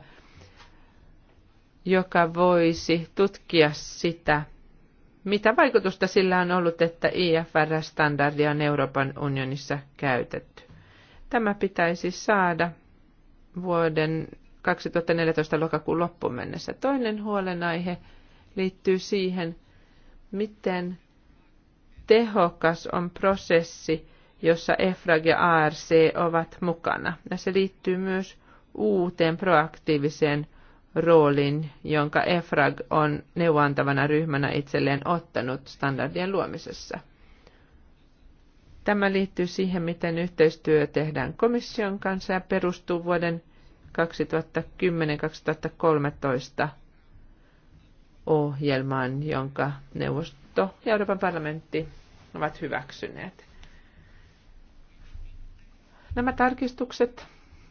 joka voisi tutkia sitä, mitä vaikutusta sillä on ollut, että IFR-standardia on Euroopan unionissa käytetty. Tämä pitäisi saada vuoden 2014 lokakuun loppuun mennessä. Toinen huolenaihe liittyy siihen, miten tehokas on prosessi, jossa EFRAG ja ARC ovat mukana. Ja se liittyy myös uuteen proaktiiviseen roolin, jonka EFRAG on neuvontavana ryhmänä itselleen ottanut standardien luomisessa. Tämä liittyy siihen, miten yhteistyö tehdään komission kanssa ja perustuu vuoden 2010-2013 ohjelmaan, jonka neuvosto ja Euroopan parlamentti ovat hyväksyneet. Nämä tarkistukset,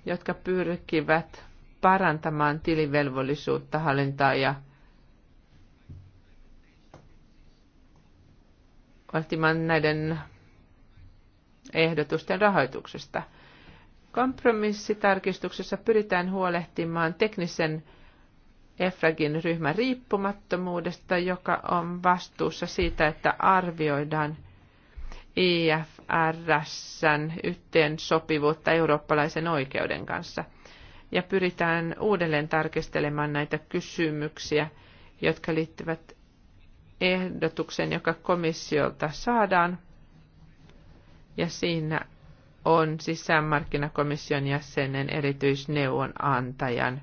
jotka pyrkivät parantamaan tilivelvollisuutta, hallintaa ja huolehtimaan näiden ehdotusten rahoituksesta. Kompromissitarkistuksessa pyritään huolehtimaan teknisen EFRAGin ryhmän riippumattomuudesta, joka on vastuussa siitä, että arvioidaan IFRSn yhteensopivuutta eurooppalaisen oikeuden kanssa – ja pyritään uudelleen tarkistelemaan näitä kysymyksiä, jotka liittyvät ehdotukseen, joka komissiolta saadaan. Ja siinä on sisämarkkinakomission jäsenen erityisneuvonantajan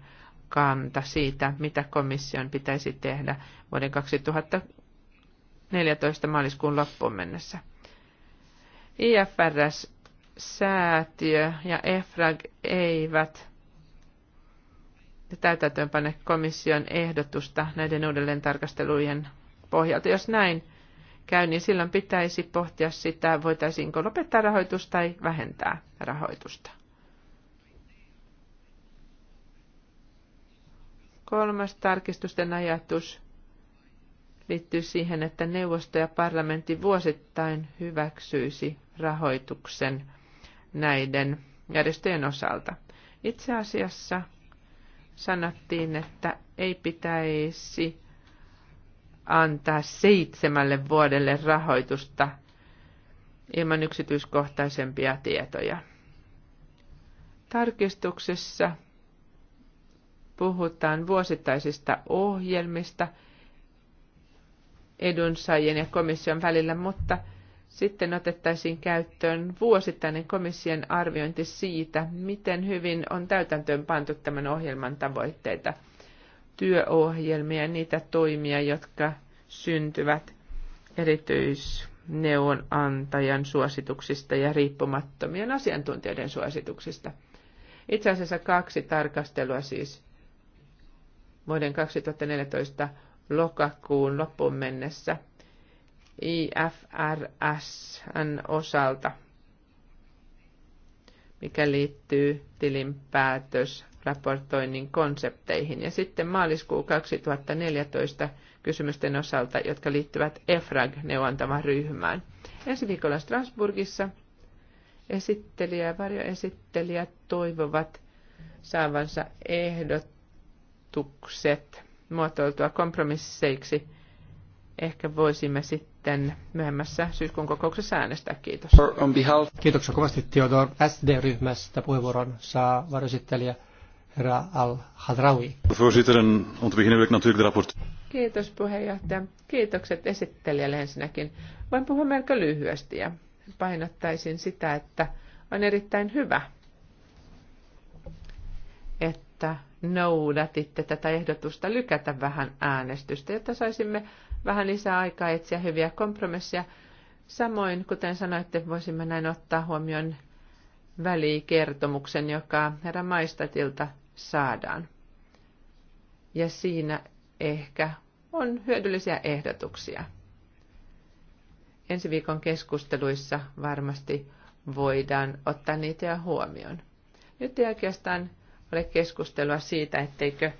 kanta siitä, mitä komission pitäisi tehdä vuoden 2014 maaliskuun loppuun mennessä. IFRS-säätiö ja EFRAG eivät ja täytäntöönpane komission ehdotusta näiden uudelleen tarkastelujen pohjalta. Jos näin käy, niin silloin pitäisi pohtia sitä, voitaisiinko lopettaa rahoitus tai vähentää rahoitusta. Kolmas tarkistusten ajatus liittyy siihen, että neuvosto ja parlamentti vuosittain hyväksyisi rahoituksen näiden järjestöjen osalta. Itse asiassa sanottiin, että ei pitäisi antaa seitsemälle vuodelle rahoitusta ilman yksityiskohtaisempia tietoja. Tarkistuksessa puhutaan vuosittaisista ohjelmista edunsaajien ja komission välillä, mutta – sitten otettaisiin käyttöön vuosittainen komission arviointi siitä, miten hyvin on täytäntöön pantu tämän ohjelman tavoitteita, työohjelmia ja niitä toimia, jotka syntyvät erityisneuvonantajan suosituksista ja riippumattomien asiantuntijoiden suosituksista. Itse asiassa kaksi tarkastelua siis vuoden 2014 lokakuun loppuun mennessä – IFRSn osalta, mikä liittyy tilinpäätös raportoinnin konsepteihin. Ja sitten maaliskuu 2014 kysymysten osalta, jotka liittyvät EFRAG-neuvontavan ryhmään. Ensi viikolla Strasburgissa esittelijä ja varjoesittelijät toivovat saavansa ehdotukset muotoiltua kompromisseiksi. Ehkä voisimme sitten sitten myöhemmässä syyskuun kokouksessa äänestää. Kiitos. Kiitoksia kovasti Theodor SD-ryhmästä. Puheenvuoron saa varjosittelijä herra Al-Hadrawi. Kiitos puheenjohtaja. Kiitokset esittelijälle ensinnäkin. Voin puhua melko lyhyesti ja painottaisin sitä, että on erittäin hyvä, että noudatitte tätä ehdotusta lykätä vähän äänestystä, jotta saisimme vähän lisää aikaa etsiä hyviä kompromisseja. Samoin, kuten sanoitte, voisimme näin ottaa huomioon välikertomuksen, joka herra Maistatilta saadaan. Ja siinä ehkä on hyödyllisiä ehdotuksia. Ensi viikon keskusteluissa varmasti voidaan ottaa niitä jo huomioon. Nyt ei oikeastaan ole keskustelua siitä, etteikö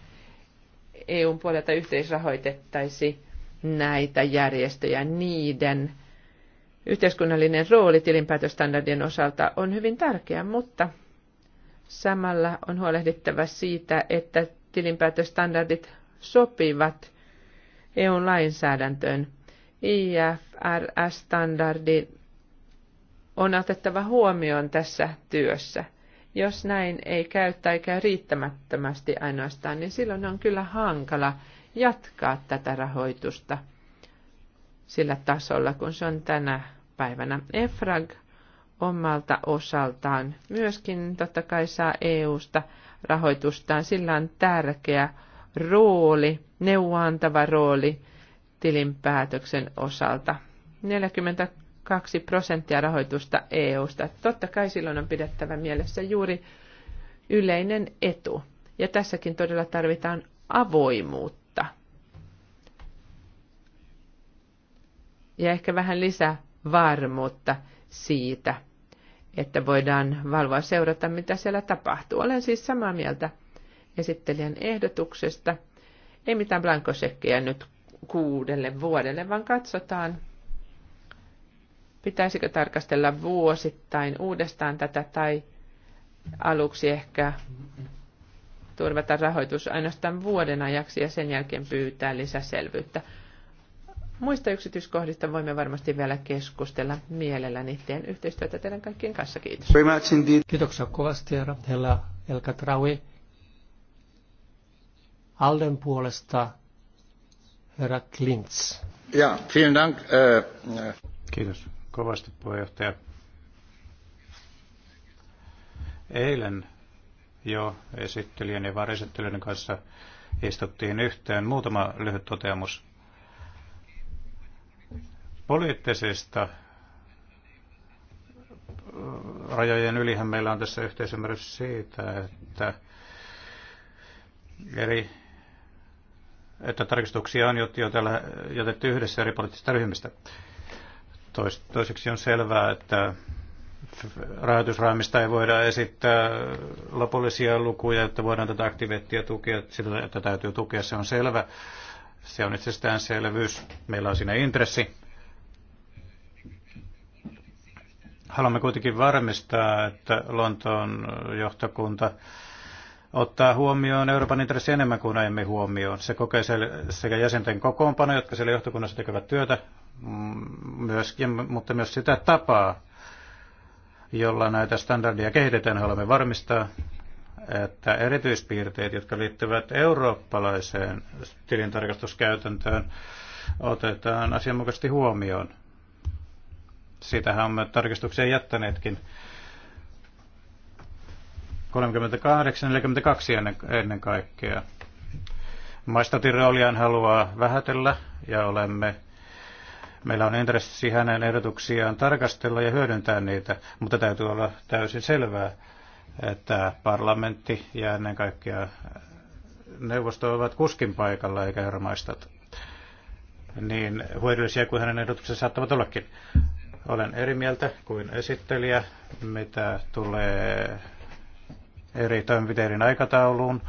EUn puolelta yhteisrahoitettaisi näitä järjestöjä, niiden yhteiskunnallinen rooli tilinpäätöstandardien osalta on hyvin tärkeä, mutta samalla on huolehdittava siitä, että tilinpäätöstandardit sopivat EUn lainsäädäntöön. IFRS-standardi on otettava huomioon tässä työssä. Jos näin ei käy tai käy riittämättömästi ainoastaan, niin silloin on kyllä hankala – jatkaa tätä rahoitusta sillä tasolla, kun se on tänä päivänä. EFRAG omalta osaltaan myöskin totta kai saa EU-sta rahoitustaan. Sillä on tärkeä rooli, neuvoantava rooli tilinpäätöksen osalta. 42 prosenttia rahoitusta EU-sta. Totta kai silloin on pidettävä mielessä juuri yleinen etu. Ja tässäkin todella tarvitaan avoimuutta ja ehkä vähän lisää varmuutta siitä, että voidaan valvoa seurata, mitä siellä tapahtuu. Olen siis samaa mieltä esittelijän ehdotuksesta. Ei mitään blankosekkejä nyt kuudelle vuodelle, vaan katsotaan, pitäisikö tarkastella vuosittain uudestaan tätä tai aluksi ehkä turvata rahoitus ainoastaan vuoden ajaksi ja sen jälkeen pyytää lisäselvyyttä. Muista yksityiskohdista voimme varmasti vielä keskustella mielelläni. Teen yhteistyötä teidän kaikkien kanssa. Kiitos. Kiitoksia kovasti, herra Hella Elkatraui. Alden puolesta herra Klintz. Ja, vielen dank. Äh, äh. Kiitos kovasti, puheenjohtaja. Eilen jo esittelijän ja varjesittelijän kanssa istuttiin yhteen. Muutama lyhyt toteamus Poliittisista äh, rajojen ylihän meillä on tässä yhteisymmärrys siitä, että eri että tarkistuksia on jo, jo täällä jätetty yhdessä eri poliittisista ryhmistä. Tois, toiseksi on selvää, että rahoitusraamista ei voida esittää lopullisia lukuja, että voidaan tätä aktiveettia tukea, sitä, että täytyy tukea, se on selvä. Se on itsestäänselvyys. Meillä on siinä intressi. Haluamme kuitenkin varmistaa, että Lontoon johtokunta ottaa huomioon Euroopan intressi enemmän kuin aiemmin huomioon. Se kokee sekä jäsenten kokoonpano, jotka siellä johtokunnassa tekevät työtä, mm, myös, mutta myös sitä tapaa, jolla näitä standardeja kehitetään. Haluamme varmistaa, että erityispiirteet, jotka liittyvät eurooppalaiseen tilintarkastuskäytäntöön, otetaan asianmukaisesti huomioon Siitähän me tarkistuksia jättäneetkin. 38-42 ennen, ennen kaikkea. Maistatin rooliaan haluaa vähätellä ja olemme meillä on intressi hänen ehdotuksiaan tarkastella ja hyödyntää niitä, mutta täytyy olla täysin selvää, että parlamentti ja ennen kaikkea neuvosto ovat kuskin paikalla eikä maistat. Niin hyödyllisiä kuin hänen ehdotuksensa saattavat ollakin. Olen eri mieltä kuin esittelijä, mitä tulee eri toimenpiteiden aikatauluun.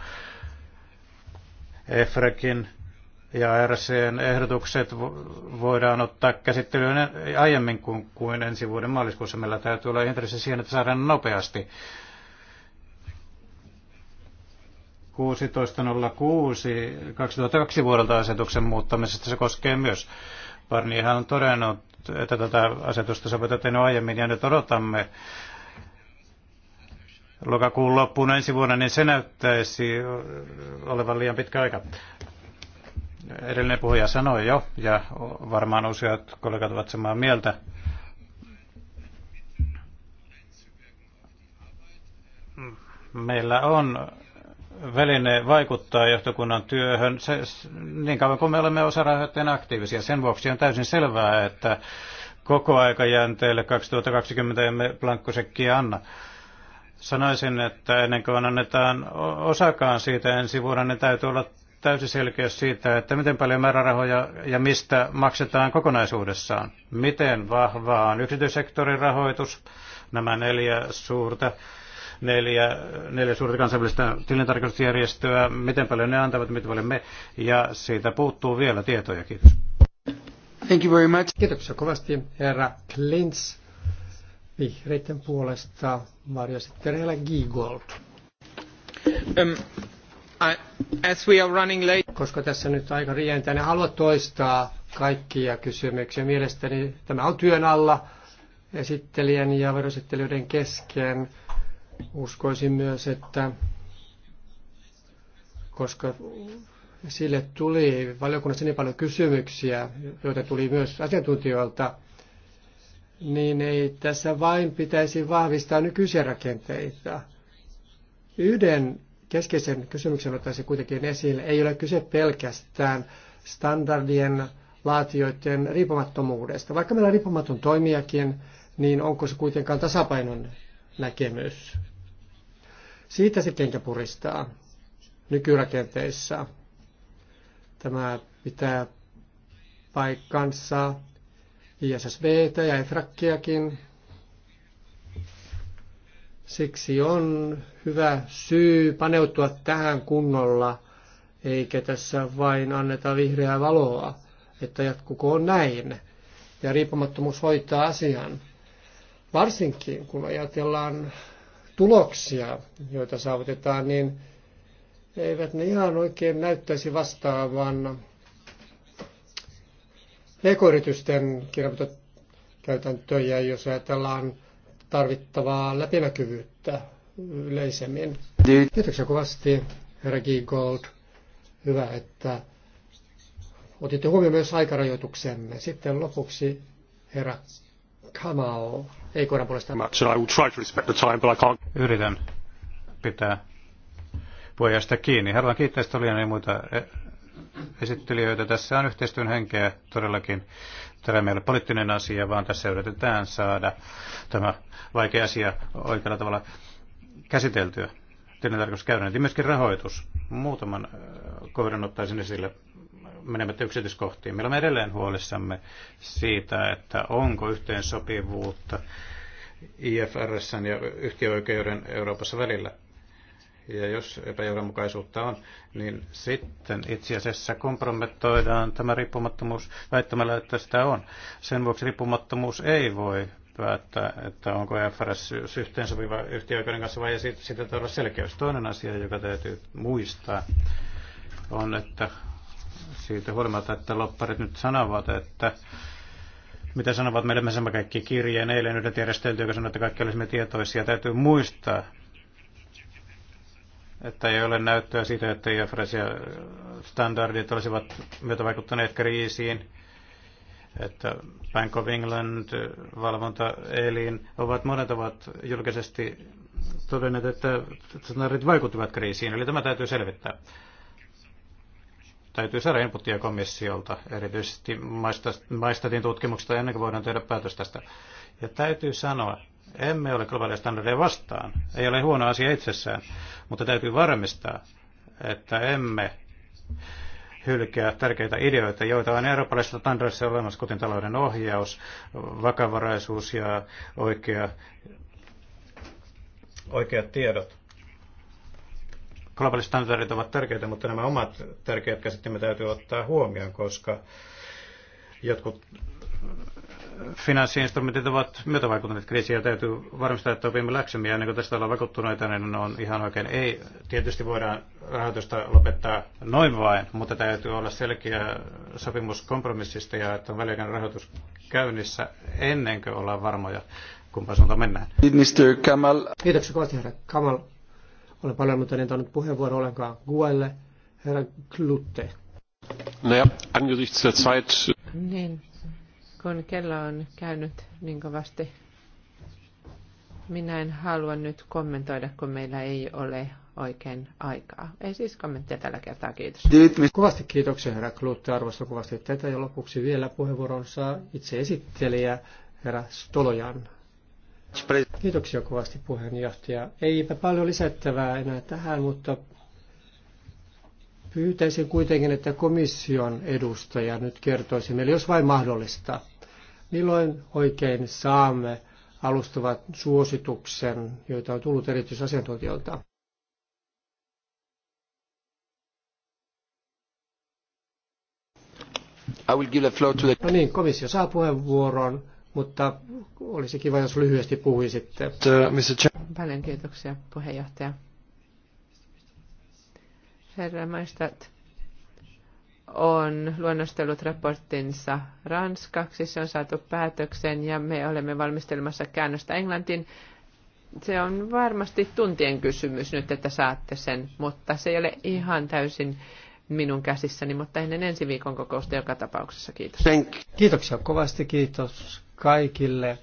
EFREKin ja RCn ehdotukset voidaan ottaa käsittelyyn aiemmin kuin, kuin ensi vuoden maaliskuussa. Meillä täytyy olla intressi siihen, että saadaan nopeasti. 16.06.2002 vuodelta asetuksen muuttamisesta se koskee myös. Parnihan on todennut, että tätä asetusta soveltettiin aiemmin ja nyt odotamme lokakuun loppuun ensi vuonna, niin se näyttäisi olevan liian pitkä aika. Edellinen puhuja sanoi jo, ja varmaan useat kollegat ovat samaa mieltä, meillä on väline vaikuttaa johtokunnan työhön se, niin kauan kuin me olemme osarahoittajana aktiivisia. Sen vuoksi on täysin selvää, että koko aikajänteelle 2020 emme plankkosekkiä anna. Sanoisin, että ennen kuin annetaan osakaan siitä ensi vuonna, niin täytyy olla täysin selkeä siitä, että miten paljon määrärahoja ja mistä maksetaan kokonaisuudessaan. Miten vahvaa on yksityissektorin rahoitus, nämä neljä suurta neljä, neljä suurta kansainvälistä tilintarkastusjärjestöä, miten paljon ne antavat, miten paljon me, ja siitä puuttuu vielä tietoja. Kiitos. Thank you very much. Kiitoksia kovasti herra Klintz vihreiden puolesta Mario Sitterellä Giegold. Um, I, as we are running late. Koska tässä nyt aika rientää, niin haluan toistaa kaikkia kysymyksiä. Mielestäni tämä on työn alla esittelijän ja verosittelijöiden kesken. Uskoisin myös, että koska sille tuli valiokunnassa niin paljon kysymyksiä, joita tuli myös asiantuntijoilta, niin ei tässä vain pitäisi vahvistaa nykyisiä rakenteita. Yhden keskeisen kysymyksen ottaisin kuitenkin esille. Ei ole kyse pelkästään standardien laatijoiden riippumattomuudesta. Vaikka meillä on riippumaton toimijakin, niin onko se kuitenkaan tasapainon näkemys. Siitä se kenkä puristaa nykyrakenteissa. Tämä pitää paikkansa ISSBtä ja EFRAKkiakin. Siksi on hyvä syy paneutua tähän kunnolla, eikä tässä vain anneta vihreää valoa, että jatkukoon näin. Ja riippumattomuus hoitaa asian. Varsinkin kun ajatellaan tuloksia, joita saavutetaan, niin eivät ne ihan oikein näyttäisi vastaavan pk-yritysten jos ajatellaan tarvittavaa läpinäkyvyyttä yleisemmin. Kiitoksia kovasti, herra G. Gold. Hyvä, että otitte huomioon myös aikarajoituksemme. Sitten lopuksi herra Kamao ei koiran puolesta. Yritän pitää puheenjohtajasta kiinni. Haluan kiittää Stolian ja muita eh, esittelijöitä. Tässä on yhteistyön henkeä todellakin. Tämä ei ole poliittinen asia, vaan tässä yritetään saada tämä vaikea asia oikealla tavalla käsiteltyä. Tilintarkastuskäytännöt ja myöskin rahoitus. Muutaman eh, kohdan ottaisin esille menemättä yksityiskohtiin. Me olemme edelleen huolissamme siitä, että onko yhteensopivuutta IFRS ja yhtiöoikeuden Euroopassa välillä. Ja jos epäjohdonmukaisuutta on, niin sitten itse asiassa kompromettoidaan tämä riippumattomuus väittämällä, että sitä on. Sen vuoksi riippumattomuus ei voi päättää, että onko FRS yhteensopiva yhtiöoikeuden kanssa vai siitä, siitä olla selkeys. Toinen asia, joka täytyy muistaa, on, että siitä huolimatta, että lopparit nyt sanovat, että mitä sanovat meille, me saamme kaikki kirjeen eilen yhdet järjestelty, joka sanoi, että kaikki olisimme tietoisia. Täytyy muistaa, että ei ole näyttöä siitä, että IFRS ja standardit olisivat myötä vaikuttaneet kriisiin, että Bank of England, valvontaelin, ovat monet ovat julkisesti todenneet, että standardit vaikuttivat kriisiin, eli tämä täytyy selvittää täytyy saada inputtia komissiolta, erityisesti maistatin tutkimuksesta ennen kuin voidaan tehdä päätös tästä. Ja täytyy sanoa, emme ole globaaleja standardeja vastaan. Ei ole huono asia itsessään, mutta täytyy varmistaa, että emme hylkää tärkeitä ideoita, joita on eurooppalaisissa standardissa olemassa, kuten talouden ohjaus, vakavaraisuus ja oikea, oikeat tiedot globaalit standardit ovat tärkeitä, mutta nämä omat tärkeät käsitteemme täytyy ottaa huomioon, koska jotkut finanssiinstrumentit ovat myötävaikuttaneet kriisiin ja täytyy varmistaa, että opimme läksymiä ennen kuin tästä ollaan vakuuttuneita, niin on ihan oikein. Ei, tietysti voidaan rahoitusta lopettaa noin vain, mutta täytyy olla selkeä sopimus kompromissista ja että on väliaikainen rahoitus käynnissä ennen kuin ollaan varmoja, kumpaan suuntaan mennään. Kiitoksia kovasti herra Kamal ole paljon, mutta en antanut puheenvuoro ollenkaan Guelle, herra Klutte. ja, angesichts der Zeit... Niin, kun kello on käynyt niin kovasti, minä en halua nyt kommentoida, kun meillä ei ole oikein aikaa. Ei siis kommentteja tällä kertaa, kiitos. Kovasti kiitoksia, herra Klutte, arvosta kovasti tätä. Ja lopuksi vielä puheenvuoron saa itse esittelijä, herra Stolojan. Kiitoksia kovasti puheenjohtaja. Eipä paljon lisättävää enää tähän, mutta pyytäisin kuitenkin, että komission edustaja nyt kertoisi meille, jos vain mahdollista, milloin oikein saamme alustavat suosituksen, joita on tullut erityisasiantuntijoilta. I will give the floor to the... No niin, komissio saa puheenvuoron mutta olisi kiva, jos lyhyesti puhuisitte. Paljon kiitoksia, puheenjohtaja. Herra Maistat on luonnostellut raporttinsa ranskaksi. Se on saatu päätöksen ja me olemme valmistelemassa käännöstä englantiin. Se on varmasti tuntien kysymys nyt, että saatte sen, mutta se ei ole ihan täysin minun käsissäni, mutta ennen ensi viikon kokousta joka tapauksessa. Kiitos. Kiitoksia kovasti, kiitos kaikille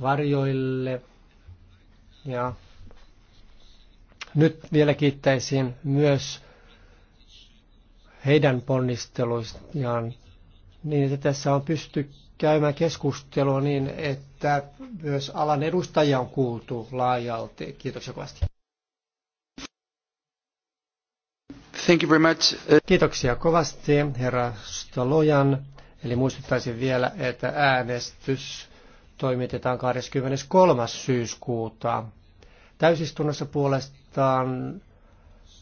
varjoille. Ja nyt vielä kiittäisin myös heidän ponnisteluistaan niin, että tässä on pysty käymään keskustelua niin, että myös alan edustajia on kuultu laajalti. Kiitoksia kovasti. Thank you very much. Kiitoksia kovasti herra Stalojan. Eli muistuttaisin vielä, että äänestys toimitetaan 23. syyskuuta. Täysistunnossa puolestaan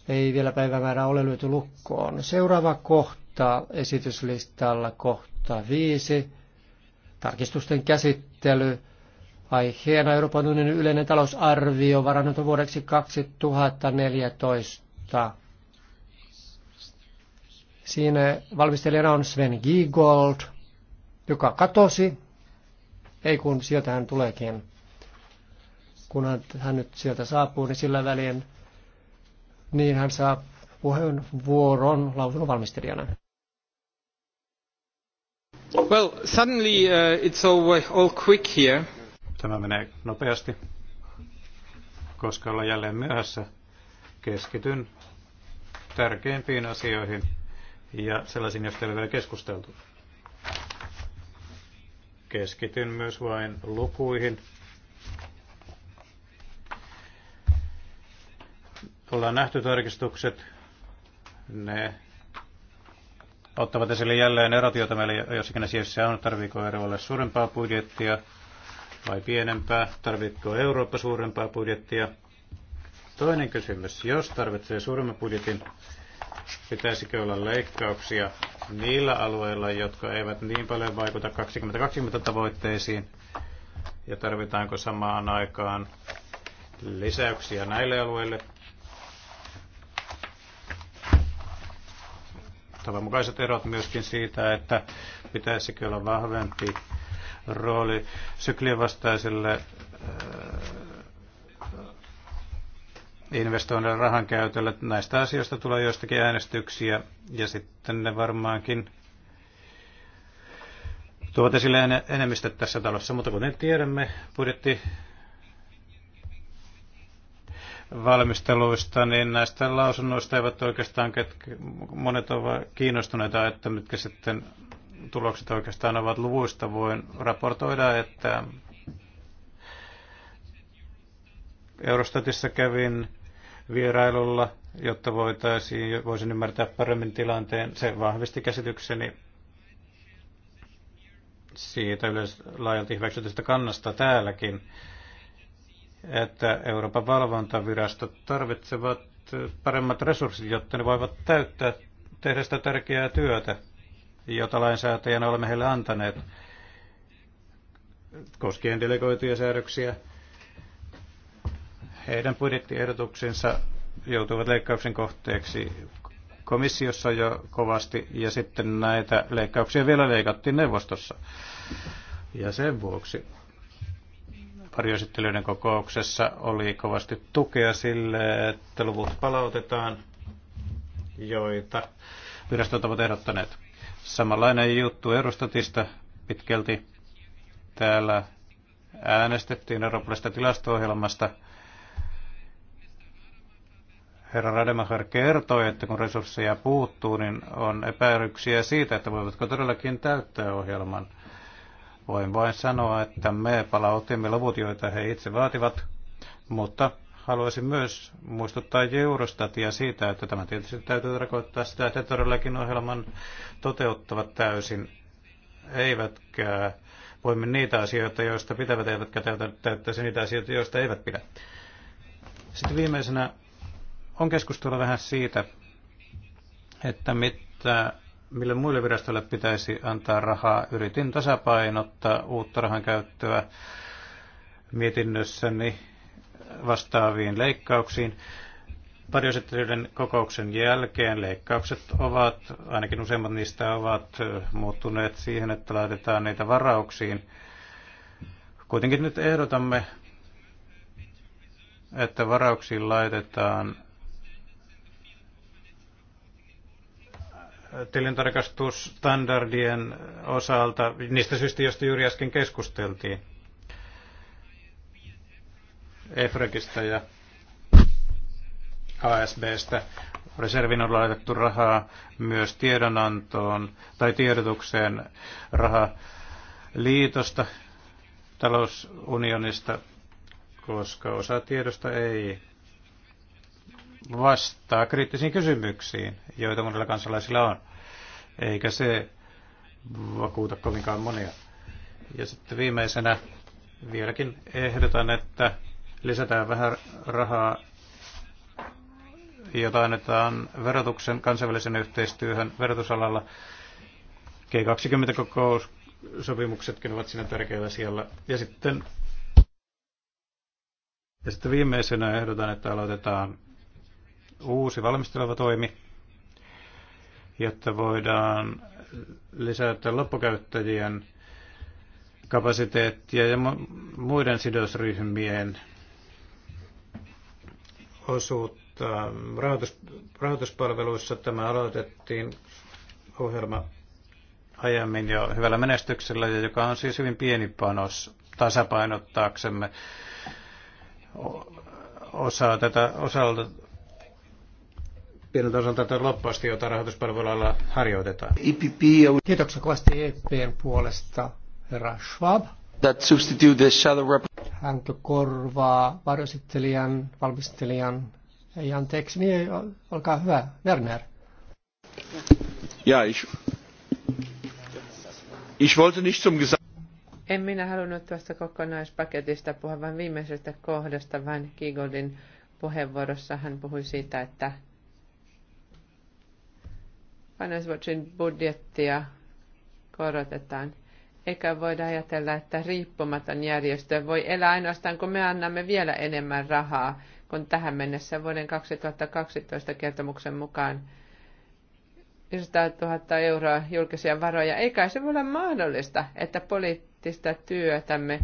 ei vielä päivämäärää ole lyöty lukkoon. Seuraava kohta esityslistalla kohta 5. Tarkistusten käsittely. Aiheena Euroopan unionin yleinen talousarvio varannut vuodeksi 2014. Siinä valmistelijana on Sven Giegold, joka katosi, ei kun sieltä hän tuleekin. Kun hän nyt sieltä saapuu, niin sillä välin niin hän saa puheenvuoron lausunnon valmistelijana. Well, suddenly uh, it's all, uh, all quick here. Tämä menee nopeasti, koska ollaan jälleen myöhässä. Keskityn tärkeimpiin asioihin ja sellaisiin, joista ei ole vielä keskusteltu. Keskityn myös vain lukuihin. Ollaan nähty tarkistukset. Ne ottavat esille jälleen erot, joita meillä jossakin asiassa on. Tarviiko eroille suurempaa budjettia vai pienempää? Tarviiko Eurooppa suurempaa budjettia? Toinen kysymys. Jos tarvitsee suuremman budjetin, Pitäisikö olla leikkauksia niillä alueilla, jotka eivät niin paljon vaikuta 2020 tavoitteisiin? Ja tarvitaanko samaan aikaan lisäyksiä näille alueille? tavanmukaiset erot myöskin siitä, että pitäisikö olla vahvempi rooli syklien vastaiselle investoinnilla rahan käytöllä. Näistä asioista tulee joistakin äänestyksiä ja sitten ne varmaankin tuovat esille enemmistö tässä talossa. Mutta kuten tiedämme, budjetti valmisteluista, niin näistä lausunnoista eivät oikeastaan ketkä, monet ovat kiinnostuneita, että mitkä sitten tulokset oikeastaan ovat luvuista. Voin raportoida, että Eurostatissa kävin vierailulla, jotta voitaisiin, voisin ymmärtää paremmin tilanteen. Se vahvisti käsitykseni siitä yleensä laajalti hyväksytystä kannasta täälläkin, että Euroopan valvontavirastot tarvitsevat paremmat resurssit, jotta ne voivat täyttää, tehdä sitä tärkeää työtä, jota lainsäätäjänä olemme heille antaneet koskien delegoituja säädöksiä heidän budjettiehdotuksensa joutuvat leikkauksen kohteeksi komissiossa jo kovasti ja sitten näitä leikkauksia vielä leikattiin neuvostossa. Ja sen vuoksi varjoesittelyiden kokouksessa oli kovasti tukea sille, että luvut palautetaan, joita virastot ovat ehdottaneet. Samanlainen juttu Eurostatista pitkälti täällä äänestettiin eurooppalaisesta tilasto-ohjelmasta – herra Rademacher kertoi, että kun resursseja puuttuu, niin on epäilyksiä siitä, että voivatko todellakin täyttää ohjelman. Voin vain sanoa, että me palautimme luvut, joita he itse vaativat, mutta haluaisin myös muistuttaa Eurostatia siitä, että tämä tietysti täytyy tarkoittaa sitä, että todellakin ohjelman toteuttavat täysin, eivätkä voimme niitä asioita, joista pitävät, eivätkä täyttäisi niitä asioita, joista eivät pidä. Sitten viimeisenä on keskustelua vähän siitä, että mitä, mille muille virastoille pitäisi antaa rahaa. Yritin tasapainottaa uutta rahan käyttöä mietinnössäni vastaaviin leikkauksiin. Pariosittelyiden kokouksen jälkeen leikkaukset ovat, ainakin useimmat niistä ovat muuttuneet siihen, että laitetaan niitä varauksiin. Kuitenkin nyt ehdotamme, että varauksiin laitetaan tilintarkastusstandardien osalta niistä syistä, joista juuri äsken keskusteltiin EFREGistä ja ASBstä. Reservin on laitettu rahaa myös tiedonantoon tai tiedotukseen rahaliitosta, talousunionista, koska osa tiedosta ei vastaa kriittisiin kysymyksiin, joita monilla kansalaisilla on, eikä se vakuuta kovinkaan monia. Ja sitten viimeisenä vieläkin ehdotan, että lisätään vähän rahaa, jota annetaan verotuksen kansainvälisen yhteistyöhön verotusalalla. G20-kokoussopimuksetkin ovat siinä tärkeällä siellä. Ja sitten, ja sitten viimeisenä ehdotan, että aloitetaan uusi valmisteleva toimi, jotta voidaan lisätä loppukäyttäjien kapasiteettia ja muiden sidosryhmien osuutta. Rahoitus, rahoituspalveluissa tämä aloitettiin ohjelma aiemmin jo hyvällä menestyksellä, ja joka on siis hyvin pieni panos tasapainottaaksemme osaa tätä, osalta, pieneltä osalta tätä loppuasti, jota rahoituspalveluilla harjoitetaan. E Kiitoksia kovasti EPn puolesta, herra Schwab. That substitute the shadow rep- Hän korvaa varjosittelijan, valmistelijan. Ei anteeksi, niin olkaa hyvä, Werner. Ja, ich, ich wollte nicht zum Gesang. En minä halunnut tuosta kokonaispaketista puhua, vaan viimeisestä kohdasta, vaan Kigoldin puheenvuorossa hän puhui siitä, että Vanhaisvuotsin budjettia korotetaan. Eikä voida ajatella, että riippumaton järjestö voi elää ainoastaan, kun me annamme vielä enemmän rahaa kun tähän mennessä vuoden 2012 kertomuksen mukaan 500 000 euroa julkisia varoja. Eikä se voi olla mahdollista, että poliittista työtämme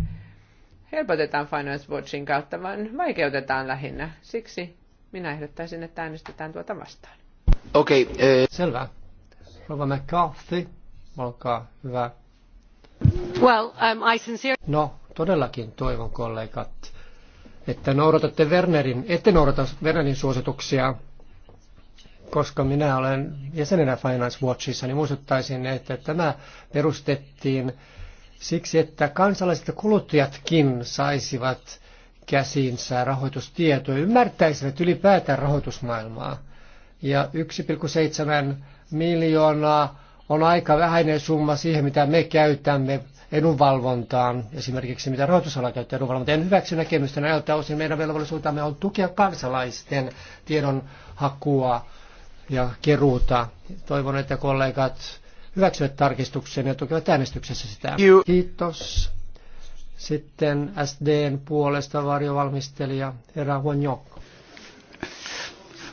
helpotetaan Finance Watchin kautta, vaan vaikeutetaan lähinnä. Siksi minä ehdottaisin, että äänestetään tuota vastaan. Okei, okay, äh... Eh, selvä. Rova McCarthy, olkaa hyvä. Well, um, I sincere... No, todellakin toivon kollegat, että noudatatte Wernerin, ette noudata Wernerin suosituksia, koska minä olen jäsenenä Finance Watchissa, niin muistuttaisin, että tämä perustettiin siksi, että kansalaiset ja kuluttajatkin saisivat käsiinsä rahoitustietoja, ymmärtäisivät ylipäätään rahoitusmaailmaa. Ja 1,7 miljoonaa on aika vähäinen summa siihen, mitä me käytämme edunvalvontaan, esimerkiksi mitä rahoitusala käyttää edunvalvontaan. En hyväksy näkemystä näiltä osin. Meidän velvollisuutamme on tukea kansalaisten tiedon hakua ja keruuta. Toivon, että kollegat hyväksyvät tarkistuksen ja tukevat äänestyksessä sitä. Kiitos. Sitten SDn puolesta varjovalmistelija herra Huonjok.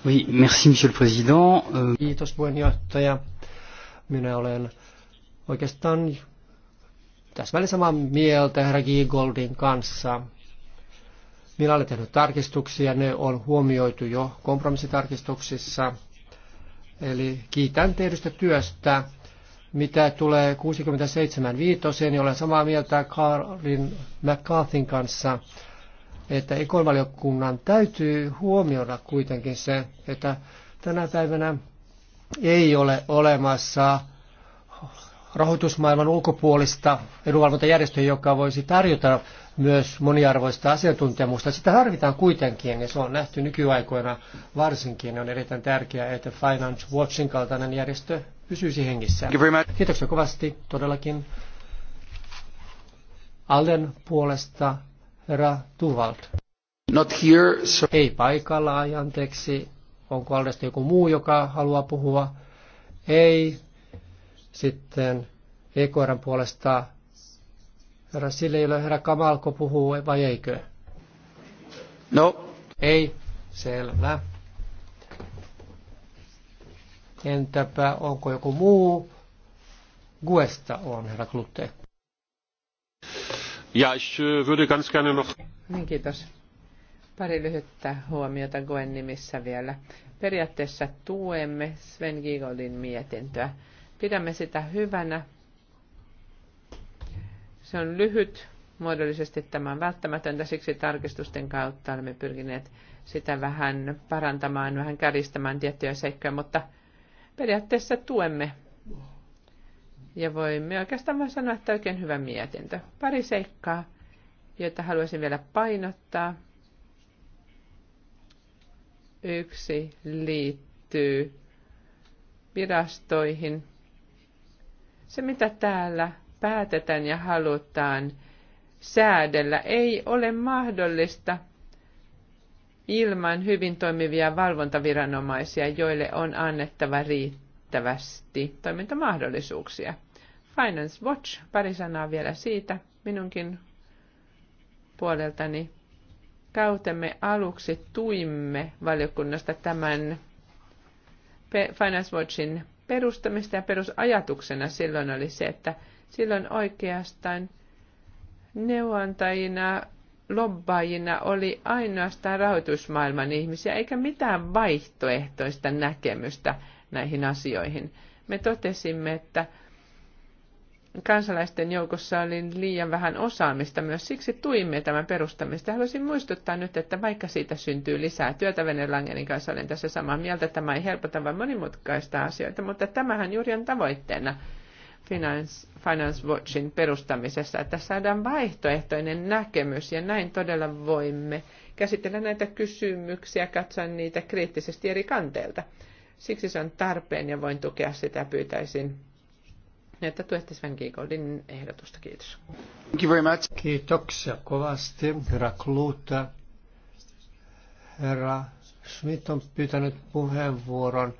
Oui, merci, monsieur le président. Euh, Kiitos puheenjohtaja. Minä olen oikeastaan täsmälleen samaa mieltä herra Goldin kanssa. Minä olen tehnyt tarkistuksia, ne on huomioitu jo kompromissitarkistuksissa. Eli kiitän tehdystä työstä. Mitä tulee 67 niin olen samaa mieltä Karin McCarthyn kanssa että ekonvaliokunnan täytyy huomioida kuitenkin se, että tänä päivänä ei ole olemassa rahoitusmaailman ulkopuolista edunvalvontajärjestöä, joka voisi tarjota myös moniarvoista asiantuntemusta. Sitä tarvitaan kuitenkin, ja se on nähty nykyaikoina varsinkin. On erittäin tärkeää, että Finance Watchin kaltainen järjestö pysyisi hengissä. Kiitoksia kovasti todellakin. Allen puolesta Herra Tuvald. Not here, so... Ei paikalla, ai anteeksi. Onko Aldesta joku muu, joka haluaa puhua? Ei. Sitten EKRn puolesta herra sille, herra Kamalko puhuu, vai eikö? No. Ei. Selvä. Entäpä onko joku muu? Guesta on herra Klutte. Ja, ich äh, würde ganz gerne noch... Niin, kiitos. Pari lyhyttä huomiota Goen nimissä vielä. Periaatteessa tuemme Sven Giegoldin mietintöä. Pidämme sitä hyvänä. Se on lyhyt, muodollisesti tämä on välttämätöntä, siksi tarkistusten kautta olemme pyrkineet sitä vähän parantamaan, vähän kärjistämään tiettyjä seikkoja, mutta periaatteessa tuemme ja voimme oikeastaan voi sanoa, että oikein hyvä mietintö. Pari seikkaa, joita haluaisin vielä painottaa. Yksi liittyy virastoihin. Se, mitä täällä päätetään ja halutaan säädellä, ei ole mahdollista ilman hyvin toimivia valvontaviranomaisia, joille on annettava riittävästi toimintamahdollisuuksia. Finance Watch, pari sanaa vielä siitä minunkin puoleltani. Kautemme aluksi tuimme valiokunnasta tämän Finance Watchin perustamista ja perusajatuksena silloin oli se, että silloin oikeastaan neuvontajina, lobbaajina oli ainoastaan rahoitusmaailman ihmisiä, eikä mitään vaihtoehtoista näkemystä näihin asioihin. Me totesimme, että kansalaisten joukossa oli liian vähän osaamista. Myös siksi tuimme tämän perustamista. Haluaisin muistuttaa nyt, että vaikka siitä syntyy lisää työtä Venelangenin kanssa, olen tässä samaa mieltä. Tämä ei helpota vaan monimutkaista asioita, mutta tämähän juuri on tavoitteena Finance, Finance Watchin perustamisessa, että saadaan vaihtoehtoinen näkemys ja näin todella voimme käsitellä näitä kysymyksiä, katsoa niitä kriittisesti eri kanteilta. Siksi se on tarpeen ja voin tukea sitä pyytäisin että tuette Sven Giegoldin ehdotusta. Kiitos. Thank you very much. Kiitoksia kovasti, herra Kluuta. Herra Schmidt on pyytänyt puheenvuoron.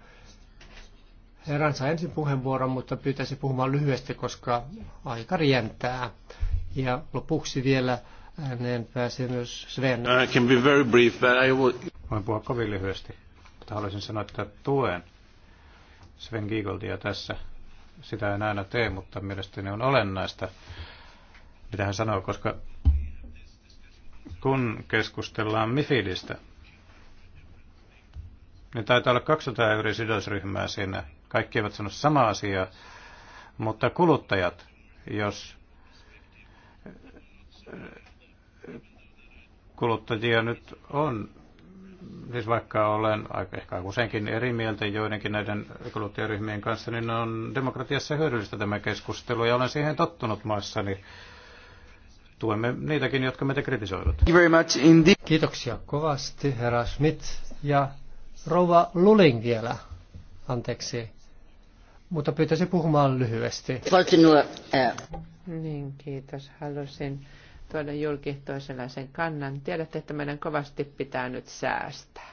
Herran saa ensin puheenvuoron, mutta pyytäisi puhumaan lyhyesti, koska aika rientää. Ja lopuksi vielä ääneen pääsee myös Sven. I uh, can be very brief, but I will... Voin puhua kovin lyhyesti, mutta haluaisin sanoa, että tuen Sven Giegoldia tässä sitä en aina tee, mutta mielestäni on olennaista, mitä hän sanoo, koska kun keskustellaan Mifidistä, niin taitaa olla 200 eri sidosryhmää siinä. Kaikki eivät sano sama asia, mutta kuluttajat, jos kuluttajia nyt on siis vaikka olen ehkä useinkin eri mieltä joidenkin näiden kuluttajaryhmien kanssa, niin on demokratiassa hyödyllistä tämä keskustelu ja olen siihen tottunut maassani. Tuemme niitäkin, jotka meitä kritisoivat. Kiitoksia kovasti, herra Schmidt. Ja rouva Luling vielä, anteeksi, mutta pyytäisin puhumaan lyhyesti. Niin, kiitos. Halusin tuonne julki toisenlaisen kannan. Tiedätte, että meidän kovasti pitää nyt säästää.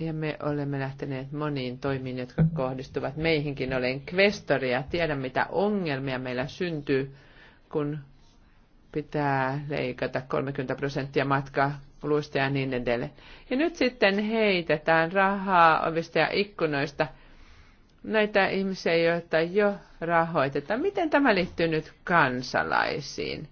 Ja me olemme lähteneet moniin toimiin, jotka kohdistuvat meihinkin. Olen kvestori ja tiedän, mitä ongelmia meillä syntyy, kun pitää leikata 30 prosenttia matkaa ja niin edelleen. Ja nyt sitten heitetään rahaa ovista ja ikkunoista – näitä ihmisiä, joita jo rahoitetaan. Miten tämä liittyy nyt kansalaisiin?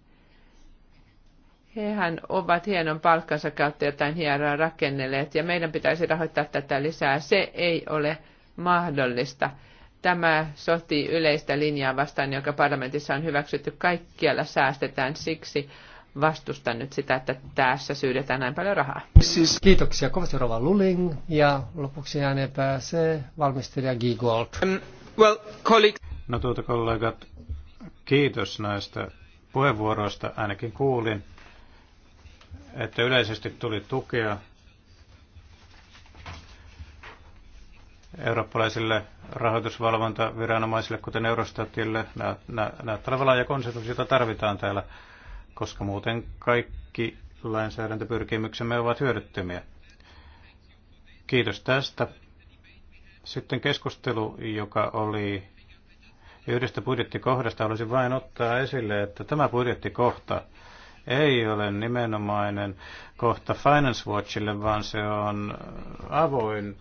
Hehän ovat hienon palkkansa kautta jotain hieroa rakennelleet ja meidän pitäisi rahoittaa tätä lisää. Se ei ole mahdollista. Tämä sotii yleistä linjaa vastaan, joka parlamentissa on hyväksytty. Kaikkialla säästetään siksi vastusta nyt sitä, että tässä syydetään näin paljon rahaa. Siis kiitoksia kovasti Rova Luling ja lopuksi ääneen pääsee valmistelija G. Gold. Um, well, colleagues. No tuota kollegat, kiitos näistä puheenvuoroista. Ainakin kuulin, että yleisesti tuli tukea eurooppalaisille rahoitusvalvontaviranomaisille, kuten Eurostatille, näyttää olevan ja konsensus, jota tarvitaan täällä koska muuten kaikki lainsäädäntöpyrkimyksemme ovat hyödyttömiä. Kiitos tästä. Sitten keskustelu, joka oli yhdestä budjettikohdasta, haluaisin vain ottaa esille, että tämä budjettikohta ei ole nimenomainen kohta Finance Watchille, vaan se on avoin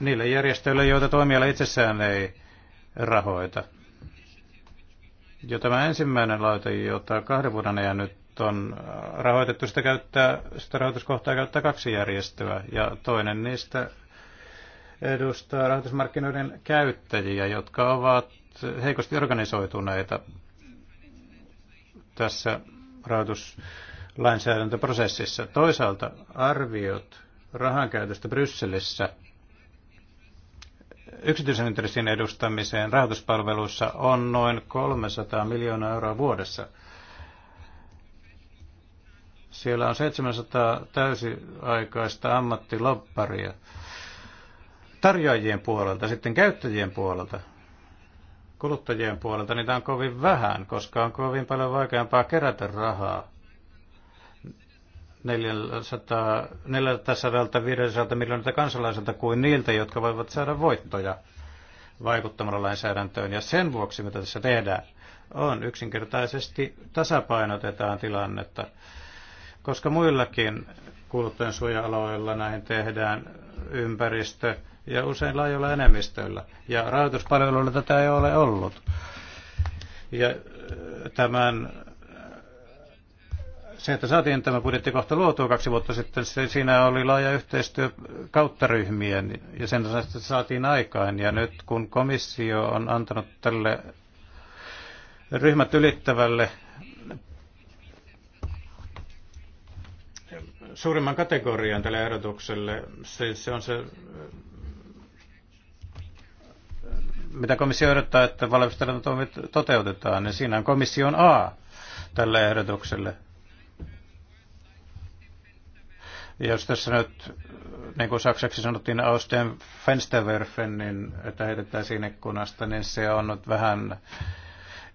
niille järjestöille, joita toimiala itsessään ei rahoita. Jo tämä ensimmäinen laite, jota kahden vuoden ajan nyt on äh, rahoitettu, sitä, käyttää, sitä rahoituskohtaa käyttää kaksi järjestöä ja toinen niistä edustaa rahoitusmarkkinoiden käyttäjiä, jotka ovat heikosti organisoituneita tässä rahoituslainsäädäntöprosessissa. Toisaalta arviot rahankäytöstä Brysselissä – yksityisen intressin edustamiseen rahoituspalveluissa on noin 300 miljoonaa euroa vuodessa. Siellä on 700 täysiaikaista ammattilopparia tarjoajien puolelta, sitten käyttäjien puolelta, kuluttajien puolelta niitä on kovin vähän, koska on kovin paljon vaikeampaa kerätä rahaa 450 400 miljoonalta kansalaiselta kuin niiltä, jotka voivat saada voittoja vaikuttamalla lainsäädäntöön. Ja sen vuoksi, mitä tässä tehdään, on yksinkertaisesti tasapainotetaan tilannetta, koska muillakin suoja aloilla näin tehdään ympäristö ja usein laajoilla enemmistöillä. Ja rahoituspalveluilla tätä ei ole ollut. Ja tämän se, että saatiin tämä budjettikohta luotua kaksi vuotta sitten, se, siinä oli laaja yhteistyö kautta ryhmien ja sen se saatiin aikaan. Ja nyt kun komissio on antanut tälle ryhmät ylittävälle suurimman kategorian tälle ehdotukselle, se, se on se mitä komissio odottaa, että valmistelun toimet toteutetaan, niin siinä on komission A tälle ehdotukselle. Jos tässä nyt, niin kuin saksaksi sanottiin, Austen Fensterwerfen, niin että heitettäisiin ikkunasta, niin se on nyt vähän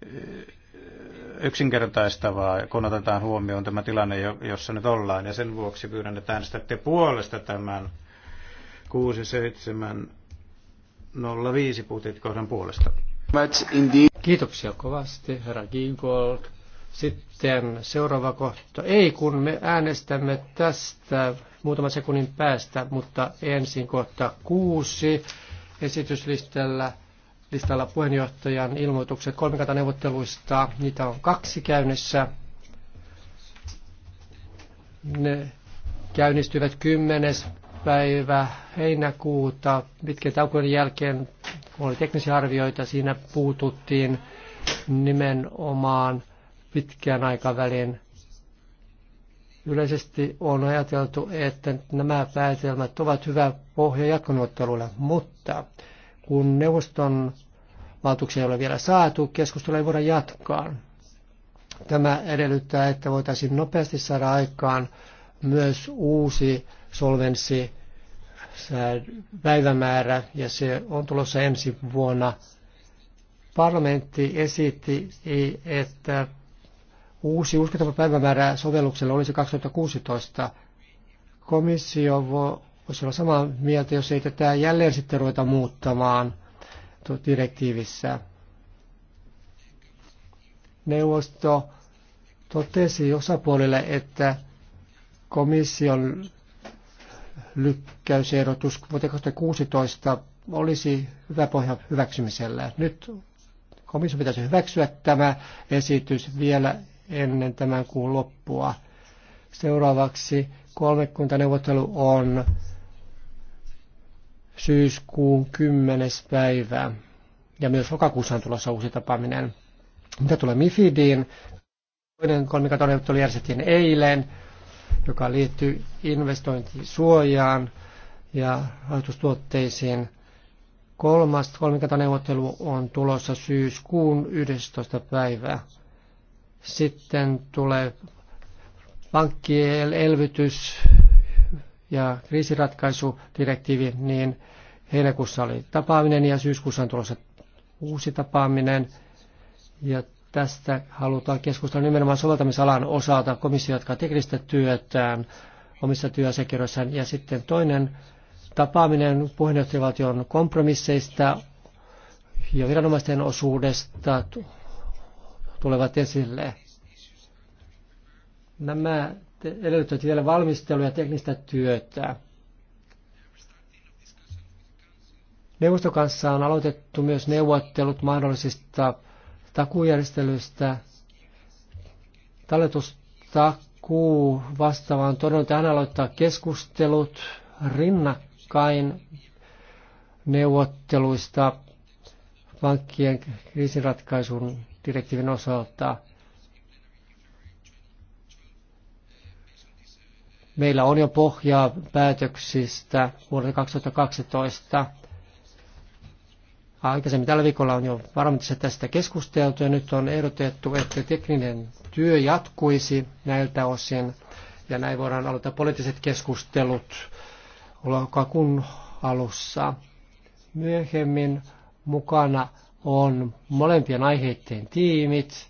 eh, yksinkertaistavaa, kun otetaan huomioon tämä tilanne, jossa nyt ollaan. Ja sen vuoksi pyydän, että äänestätte puolesta tämän 6705 putit kohdan puolesta. Kiitoksia kovasti, herra Gingold. Sitten seuraava kohta. Ei, kun me äänestämme tästä muutaman sekunnin päästä, mutta ensin kohta kuusi esityslistalla listalla puheenjohtajan ilmoitukset kolmikantaneuvotteluista. Niitä on kaksi käynnissä. Ne käynnistyvät 10. päivä heinäkuuta. Pitkän taukojen jälkeen oli teknisiä arvioita. Siinä puututtiin nimenomaan – pitkään aikavälin. Yleisesti on ajateltu, että nämä päätelmät ovat hyvä pohja jatkonuottelulle, mutta kun neuvoston valtuuksia ei ole vielä saatu, keskustelua ei voida jatkaa. Tämä edellyttää, että voitaisiin nopeasti saada aikaan myös uusi solvenssi päivämäärä, ja se on tulossa ensi vuonna. Parlamentti esitti, että Uusi uskottava päivämäärä sovelluksella olisi 2016. Komissio voisi olla samaa mieltä, jos ei tätä jälleen sitten ruveta muuttamaan direktiivissä. Neuvosto totesi osapuolille, että komission lykkäysehdotus vuoteen 2016 olisi hyvä pohja hyväksymiselle. Nyt komissio pitäisi hyväksyä tämä esitys vielä ennen tämän kuun loppua. Seuraavaksi kolmekuntaneuvottelu on syyskuun 10. päivä. Ja myös lokakuussa on tulossa uusi tapaaminen. Mitä tulee Mifidiin? Toinen kolmikantaneuvottelu järjestettiin eilen, joka liittyy investointisuojaan ja rahoitustuotteisiin. Kolmas kolmikantaneuvottelu on tulossa syyskuun 11. päivää. Sitten tulee pankkien elvytys ja kriisiratkaisudirektiivi, niin heinäkuussa oli tapaaminen ja syyskuussa on tulossa uusi tapaaminen. Ja tästä halutaan keskustella nimenomaan soveltamisalan osalta komissio jatkaa teknistä työtään omissa työasiakirjoissaan. Ja sitten toinen tapaaminen puheenjohtajavaltion kompromisseista ja viranomaisten osuudesta tulevat esille. Nämä edellyttävät vielä valmistelua ja teknistä työtä. Neuvoston kanssa on aloitettu myös neuvottelut mahdollisista takuujärjestelyistä. Talletustakuu vastaavaan todennut hän aloittaa keskustelut rinnakkain neuvotteluista pankkien kriisinratkaisun direktiivin osalta. Meillä on jo pohjaa päätöksistä vuodelta 2012. Aikaisemmin tällä viikolla on jo varmasti tästä keskusteltu ja nyt on ehdotettu, että tekninen työ jatkuisi näiltä osin ja näin voidaan aloittaa poliittiset keskustelut lokakuun alussa. Myöhemmin mukana on molempien aiheiden tiimit.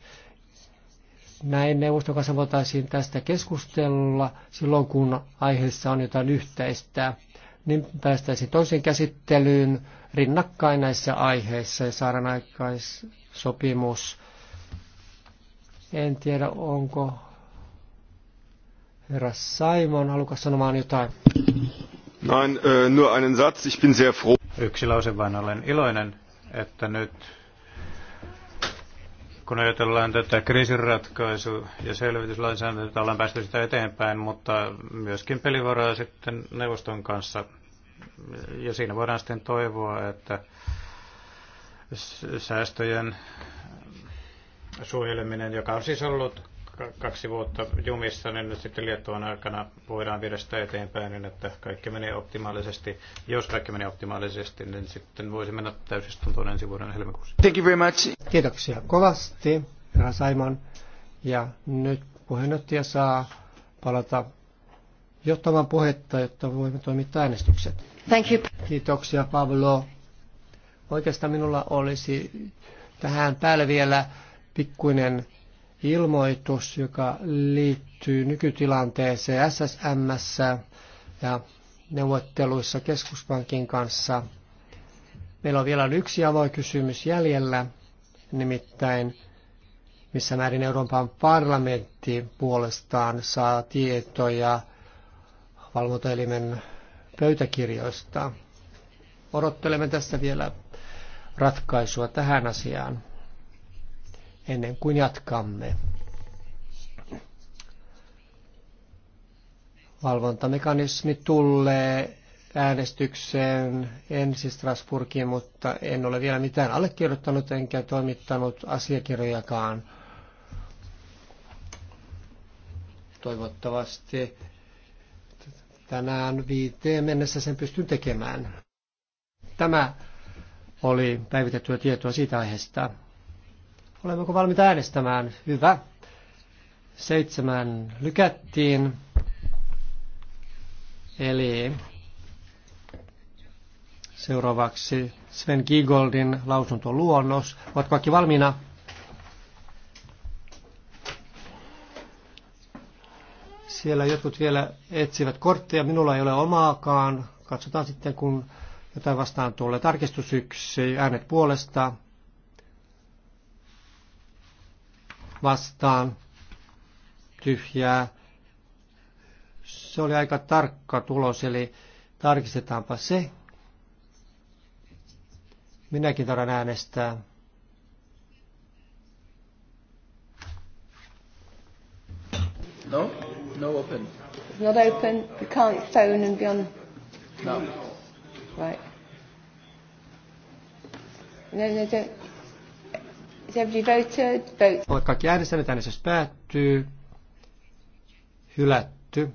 Näin neuvoston kanssa voitaisiin tästä keskustella silloin, kun aiheessa on jotain yhteistä. Niin päästäisiin toiseen käsittelyyn rinnakkain näissä aiheissa ja saadaan aikaissopimus. En tiedä, onko herra Simon halukas sanomaan jotain. Nein, äh, nur einen Satz. Ich bin sehr froh. Yksi lause vain olen iloinen että nyt kun ajatellaan tätä kriisinratkaisu- ja selvityslainsäädäntöä, ollaan päästy sitä eteenpäin, mutta myöskin pelivaraa sitten neuvoston kanssa. Ja siinä voidaan sitten toivoa, että säästöjen suojeleminen, joka on siis ollut kaksi vuotta jumissa, niin nyt sitten Liettuan aikana voidaan viedä sitä eteenpäin, niin että kaikki menee optimaalisesti. Jos kaikki menee optimaalisesti, niin sitten voisi mennä täysistuntoon ensi vuoden helmikuussa. Thank you very much. Kiitoksia kovasti, herra Saimon. Ja nyt puheenjohtaja saa palata johtamaan puhetta, jotta voimme toimittaa äänestykset. Thank you. Kiitoksia, Pablo. Oikeastaan minulla olisi tähän päälle vielä pikkuinen ilmoitus, joka liittyy nykytilanteeseen SSM ja neuvotteluissa keskuspankin kanssa. Meillä on vielä yksi avoin kysymys jäljellä, nimittäin missä määrin Euroopan parlamentti puolestaan saa tietoja valvontaelimen pöytäkirjoista. Odottelemme tässä vielä ratkaisua tähän asiaan ennen kuin jatkamme. Valvontamekanismi tulee äänestykseen ensi Strasburgiin, mutta en ole vielä mitään allekirjoittanut enkä toimittanut asiakirjojakaan. Toivottavasti tänään viiteen mennessä sen pystyn tekemään. Tämä oli päivitettyä tietoa siitä aiheesta. Olemmeko valmiita äänestämään? Hyvä. Seitsemän lykättiin. Eli seuraavaksi Sven Giegoldin luonnos Ovatko kaikki valmiina? Siellä jotkut vielä etsivät kortteja. Minulla ei ole omaakaan. Katsotaan sitten, kun jotain vastaan tulee. Tarkistus yksi, äänet puolesta, vastaan tyhjää. Se oli aika tarkka tulos, eli tarkistetaanpa se. Minäkin tarvitsen äänestää. No, no open. It's not open. You can't phone and be on. No. Right. No, no, don't. Olet kaikki äänestäneet, äänestys päättyy. Hylätty.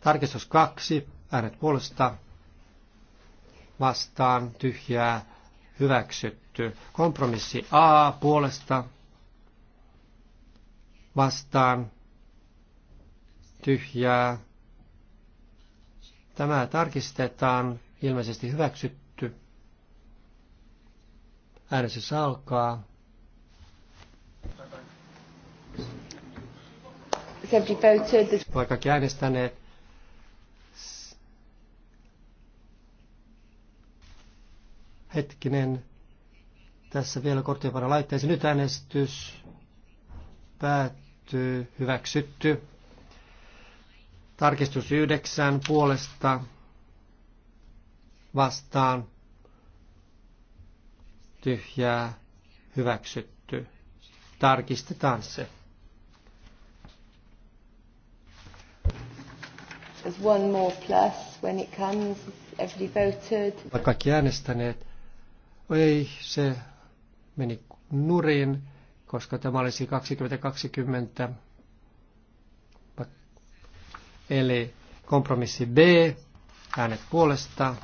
Tarkistus kaksi, äänet puolesta, vastaan, tyhjää, hyväksytty. Kompromissi A puolesta, vastaan, tyhjää, Tämä tarkistetaan, ilmeisesti hyväksytty. Äänestys alkaa. Vaikka äänestäneet, hetkinen, tässä vielä korttien laitteeseen. Nyt äänestys päättyy, hyväksytty. Tarkistus yhdeksän puolesta vastaan tyhjää hyväksytty. Tarkistetaan se. There's one more plus when it comes. Everybody voted. Kaikki äänestäneet. Ei, se meni nurin, koska tämä olisi 2020 Eli kompromissi B, äänet puolesta,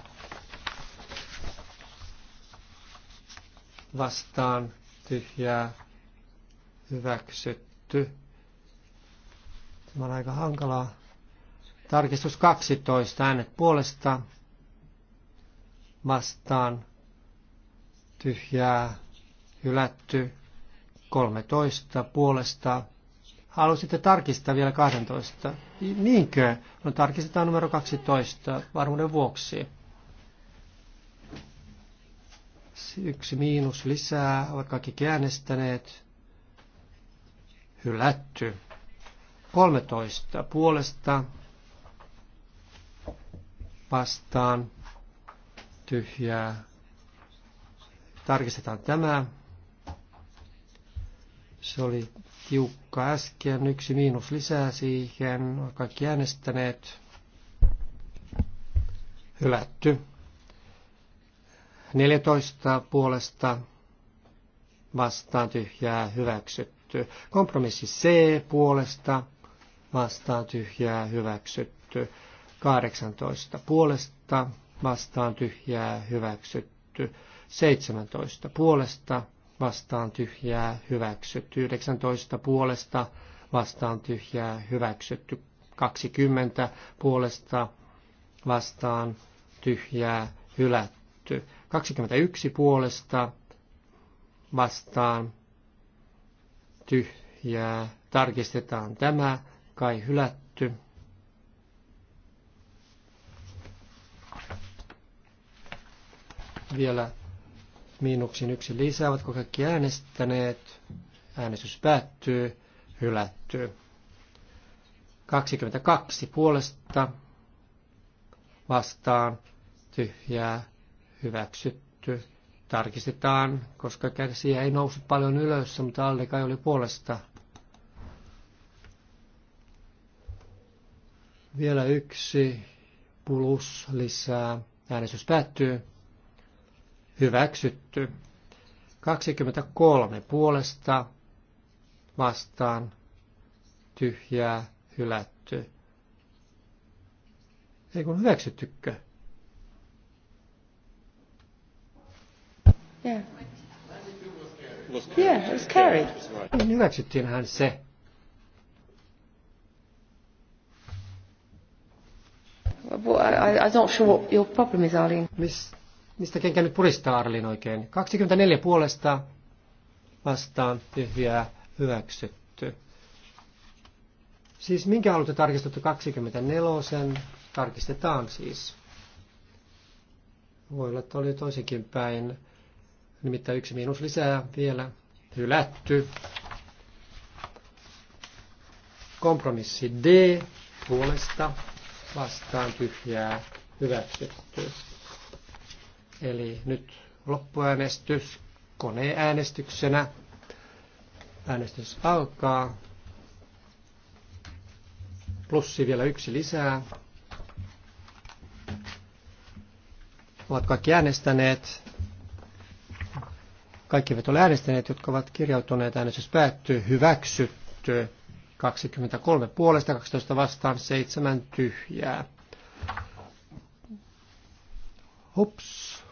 vastaan, tyhjää, hyväksytty. Tämä on aika hankalaa. Tarkistus 12, äänet puolesta, vastaan, tyhjää, hylätty, 13 puolesta, Halusitte tarkistaa vielä 12. Niinkö? No tarkistetaan numero 12 varmuuden vuoksi. Yksi miinus lisää, ovat kaikki käännestäneet. Hylätty. 13 puolesta vastaan tyhjää. Tarkistetaan tämä. Se oli tiukka äsken, yksi miinus lisää siihen, kaikki äänestäneet, hylätty. 14 puolesta vastaan tyhjää hyväksytty. Kompromissi C puolesta vastaan tyhjää hyväksytty. 18 puolesta vastaan tyhjää hyväksytty. 17 puolesta vastaan tyhjää hyväksytty. 19 puolesta vastaan tyhjää hyväksytty. 20 puolesta vastaan tyhjää hylätty. 21 puolesta vastaan tyhjää. Tarkistetaan tämä, kai hylätty. Vielä miinuksin yksi lisää. Ovatko kaikki äänestäneet? Äänestys päättyy. Hylättyy. 22 puolesta vastaan tyhjää hyväksytty. Tarkistetaan, koska kärsiä ei noussut paljon ylös, mutta alle kai oli puolesta. Vielä yksi plus lisää. Äänestys päättyy hyväksytty. 23 puolesta vastaan tyhjää hylätty. Ei kun hyväksyttykö? Yeah. Yeah, it was carried. Niin hyväksyttiinhän se. Well, I, I'm not sure what your problem is, Arlene. Miss mistä kenkä nyt puristaa Arlin oikein. 24 puolesta vastaan tyhjää hyväksytty. Siis minkä haluatte tarkistettu 24, sen tarkistetaan siis. Voi olla, että oli toisinkin päin. Nimittäin yksi miinus lisää vielä. Hylätty. Kompromissi D puolesta vastaan tyhjää hyväksytty. Eli nyt loppuäänestys koneäänestyksenä. Äänestys alkaa. Plussi vielä yksi lisää. Ovat kaikki äänestäneet. Kaikki eivät ole äänestäneet, jotka ovat kirjautuneet. Äänestys päättyy. Hyväksytty. 23 puolesta, 12 vastaan, 7 tyhjää. Hups.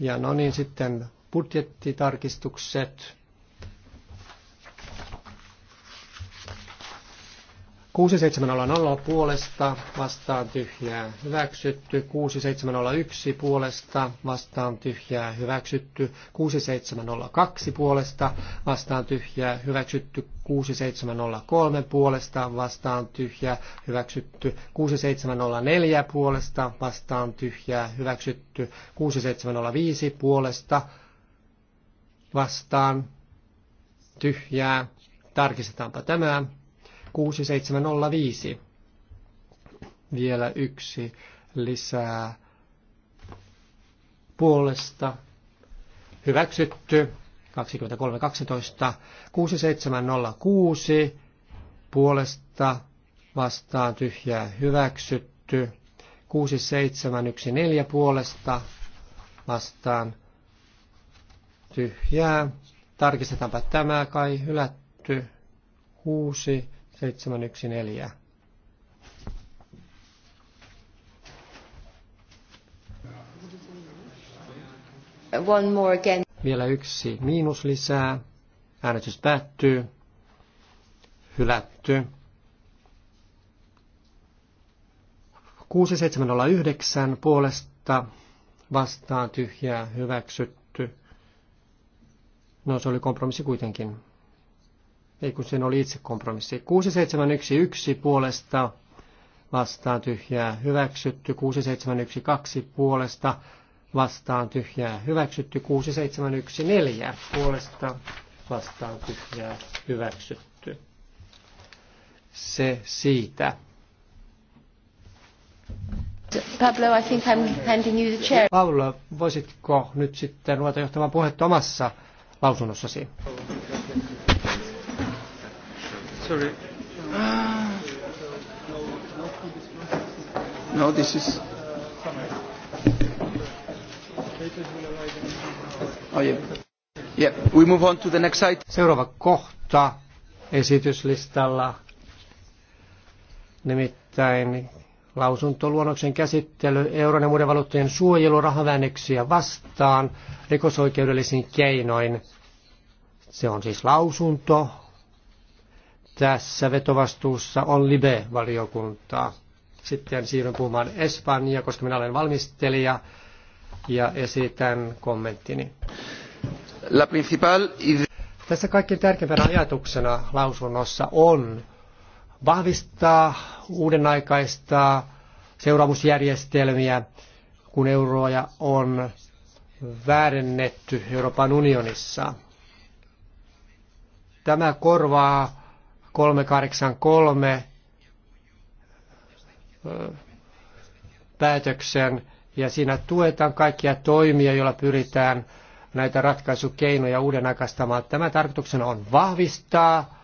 Ja no niin, sitten budjettitarkistukset. 6700 puolesta vastaan tyhjää hyväksytty. 6701 puolesta vastaan tyhjää hyväksytty. 6702 puolesta vastaan tyhjää hyväksytty. 6703 puolesta vastaan tyhjää hyväksytty. 6704 puolesta vastaan tyhjää hyväksytty. 6705 puolesta vastaan tyhjää. Tarkistetaanpa tämä. 6705. Vielä yksi lisää puolesta. Hyväksytty. 2312. 6706 puolesta vastaan tyhjää hyväksytty. 6714 puolesta vastaan tyhjää. Tarkistetaanpa tämä kai hylätty. 6, 714. One more again. Vielä yksi miinus lisää. Äänestys päättyy. Hylätty. 6709 puolesta vastaan tyhjää hyväksytty. No se oli kompromissi kuitenkin. Ei kun sen oli itse kompromissi. 6711 puolesta vastaan tyhjää hyväksytty. 6712 puolesta vastaan tyhjää hyväksytty. 6714 puolesta vastaan tyhjää hyväksytty. Se siitä. Pablo, I think I'm handing you the chair. Paula, voisitko nyt sitten ruveta johtamaan puhetta omassa lausunnossasi? Sorry. No, this is. Oh, yeah. Yeah. We move on to the next site. Seuraava kohta esityslistalla, nimittäin lausuntoluonnoksen käsittely euron ja muiden valuuttojen suojelu rahaväännöksiä vastaan rikosoikeudellisiin keinoin. Se on siis lausunto, tässä vetovastuussa on Libe-valiokuntaa. Sitten siirryn puhumaan Espanjaa, koska minä olen valmistelija ja esitän kommenttini. La principal... Tässä kaikkein tärkeimpänä ajatuksena lausunnossa on vahvistaa, aikaista seuraamusjärjestelmiä, kun euroja on väärennetty Euroopan unionissa. Tämä korvaa 383 päätöksen ja siinä tuetaan kaikkia toimia, joilla pyritään näitä ratkaisukeinoja uuden aikaistamaan. Tämä tarkoituksena on vahvistaa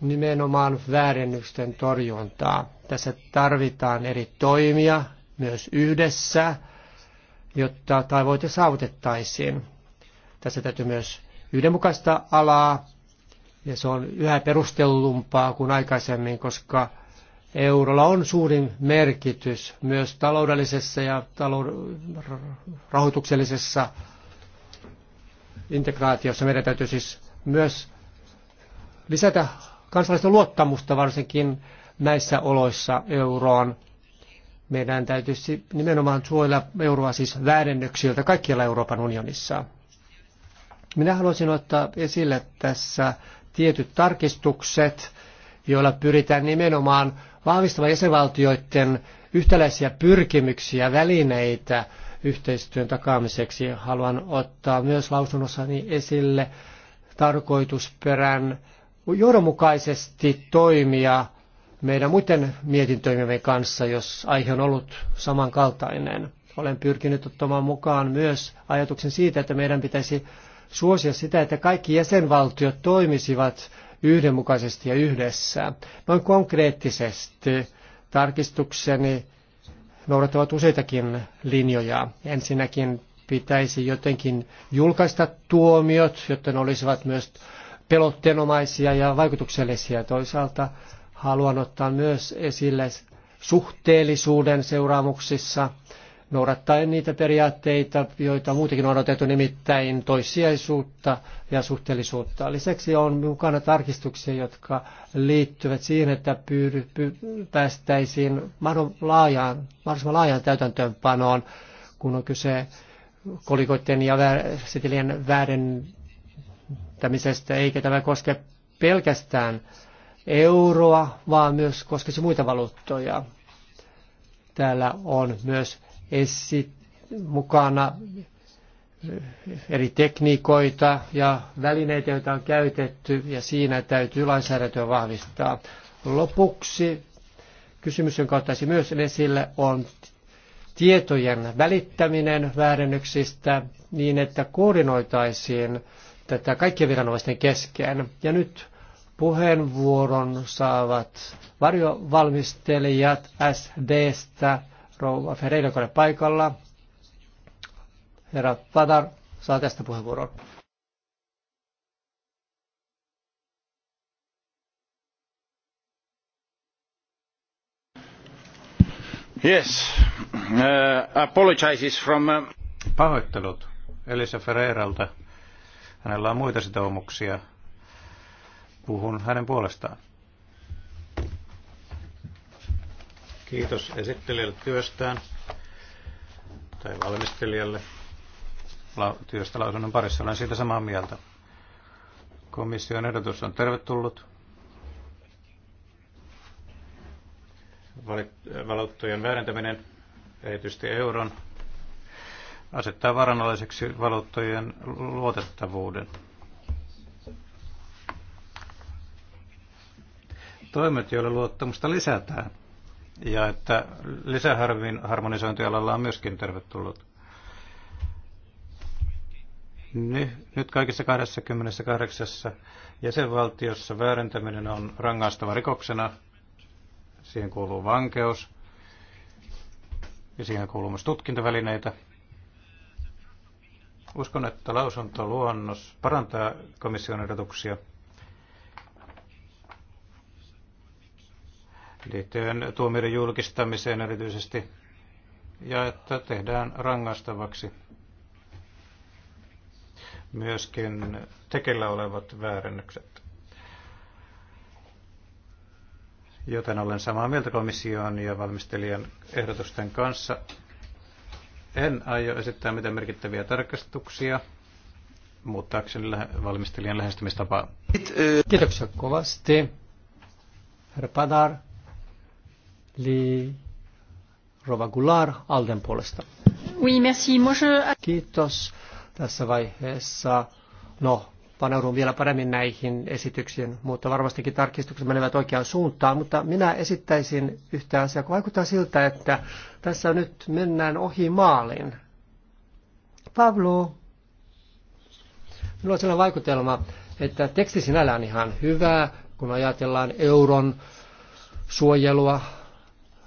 nimenomaan väärennysten torjuntaa. Tässä tarvitaan eri toimia myös yhdessä, jotta tavoite saavutettaisiin. Tässä täytyy myös yhdenmukaista alaa ja se on yhä perustellumpaa kuin aikaisemmin, koska eurolla on suurin merkitys myös taloudellisessa ja talou- rahoituksellisessa integraatiossa. Meidän täytyy siis myös lisätä kansalaisten luottamusta varsinkin näissä oloissa euroon. Meidän täytyisi nimenomaan suojella euroa siis väärennöksiltä kaikkialla Euroopan unionissa. Minä haluaisin ottaa esille tässä tietyt tarkistukset, joilla pyritään nimenomaan vahvistamaan jäsenvaltioiden yhtäläisiä pyrkimyksiä, välineitä yhteistyön takaamiseksi. Haluan ottaa myös lausunnossani esille tarkoitusperän johdonmukaisesti toimia meidän muiden mietintöimme kanssa, jos aihe on ollut samankaltainen. Olen pyrkinyt ottamaan mukaan myös ajatuksen siitä, että meidän pitäisi suosia sitä, että kaikki jäsenvaltiot toimisivat yhdenmukaisesti ja yhdessä. Noin konkreettisesti tarkistukseni noudattavat useitakin linjoja. Ensinnäkin pitäisi jotenkin julkaista tuomiot, jotta ne olisivat myös pelotteenomaisia ja vaikutuksellisia. Toisaalta haluan ottaa myös esille suhteellisuuden seuraamuksissa – noudattaen niitä periaatteita, joita muutenkin on otettu, nimittäin toissijaisuutta ja suhteellisuutta. Lisäksi on mukana tarkistuksia, jotka liittyvät siihen, että pyy- py- päästäisiin laajaan, mahdollisimman laajaan täytäntöönpanoon, kun on kyse kolikoiden ja väär- setelien väärentämisestä, eikä tämä koske pelkästään euroa, vaan myös koskisi muita valuuttoja. Täällä on myös esit, mukana eri tekniikoita ja välineitä, joita on käytetty, ja siinä täytyy lainsäädäntöä vahvistaa. Lopuksi kysymys, jonka ottaisin myös esille, on tietojen välittäminen väärennyksistä niin, että koordinoitaisiin tätä kaikkien viranomaisten kesken. Ja nyt puheenvuoron saavat varjovalmistelijat SDstä rouva Ferreira, joka paikalla. Herra Padar saa tästä puheenvuoron. Yes. Uh, apologizes from... Uh... Pahoittelut Elisa Ferreiralta. Hänellä on muita sitoumuksia. Puhun hänen puolestaan. Kiitos esittelijälle työstään tai valmistelijalle työstä lausunnon parissa. Olen siitä samaa mieltä. Komission ehdotus on tervetullut. Valuuttojen väärentäminen, erityisesti euron, asettaa varanalaiseksi valuuttojen luotettavuuden. Toimet, joille luottamusta lisätään – ja että lisäharmonisointialalla on myöskin tervetullut. Nyt kaikissa 28 jäsenvaltiossa väärentäminen on rangaistava rikoksena. Siihen kuuluu vankeus ja siihen kuuluu myös tutkintavälineitä. Uskon, että lausuntoluonnos parantaa komission ehdotuksia liittyen tuomioiden julkistamiseen erityisesti, ja että tehdään rangaistavaksi myöskin tekellä olevat väärennykset. Joten olen samaa mieltä komission ja valmistelijan ehdotusten kanssa. En aio esittää mitään merkittäviä tarkastuksia muuttaakseni valmistelijan lähestymistapaa. Kiitoksia kovasti. Herra Padar. Eli Rova Goulart Alden puolesta. Oui, merci. Moi je... Kiitos tässä vaiheessa. No, paneudun vielä paremmin näihin esityksiin, mutta varmastikin tarkistukset menevät oikeaan suuntaan. Mutta minä esittäisin yhtä asiaa, kun vaikuttaa siltä, että tässä nyt mennään ohi maalin. Pablo, minulla on sellainen vaikutelma, että teksti sinällään ihan hyvää, kun ajatellaan euron suojelua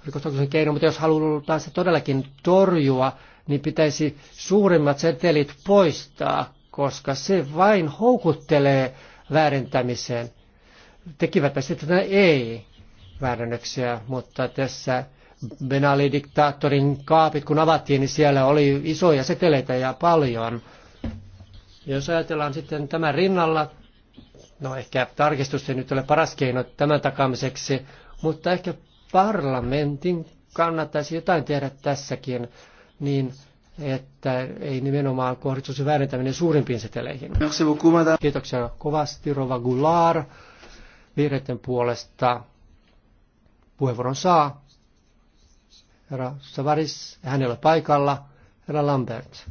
rikostorjunnan keino, mutta jos halutaan se todellakin torjua, niin pitäisi suurimmat setelit poistaa, koska se vain houkuttelee väärentämiseen. Tekivätpä sitten ei väärännöksiä, mutta tässä Benali-diktaattorin kaapit, kun avattiin, niin siellä oli isoja seteleitä ja paljon. Jos ajatellaan sitten tämän rinnalla, no ehkä tarkistus ei nyt ole paras keino tämän takaamiseksi, mutta ehkä parlamentin kannattaisi jotain tehdä tässäkin, niin että ei nimenomaan kohdistuisi väärentäminen suurimpiin seteleihin. Kiitoksia kovasti Rova Gular vihreiden puolesta. Puheenvuoron saa herra Savaris, hän ei ole paikalla, herra Lambert.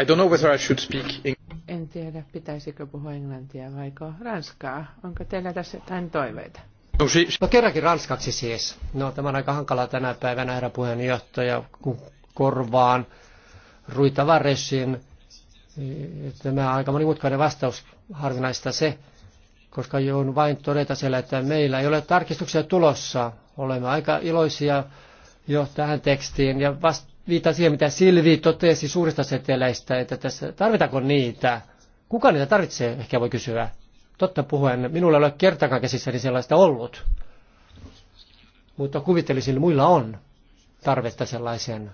I don't know whether I should speak in... En tiedä, pitäisikö puhua englantia vai ranskaa. Onko teillä tässä jotain toiveita? No, no kerrankin ranskaksi siis. No tämä on aika hankalaa tänä päivänä, herra puheenjohtaja, kun korvaan Ruitavaresin. Tämä on aika monimutkainen vastaus, harvinaista se, koska joudun vain todeta siellä, että meillä ei ole tarkistuksia tulossa. Olemme aika iloisia jo tähän tekstiin ja vasta siihen, mitä Silvi totesi suurista seteleistä, että tässä tarvitaanko niitä. Kuka niitä tarvitsee, ehkä voi kysyä. Totta puhuen, minulla ei ole kertakaan käsissäni sellaista ollut, mutta kuvittelisin, että muilla on tarvetta sellaisen.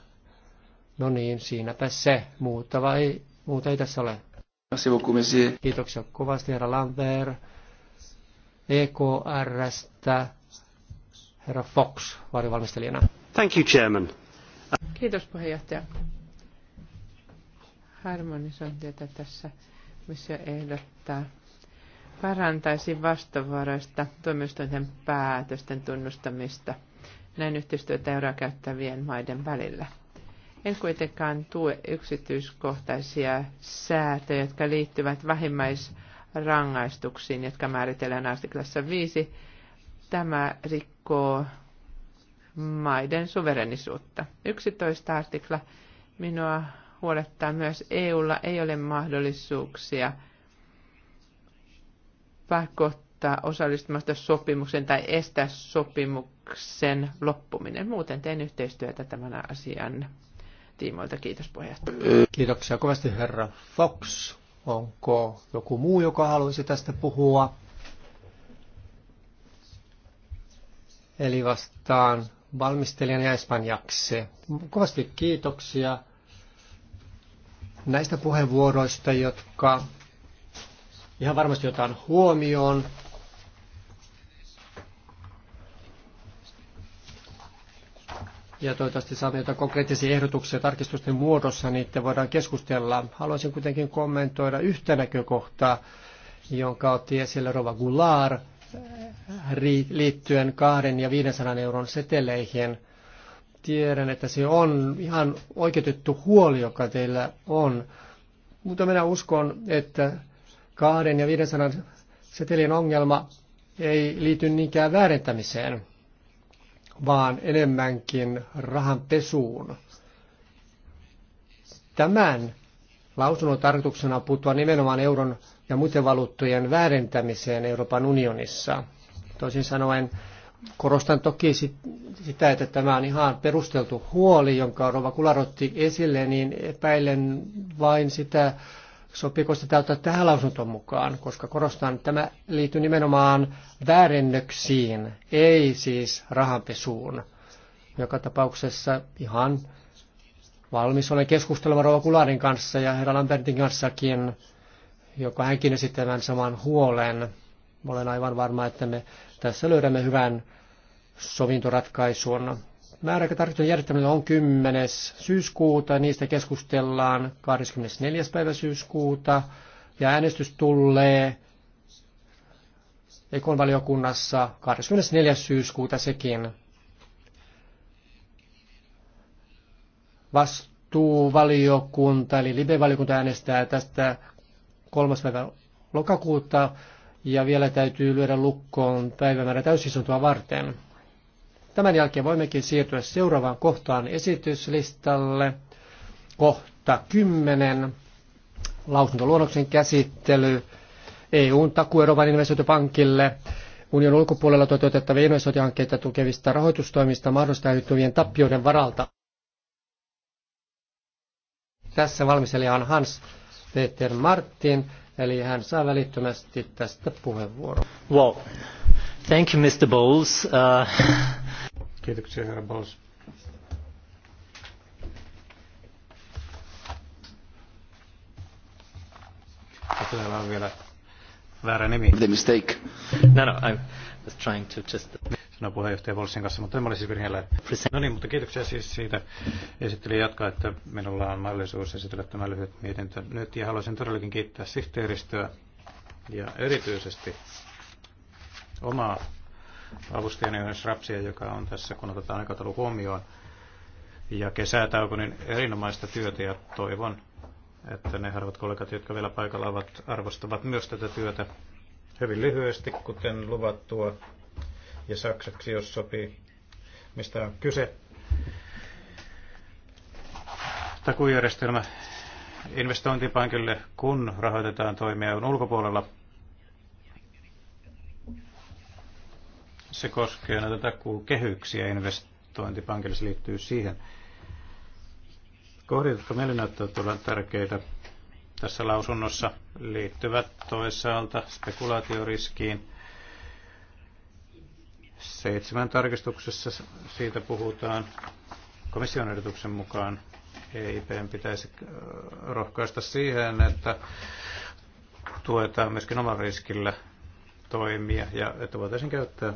No niin, siinäpä se. Muuta, vai, muuta ei tässä ole. Kiitoksia kovasti, herra Lambert. EKRstä herra Fox varjovalmistelijana. Thank you, Chairman. Kiitos puheenjohtaja. Harmonisointia tässä missä ehdottaa parantaisi vastavuoroista tuomioistuinten päätösten tunnustamista näin yhteistyötä euroa käyttävien maiden välillä. En kuitenkaan tue yksityiskohtaisia säätöjä, jotka liittyvät vähimmäisrangaistuksiin, jotka määritellään artiklassa 5. Tämä rikkoo maiden suverenisuutta. 11 artikla minua huolettaa myös EUlla ei ole mahdollisuuksia – pakottaa osallistumasta sopimuksen tai estää sopimuksen loppuminen. Muuten teen yhteistyötä tämän asian tiimoilta. Kiitos puheenjohtaja. Kiitoksia kovasti herra Fox. Onko joku muu, joka haluaisi tästä puhua? Eli vastaan valmistelijan ja espanjaksi. Kovasti kiitoksia näistä puheenvuoroista, jotka ihan varmasti jotain huomioon. Ja toivottavasti saamme jotain konkreettisia ehdotuksia tarkistusten muodossa, niitä voidaan keskustella. Haluaisin kuitenkin kommentoida yhtä näkökohtaa, jonka otti esille Rova Gular äh, liittyen kahden ja 500 euron seteleihin. Tiedän, että se on ihan oikeutettu huoli, joka teillä on. Mutta minä uskon, että kahden ja 500 setelin ongelma ei liity niinkään väärentämiseen, vaan enemmänkin rahan pesuun. Tämän lausunnon tarkoituksena on puuttua nimenomaan euron ja muiden valuuttojen väärentämiseen Euroopan unionissa. Toisin sanoen korostan toki sitä, että tämä on ihan perusteltu huoli, jonka Rova Kularotti esille, niin epäilen vain sitä, Sopiiko sitä ottaa tähän lausunton mukaan, koska korostan, että tämä liittyy nimenomaan väärennöksiin, ei siis rahanpesuun. Joka tapauksessa ihan valmis olen keskustelemaan Rova Kularin kanssa ja herra Lambertin kanssakin, joka hänkin esittämään saman huolen. Olen aivan varma, että me tässä löydämme hyvän sovintoratkaisun Määräaikatarkistusten järjestäminen on 10. syyskuuta, niistä keskustellaan 24. päivä syyskuuta ja äänestys tulee Ekon valiokunnassa 24. syyskuuta sekin. Vastuuvaliokunta eli live-valiokunta äänestää tästä 3. päivä lokakuuta ja vielä täytyy lyödä lukkoon päivämäärä täysistuntoa varten. Tämän jälkeen voimmekin siirtyä seuraavaan kohtaan esityslistalle. Kohta 10. Lausuntoluonnoksen käsittely EUn takuerovan investointipankille unionin ulkopuolella toteutettavia investointihankkeita tukevista rahoitustoimista mahdollista aiheutuvien tappioiden varalta. Tässä valmistelija on Hans Peter Martin, eli hän saa välittömästi tästä puheenvuoron. Wow. Thank you, Mr. Bowles. Uh, kiitoksia, herra Bowles. Täällä on vielä väärä nimi. The mistake. No, no, I was trying to just... Sanoi puheenjohtaja Volsin kanssa, mutta tämä oli siis virheellä. No niin, mutta kiitoksia siis siitä. Esitteli jatkaa, että minulla on mahdollisuus esitellä tämä lyhyt mietintö nyt. Ja haluaisin todellakin kiittää sihteeristöä ja erityisesti omaa avustajani Johannes Rapsia, joka on tässä, kun otetaan aikataulu huomioon, ja kesätauko, niin erinomaista työtä ja toivon, että ne harvat kollegat, jotka vielä paikalla ovat, arvostavat myös tätä työtä hyvin lyhyesti, kuten luvattua, ja saksaksi, jos sopii, mistä on kyse. Takujärjestelmä investointipankille, kun rahoitetaan toimia on ulkopuolella – Se koskee näitä takuukehyksiä investointipankille, se liittyy siihen. Kohdit, jotka meille näyttävät olevan tärkeitä tässä lausunnossa, liittyvät toisaalta spekulaatioriskiin. Seitsemän tarkistuksessa siitä puhutaan komission edutuksen mukaan EIP pitäisi äh, rohkaista siihen, että tuetaan myöskin oman riskillä toimia ja että voitaisiin käyttää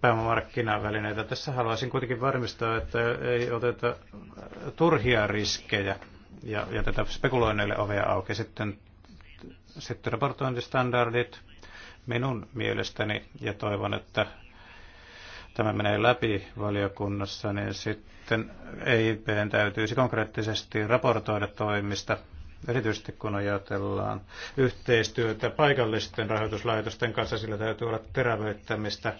pääomamarkkinavälineitä. Tässä haluaisin kuitenkin varmistaa, että ei oteta turhia riskejä ja tätä spekuloinneille ovea auki. Sitten, sitten raportointistandardit minun mielestäni, ja toivon, että tämä menee läpi valiokunnassa, niin sitten EIPn täytyisi konkreettisesti raportoida toimista, erityisesti kun ajatellaan yhteistyötä paikallisten rahoituslaitosten kanssa, sillä täytyy olla terävöittämistä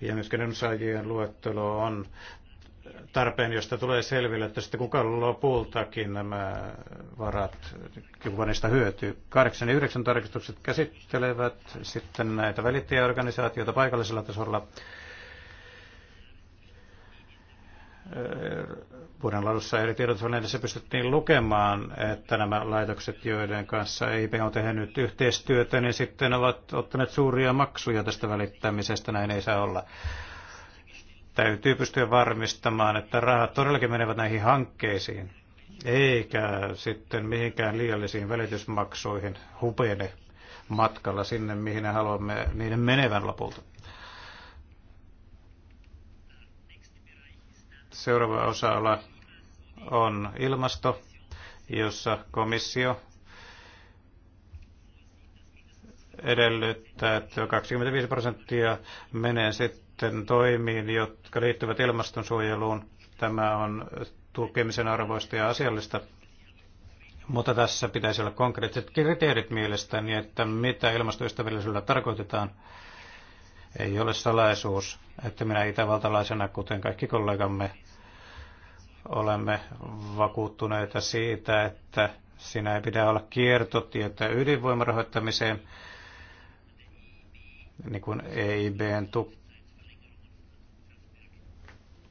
ja myöskin edunsaajien luettelo on tarpeen, josta tulee selville, että sitten kuka lopultakin nämä varat, kuka niistä hyötyy. 8 ja 9 tarkistukset käsittelevät sitten näitä välittäjäorganisaatioita paikallisella tasolla vuoden alussa eri tiedotusvälineissä pystyttiin lukemaan, että nämä laitokset, joiden kanssa EIP on tehnyt yhteistyötä, niin sitten ovat ottaneet suuria maksuja tästä välittämisestä. Näin ei saa olla. Täytyy pystyä varmistamaan, että rahat todellakin menevät näihin hankkeisiin, eikä sitten mihinkään liiallisiin välitysmaksuihin hupene matkalla sinne, mihin ne haluamme niiden menevän lopulta. Seuraava osa-ala on ilmasto, jossa komissio edellyttää, että 25 prosenttia menee sitten toimiin, jotka liittyvät ilmastonsuojeluun. Tämä on tukemisen arvoista ja asiallista. Mutta tässä pitäisi olla konkreettiset kriteerit mielestäni, että mitä ilmastoystävällisyydellä tarkoitetaan. Ei ole salaisuus, että minä itävaltalaisena, kuten kaikki kollegamme, olemme vakuuttuneita siitä, että sinä ei pidä olla kiertotietä ydinvoimarahoittamiseen, niin kuin EIBn tu-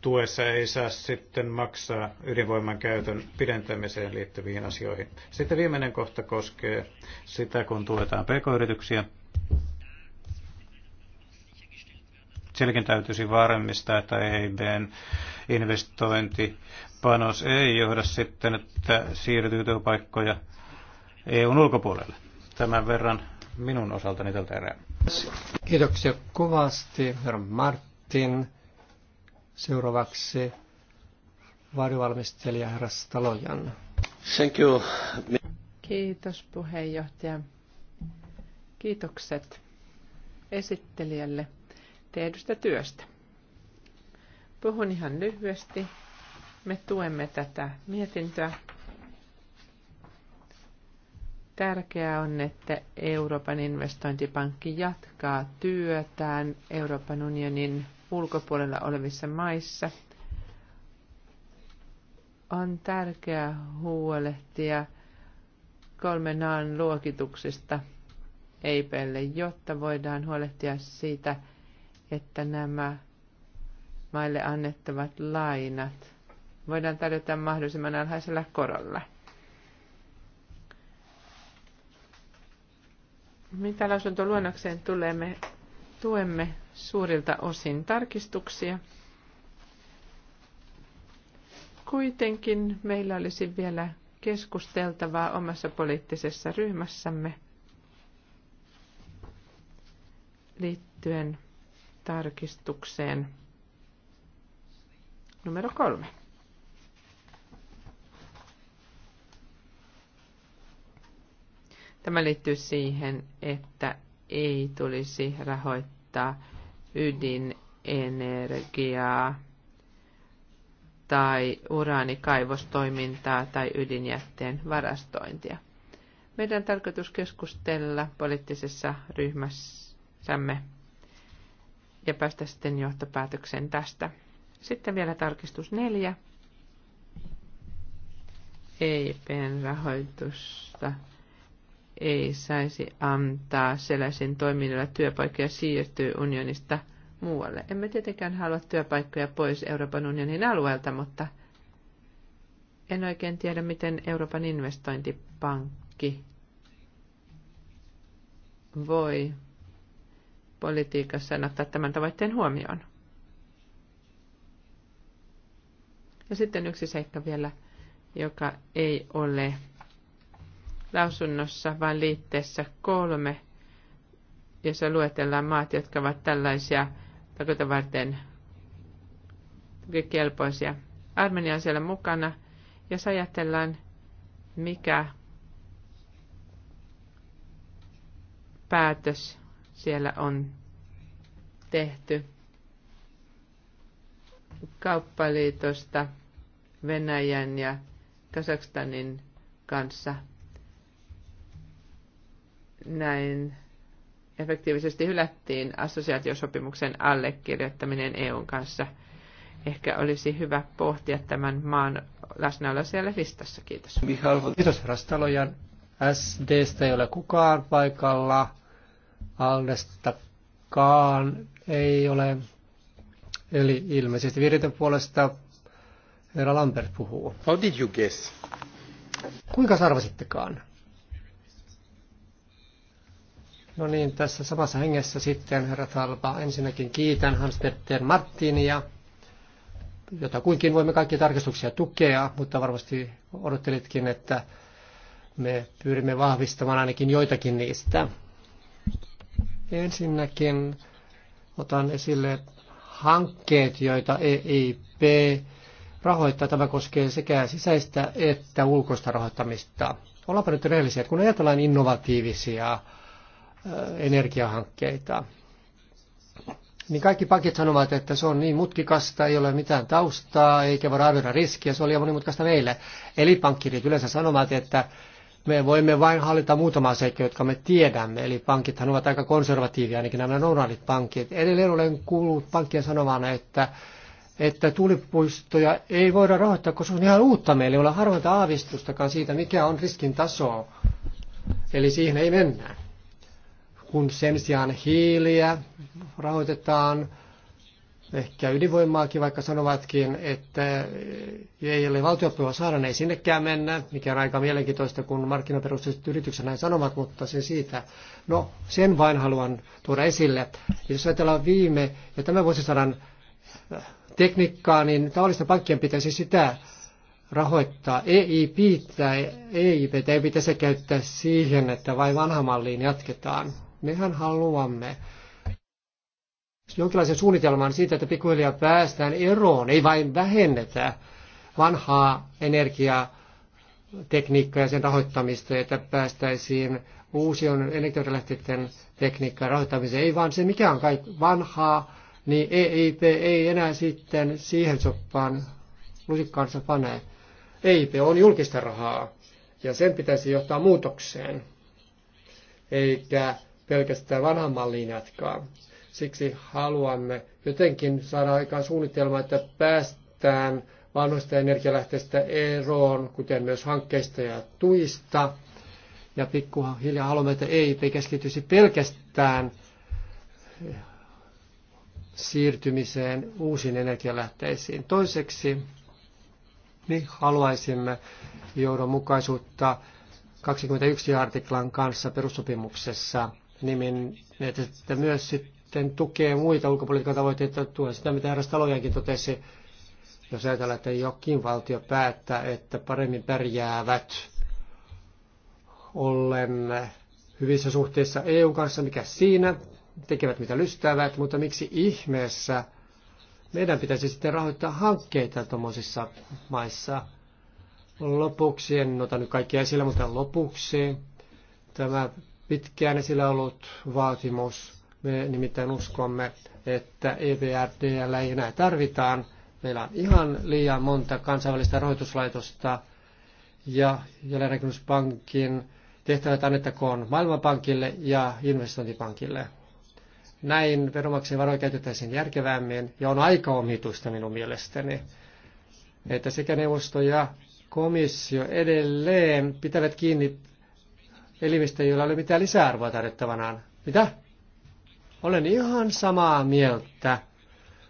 tuessa ei saa sitten maksaa ydinvoiman käytön pidentämiseen liittyviin asioihin. Sitten viimeinen kohta koskee sitä, kun tuetaan pk-yrityksiä. silläkin täytyisi varmistaa, että EIBn investointipanos ei johda sitten, että siirtyy työpaikkoja EUn ulkopuolelle. Tämän verran minun osaltani tältä erää. Kiitoksia kovasti, herra Martin. Seuraavaksi varjovalmistelija herra Stalojan. Thank you. Kiitos puheenjohtaja. Kiitokset esittelijälle tehdystä työstä. Puhun ihan lyhyesti. Me tuemme tätä mietintöä. Tärkeää on, että Euroopan investointipankki jatkaa työtään Euroopan unionin ulkopuolella olevissa maissa. On tärkeää huolehtia kolmen A luokituksesta EIPlle, jotta voidaan huolehtia siitä, että nämä maille annettavat lainat voidaan tarjota mahdollisimman alhaisella korolla. Mitä lausuntoluonnokseen tulee, me tuemme suurilta osin tarkistuksia. Kuitenkin meillä olisi vielä keskusteltavaa omassa poliittisessa ryhmässämme liittyen tarkistukseen numero kolme. Tämä liittyy siihen, että ei tulisi rahoittaa ydinenergiaa tai uraanikaivostoimintaa tai ydinjätteen varastointia. Meidän tarkoitus keskustella poliittisessa ryhmässämme ja päästä sitten johtopäätöksen tästä. Sitten vielä tarkistus neljä. EIPn rahoitusta ei saisi antaa sellaisen toiminnalla työpaikkoja siirtyy unionista muualle. Emme tietenkään halua työpaikkoja pois Euroopan unionin alueelta, mutta en oikein tiedä, miten Euroopan investointipankki voi politiikassaan ottaa tämän tavoitteen huomioon. Ja sitten yksi seikka vielä, joka ei ole lausunnossa, vaan liitteessä kolme, jossa luetellaan maat, jotka ovat tällaisia takota varten kelpoisia. Armenia on siellä mukana. Jos ajatellaan, mikä päätös siellä on tehty kauppaliitosta Venäjän ja Kasakstanin kanssa näin efektiivisesti hylättiin assosiaatiosopimuksen allekirjoittaminen EUn kanssa. Ehkä olisi hyvä pohtia tämän maan läsnäolo siellä listassa. Kiitos. Kiitos Rastalojan. SDstä ei ole kukaan paikalla. Aldestakaan ei ole. Eli ilmeisesti viriten puolesta herra Lambert puhuu. How did you guess? Kuinka arvasittekaan? No niin, tässä samassa hengessä sitten herra Talpa. Ensinnäkin kiitän Hans-Peter Martinia, jota kuinkin voimme kaikki tarkistuksia tukea, mutta varmasti odottelitkin, että me pyrimme vahvistamaan ainakin joitakin niistä. Ensinnäkin otan esille hankkeet, joita EIP rahoittaa. Tämä koskee sekä sisäistä että ulkoista rahoittamista. Ollaanpa nyt rehellisiä, kun ajatellaan innovatiivisia energiahankkeita, niin kaikki pankit sanovat, että se on niin mutkikasta, ei ole mitään taustaa, eikä voida arvioida riskiä, se oli liian monimutkaista meille. Eli pankkirit yleensä sanovat, että me voimme vain hallita muutama seikka, jotka me tiedämme. Eli pankithan ovat aika konservatiivia, ainakin nämä normaalit pankit. Edelleen olen kuullut pankkien sanovan, että, että tuulipuistoja ei voida rahoittaa, koska se on ihan uutta meille. ole harvointa aavistustakaan siitä, mikä on riskin taso. Eli siihen ei mennä. Kun sen sijaan hiiliä rahoitetaan ehkä ydinvoimaakin, vaikka sanovatkin, että eh, ei ole valtioapua saada, niin ei sinnekään mennä, mikä on aika mielenkiintoista, kun markkinaperusteiset yritykset näin sanovat, mutta se siitä. No, sen vain haluan tuoda esille. Jos ajatellaan viime ja tämän vuosisadan eh, tekniikkaa, niin tavallista pankkien pitäisi sitä rahoittaa. EIP tai EIP ei pitäisi käyttää siihen, että vain vanhamalliin jatketaan. Mehän haluamme jonkinlaisen suunnitelman siitä, että pikkuhiljaa päästään eroon, ei vain vähennetä vanhaa energiatekniikkaa ja sen rahoittamista, että päästäisiin uusien energialähteiden tekniikkaan rahoittamiseen, ei vaan se mikä on kaikki vanhaa, niin EIP ei enää sitten siihen soppaan lusikkaansa pane. EIP on julkista rahaa ja sen pitäisi johtaa muutokseen, eikä pelkästään vanhan malliin jatkaa. Siksi haluamme jotenkin saada aikaan suunnitelma, että päästään vanhoista energialähteistä eroon, kuten myös hankkeista ja tuista. Ja pikkuhiljaa haluamme, että ei keskittyisi pelkästään siirtymiseen uusiin energialähteisiin. Toiseksi me haluaisimme johdonmukaisuutta 21 artiklan kanssa perussopimuksessa, nimin, että myös sitten sitten tukee muita ulkopolitiikan tavoitteita, tuo sitä, mitä herra Stalojakin totesi, jos ajatellaan, että jokin valtio päättää, että paremmin pärjäävät ollen hyvissä suhteissa EU kanssa, mikä siinä, tekevät mitä lystävät, mutta miksi ihmeessä meidän pitäisi sitten rahoittaa hankkeita tuommoisissa maissa. Lopuksi, en ota nyt kaikkia esillä, mutta lopuksi tämä pitkään esillä ollut vaatimus me nimittäin uskomme, että EBRDL ei enää tarvitaan. Meillä on ihan liian monta kansainvälistä rahoituslaitosta ja jälleenrakennuspankin tehtävät annettakoon Maailmanpankille ja investointipankille. Näin veronmaksajien varoja käytettäisiin järkevämmin ja on aika omituista minun mielestäni, että sekä neuvosto ja komissio edelleen pitävät kiinni elimistä, joilla ei ole mitään lisäarvoa tarjottavanaan. Mitä? Olen ihan samaa mieltä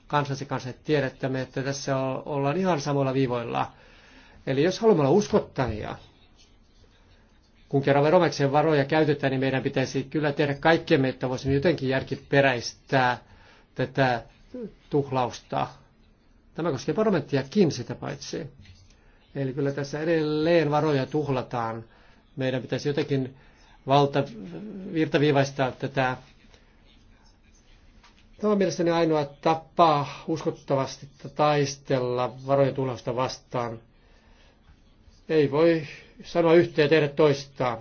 kansasi kanssa, että tiedättämme, että tässä ollaan ihan samoilla viivoilla. Eli jos haluamme olla uskottavia, kun kerran veromaksajien varoja käytetään, niin meidän pitäisi kyllä tehdä kaikkemme, että voisimme jotenkin järkiperäistää tätä tuhlausta. Tämä koskee parlamenttiakin sitä paitsi. Eli kyllä tässä edelleen varoja tuhlataan. Meidän pitäisi jotenkin valta virtaviivaistaa tätä Tämä on mielestäni ainoa tapa uskottavasti taistella varojen tulosta vastaan. Ei voi sanoa yhtä ja tehdä toista.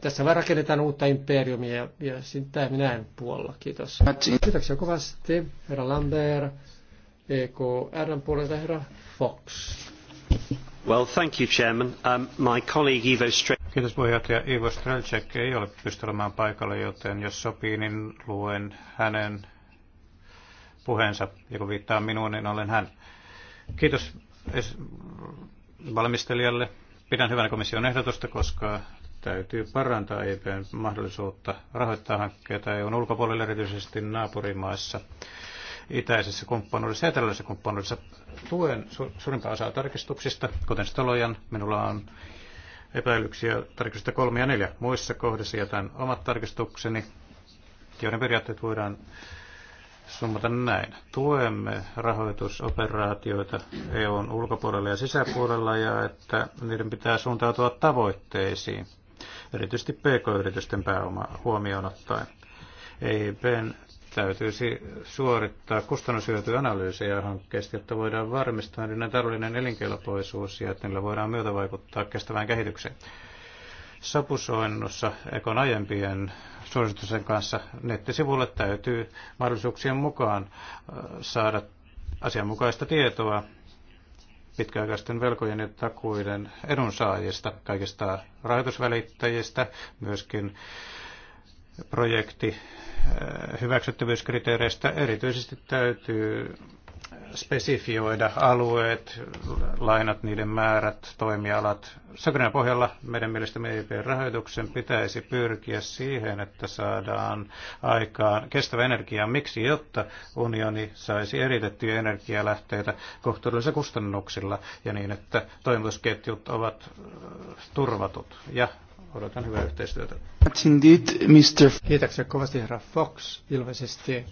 Tässä vaan rakennetaan uutta imperiumia ja, ja sitä minä en puolla. Kiitos. Kiitoksia kovasti, herra Lambert, EKRn puolelta herra Fox. Well, thank you, Chairman. Um, my colleague Ivo Strel... Kiitos puheenjohtaja Ivo Strelcek ei ole pystynyt olemaan paikalla, joten jos sopii, niin luen hänen puheensa. Ja kun viittaa minuun, niin olen hän. Kiitos valmistelijalle. Pidän hyvänä komission ehdotusta, koska täytyy parantaa EPn mahdollisuutta rahoittaa hankkeita EUn ulkopuolelle erityisesti naapurimaissa itäisessä kumppanuudessa ja eteläisessä kumppanuudessa. Tuen su- osaa tarkistuksista, kuten Stolojan. Minulla on epäilyksiä tarkistusta kolme ja neljä. Muissa kohdissa jätän omat tarkistukseni, joiden periaatteet voidaan summata näin. Tuemme rahoitusoperaatioita EUn ulkopuolella ja sisäpuolella ja että niiden pitää suuntautua tavoitteisiin, erityisesti pk-yritysten pääoma huomioon ottaen. EIPn täytyisi suorittaa kustannushyötyanalyysejä hankkeesta, jotta voidaan varmistaa niiden tarvallinen elinkelpoisuus ja että niillä voidaan myötä vaikuttaa kestävään kehitykseen. Sopusoinnussa Ekon aiempien suositusten kanssa nettisivulle täytyy mahdollisuuksien mukaan saada asianmukaista tietoa pitkäaikaisten velkojen ja takuiden edunsaajista, kaikista rahoitusvälittäjistä, myöskin projekti eh, hyväksyttävyyskriteereistä erityisesti täytyy spesifioida alueet, lainat, niiden määrät, toimialat. Sakrinan pohjalla meidän mielestämme EIP-rahoituksen pitäisi pyrkiä siihen, että saadaan aikaan kestävä energia. Miksi? Jotta unioni saisi eritettyjä energialähteitä kohtuullisilla kustannuksilla ja niin, että toimitusketjut ovat eh, turvatut ja odotan hyvää yhteistyötä. Indeed, Mr. Kiitoksia kovasti herra Fox. Ilmeisesti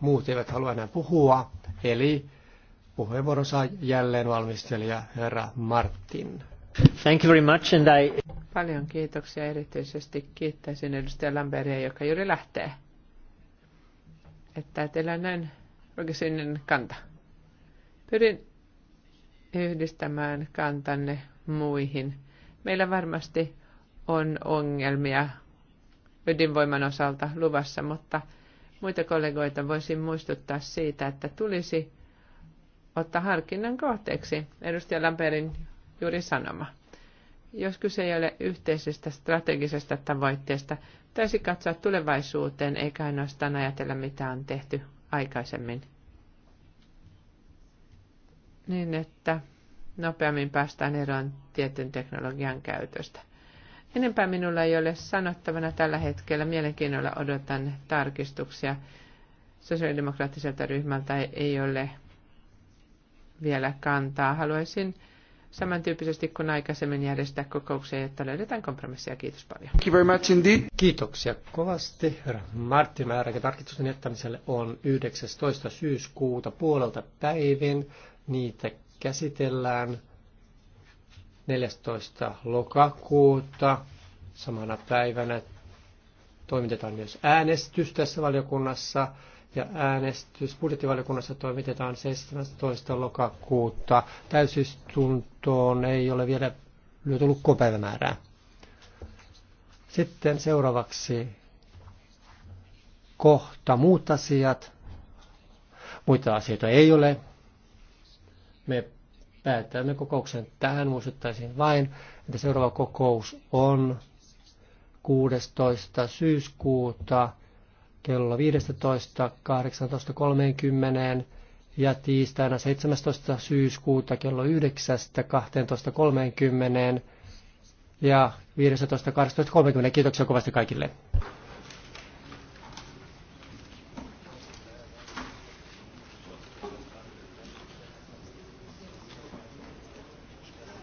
muut eivät halua enää puhua, eli puheenvuoro saa jälleen valmistelija herra Martin. Thank you very much and I... Paljon kiitoksia erityisesti kiittäisin edustaja Lamberia, joka juuri lähtee. Että teillä on näin progressiivinen kanta. Pyrin yhdistämään kantanne muihin. Meillä varmasti on ongelmia ydinvoiman osalta luvassa, mutta muita kollegoita voisin muistuttaa siitä, että tulisi ottaa harkinnan kohteeksi edustaja Lamperin juuri sanoma. Jos kyse ei ole yhteisestä strategisesta tavoitteesta, taisi katsoa tulevaisuuteen eikä ainoastaan ajatella, mitä on tehty aikaisemmin. Niin, että nopeammin päästään eroon tietyn teknologian käytöstä. Enempää minulla ei ole sanottavana tällä hetkellä. Mielenkiinnolla odotan tarkistuksia. Sosiaalidemokraattiselta ryhmältä ei ole vielä kantaa. Haluaisin samantyyppisesti kuin aikaisemmin järjestää kokouksia, jotta löydetään kompromissia. Kiitos paljon. Thank you very much indeed. Kiitoksia kovasti. Herra Martti, määräkä tarkistusten jättämiselle on 19. syyskuuta puolelta päivin. Niitä käsitellään 14. lokakuuta samana päivänä toimitetaan myös äänestys tässä valiokunnassa ja äänestys budjettivaliokunnassa toimitetaan 17. lokakuuta. Täysistuntoon ei ole vielä lyöty lukkopäivämäärää. Sitten seuraavaksi kohta muut asiat. Muita asioita ei ole. Me päätämme kokouksen tähän. Muistuttaisin vain, että seuraava kokous on 16. syyskuuta kello 15.18.30 ja tiistaina 17. syyskuuta kello 9.12.30 ja 15.18.30. Kiitoksia kovasti kaikille.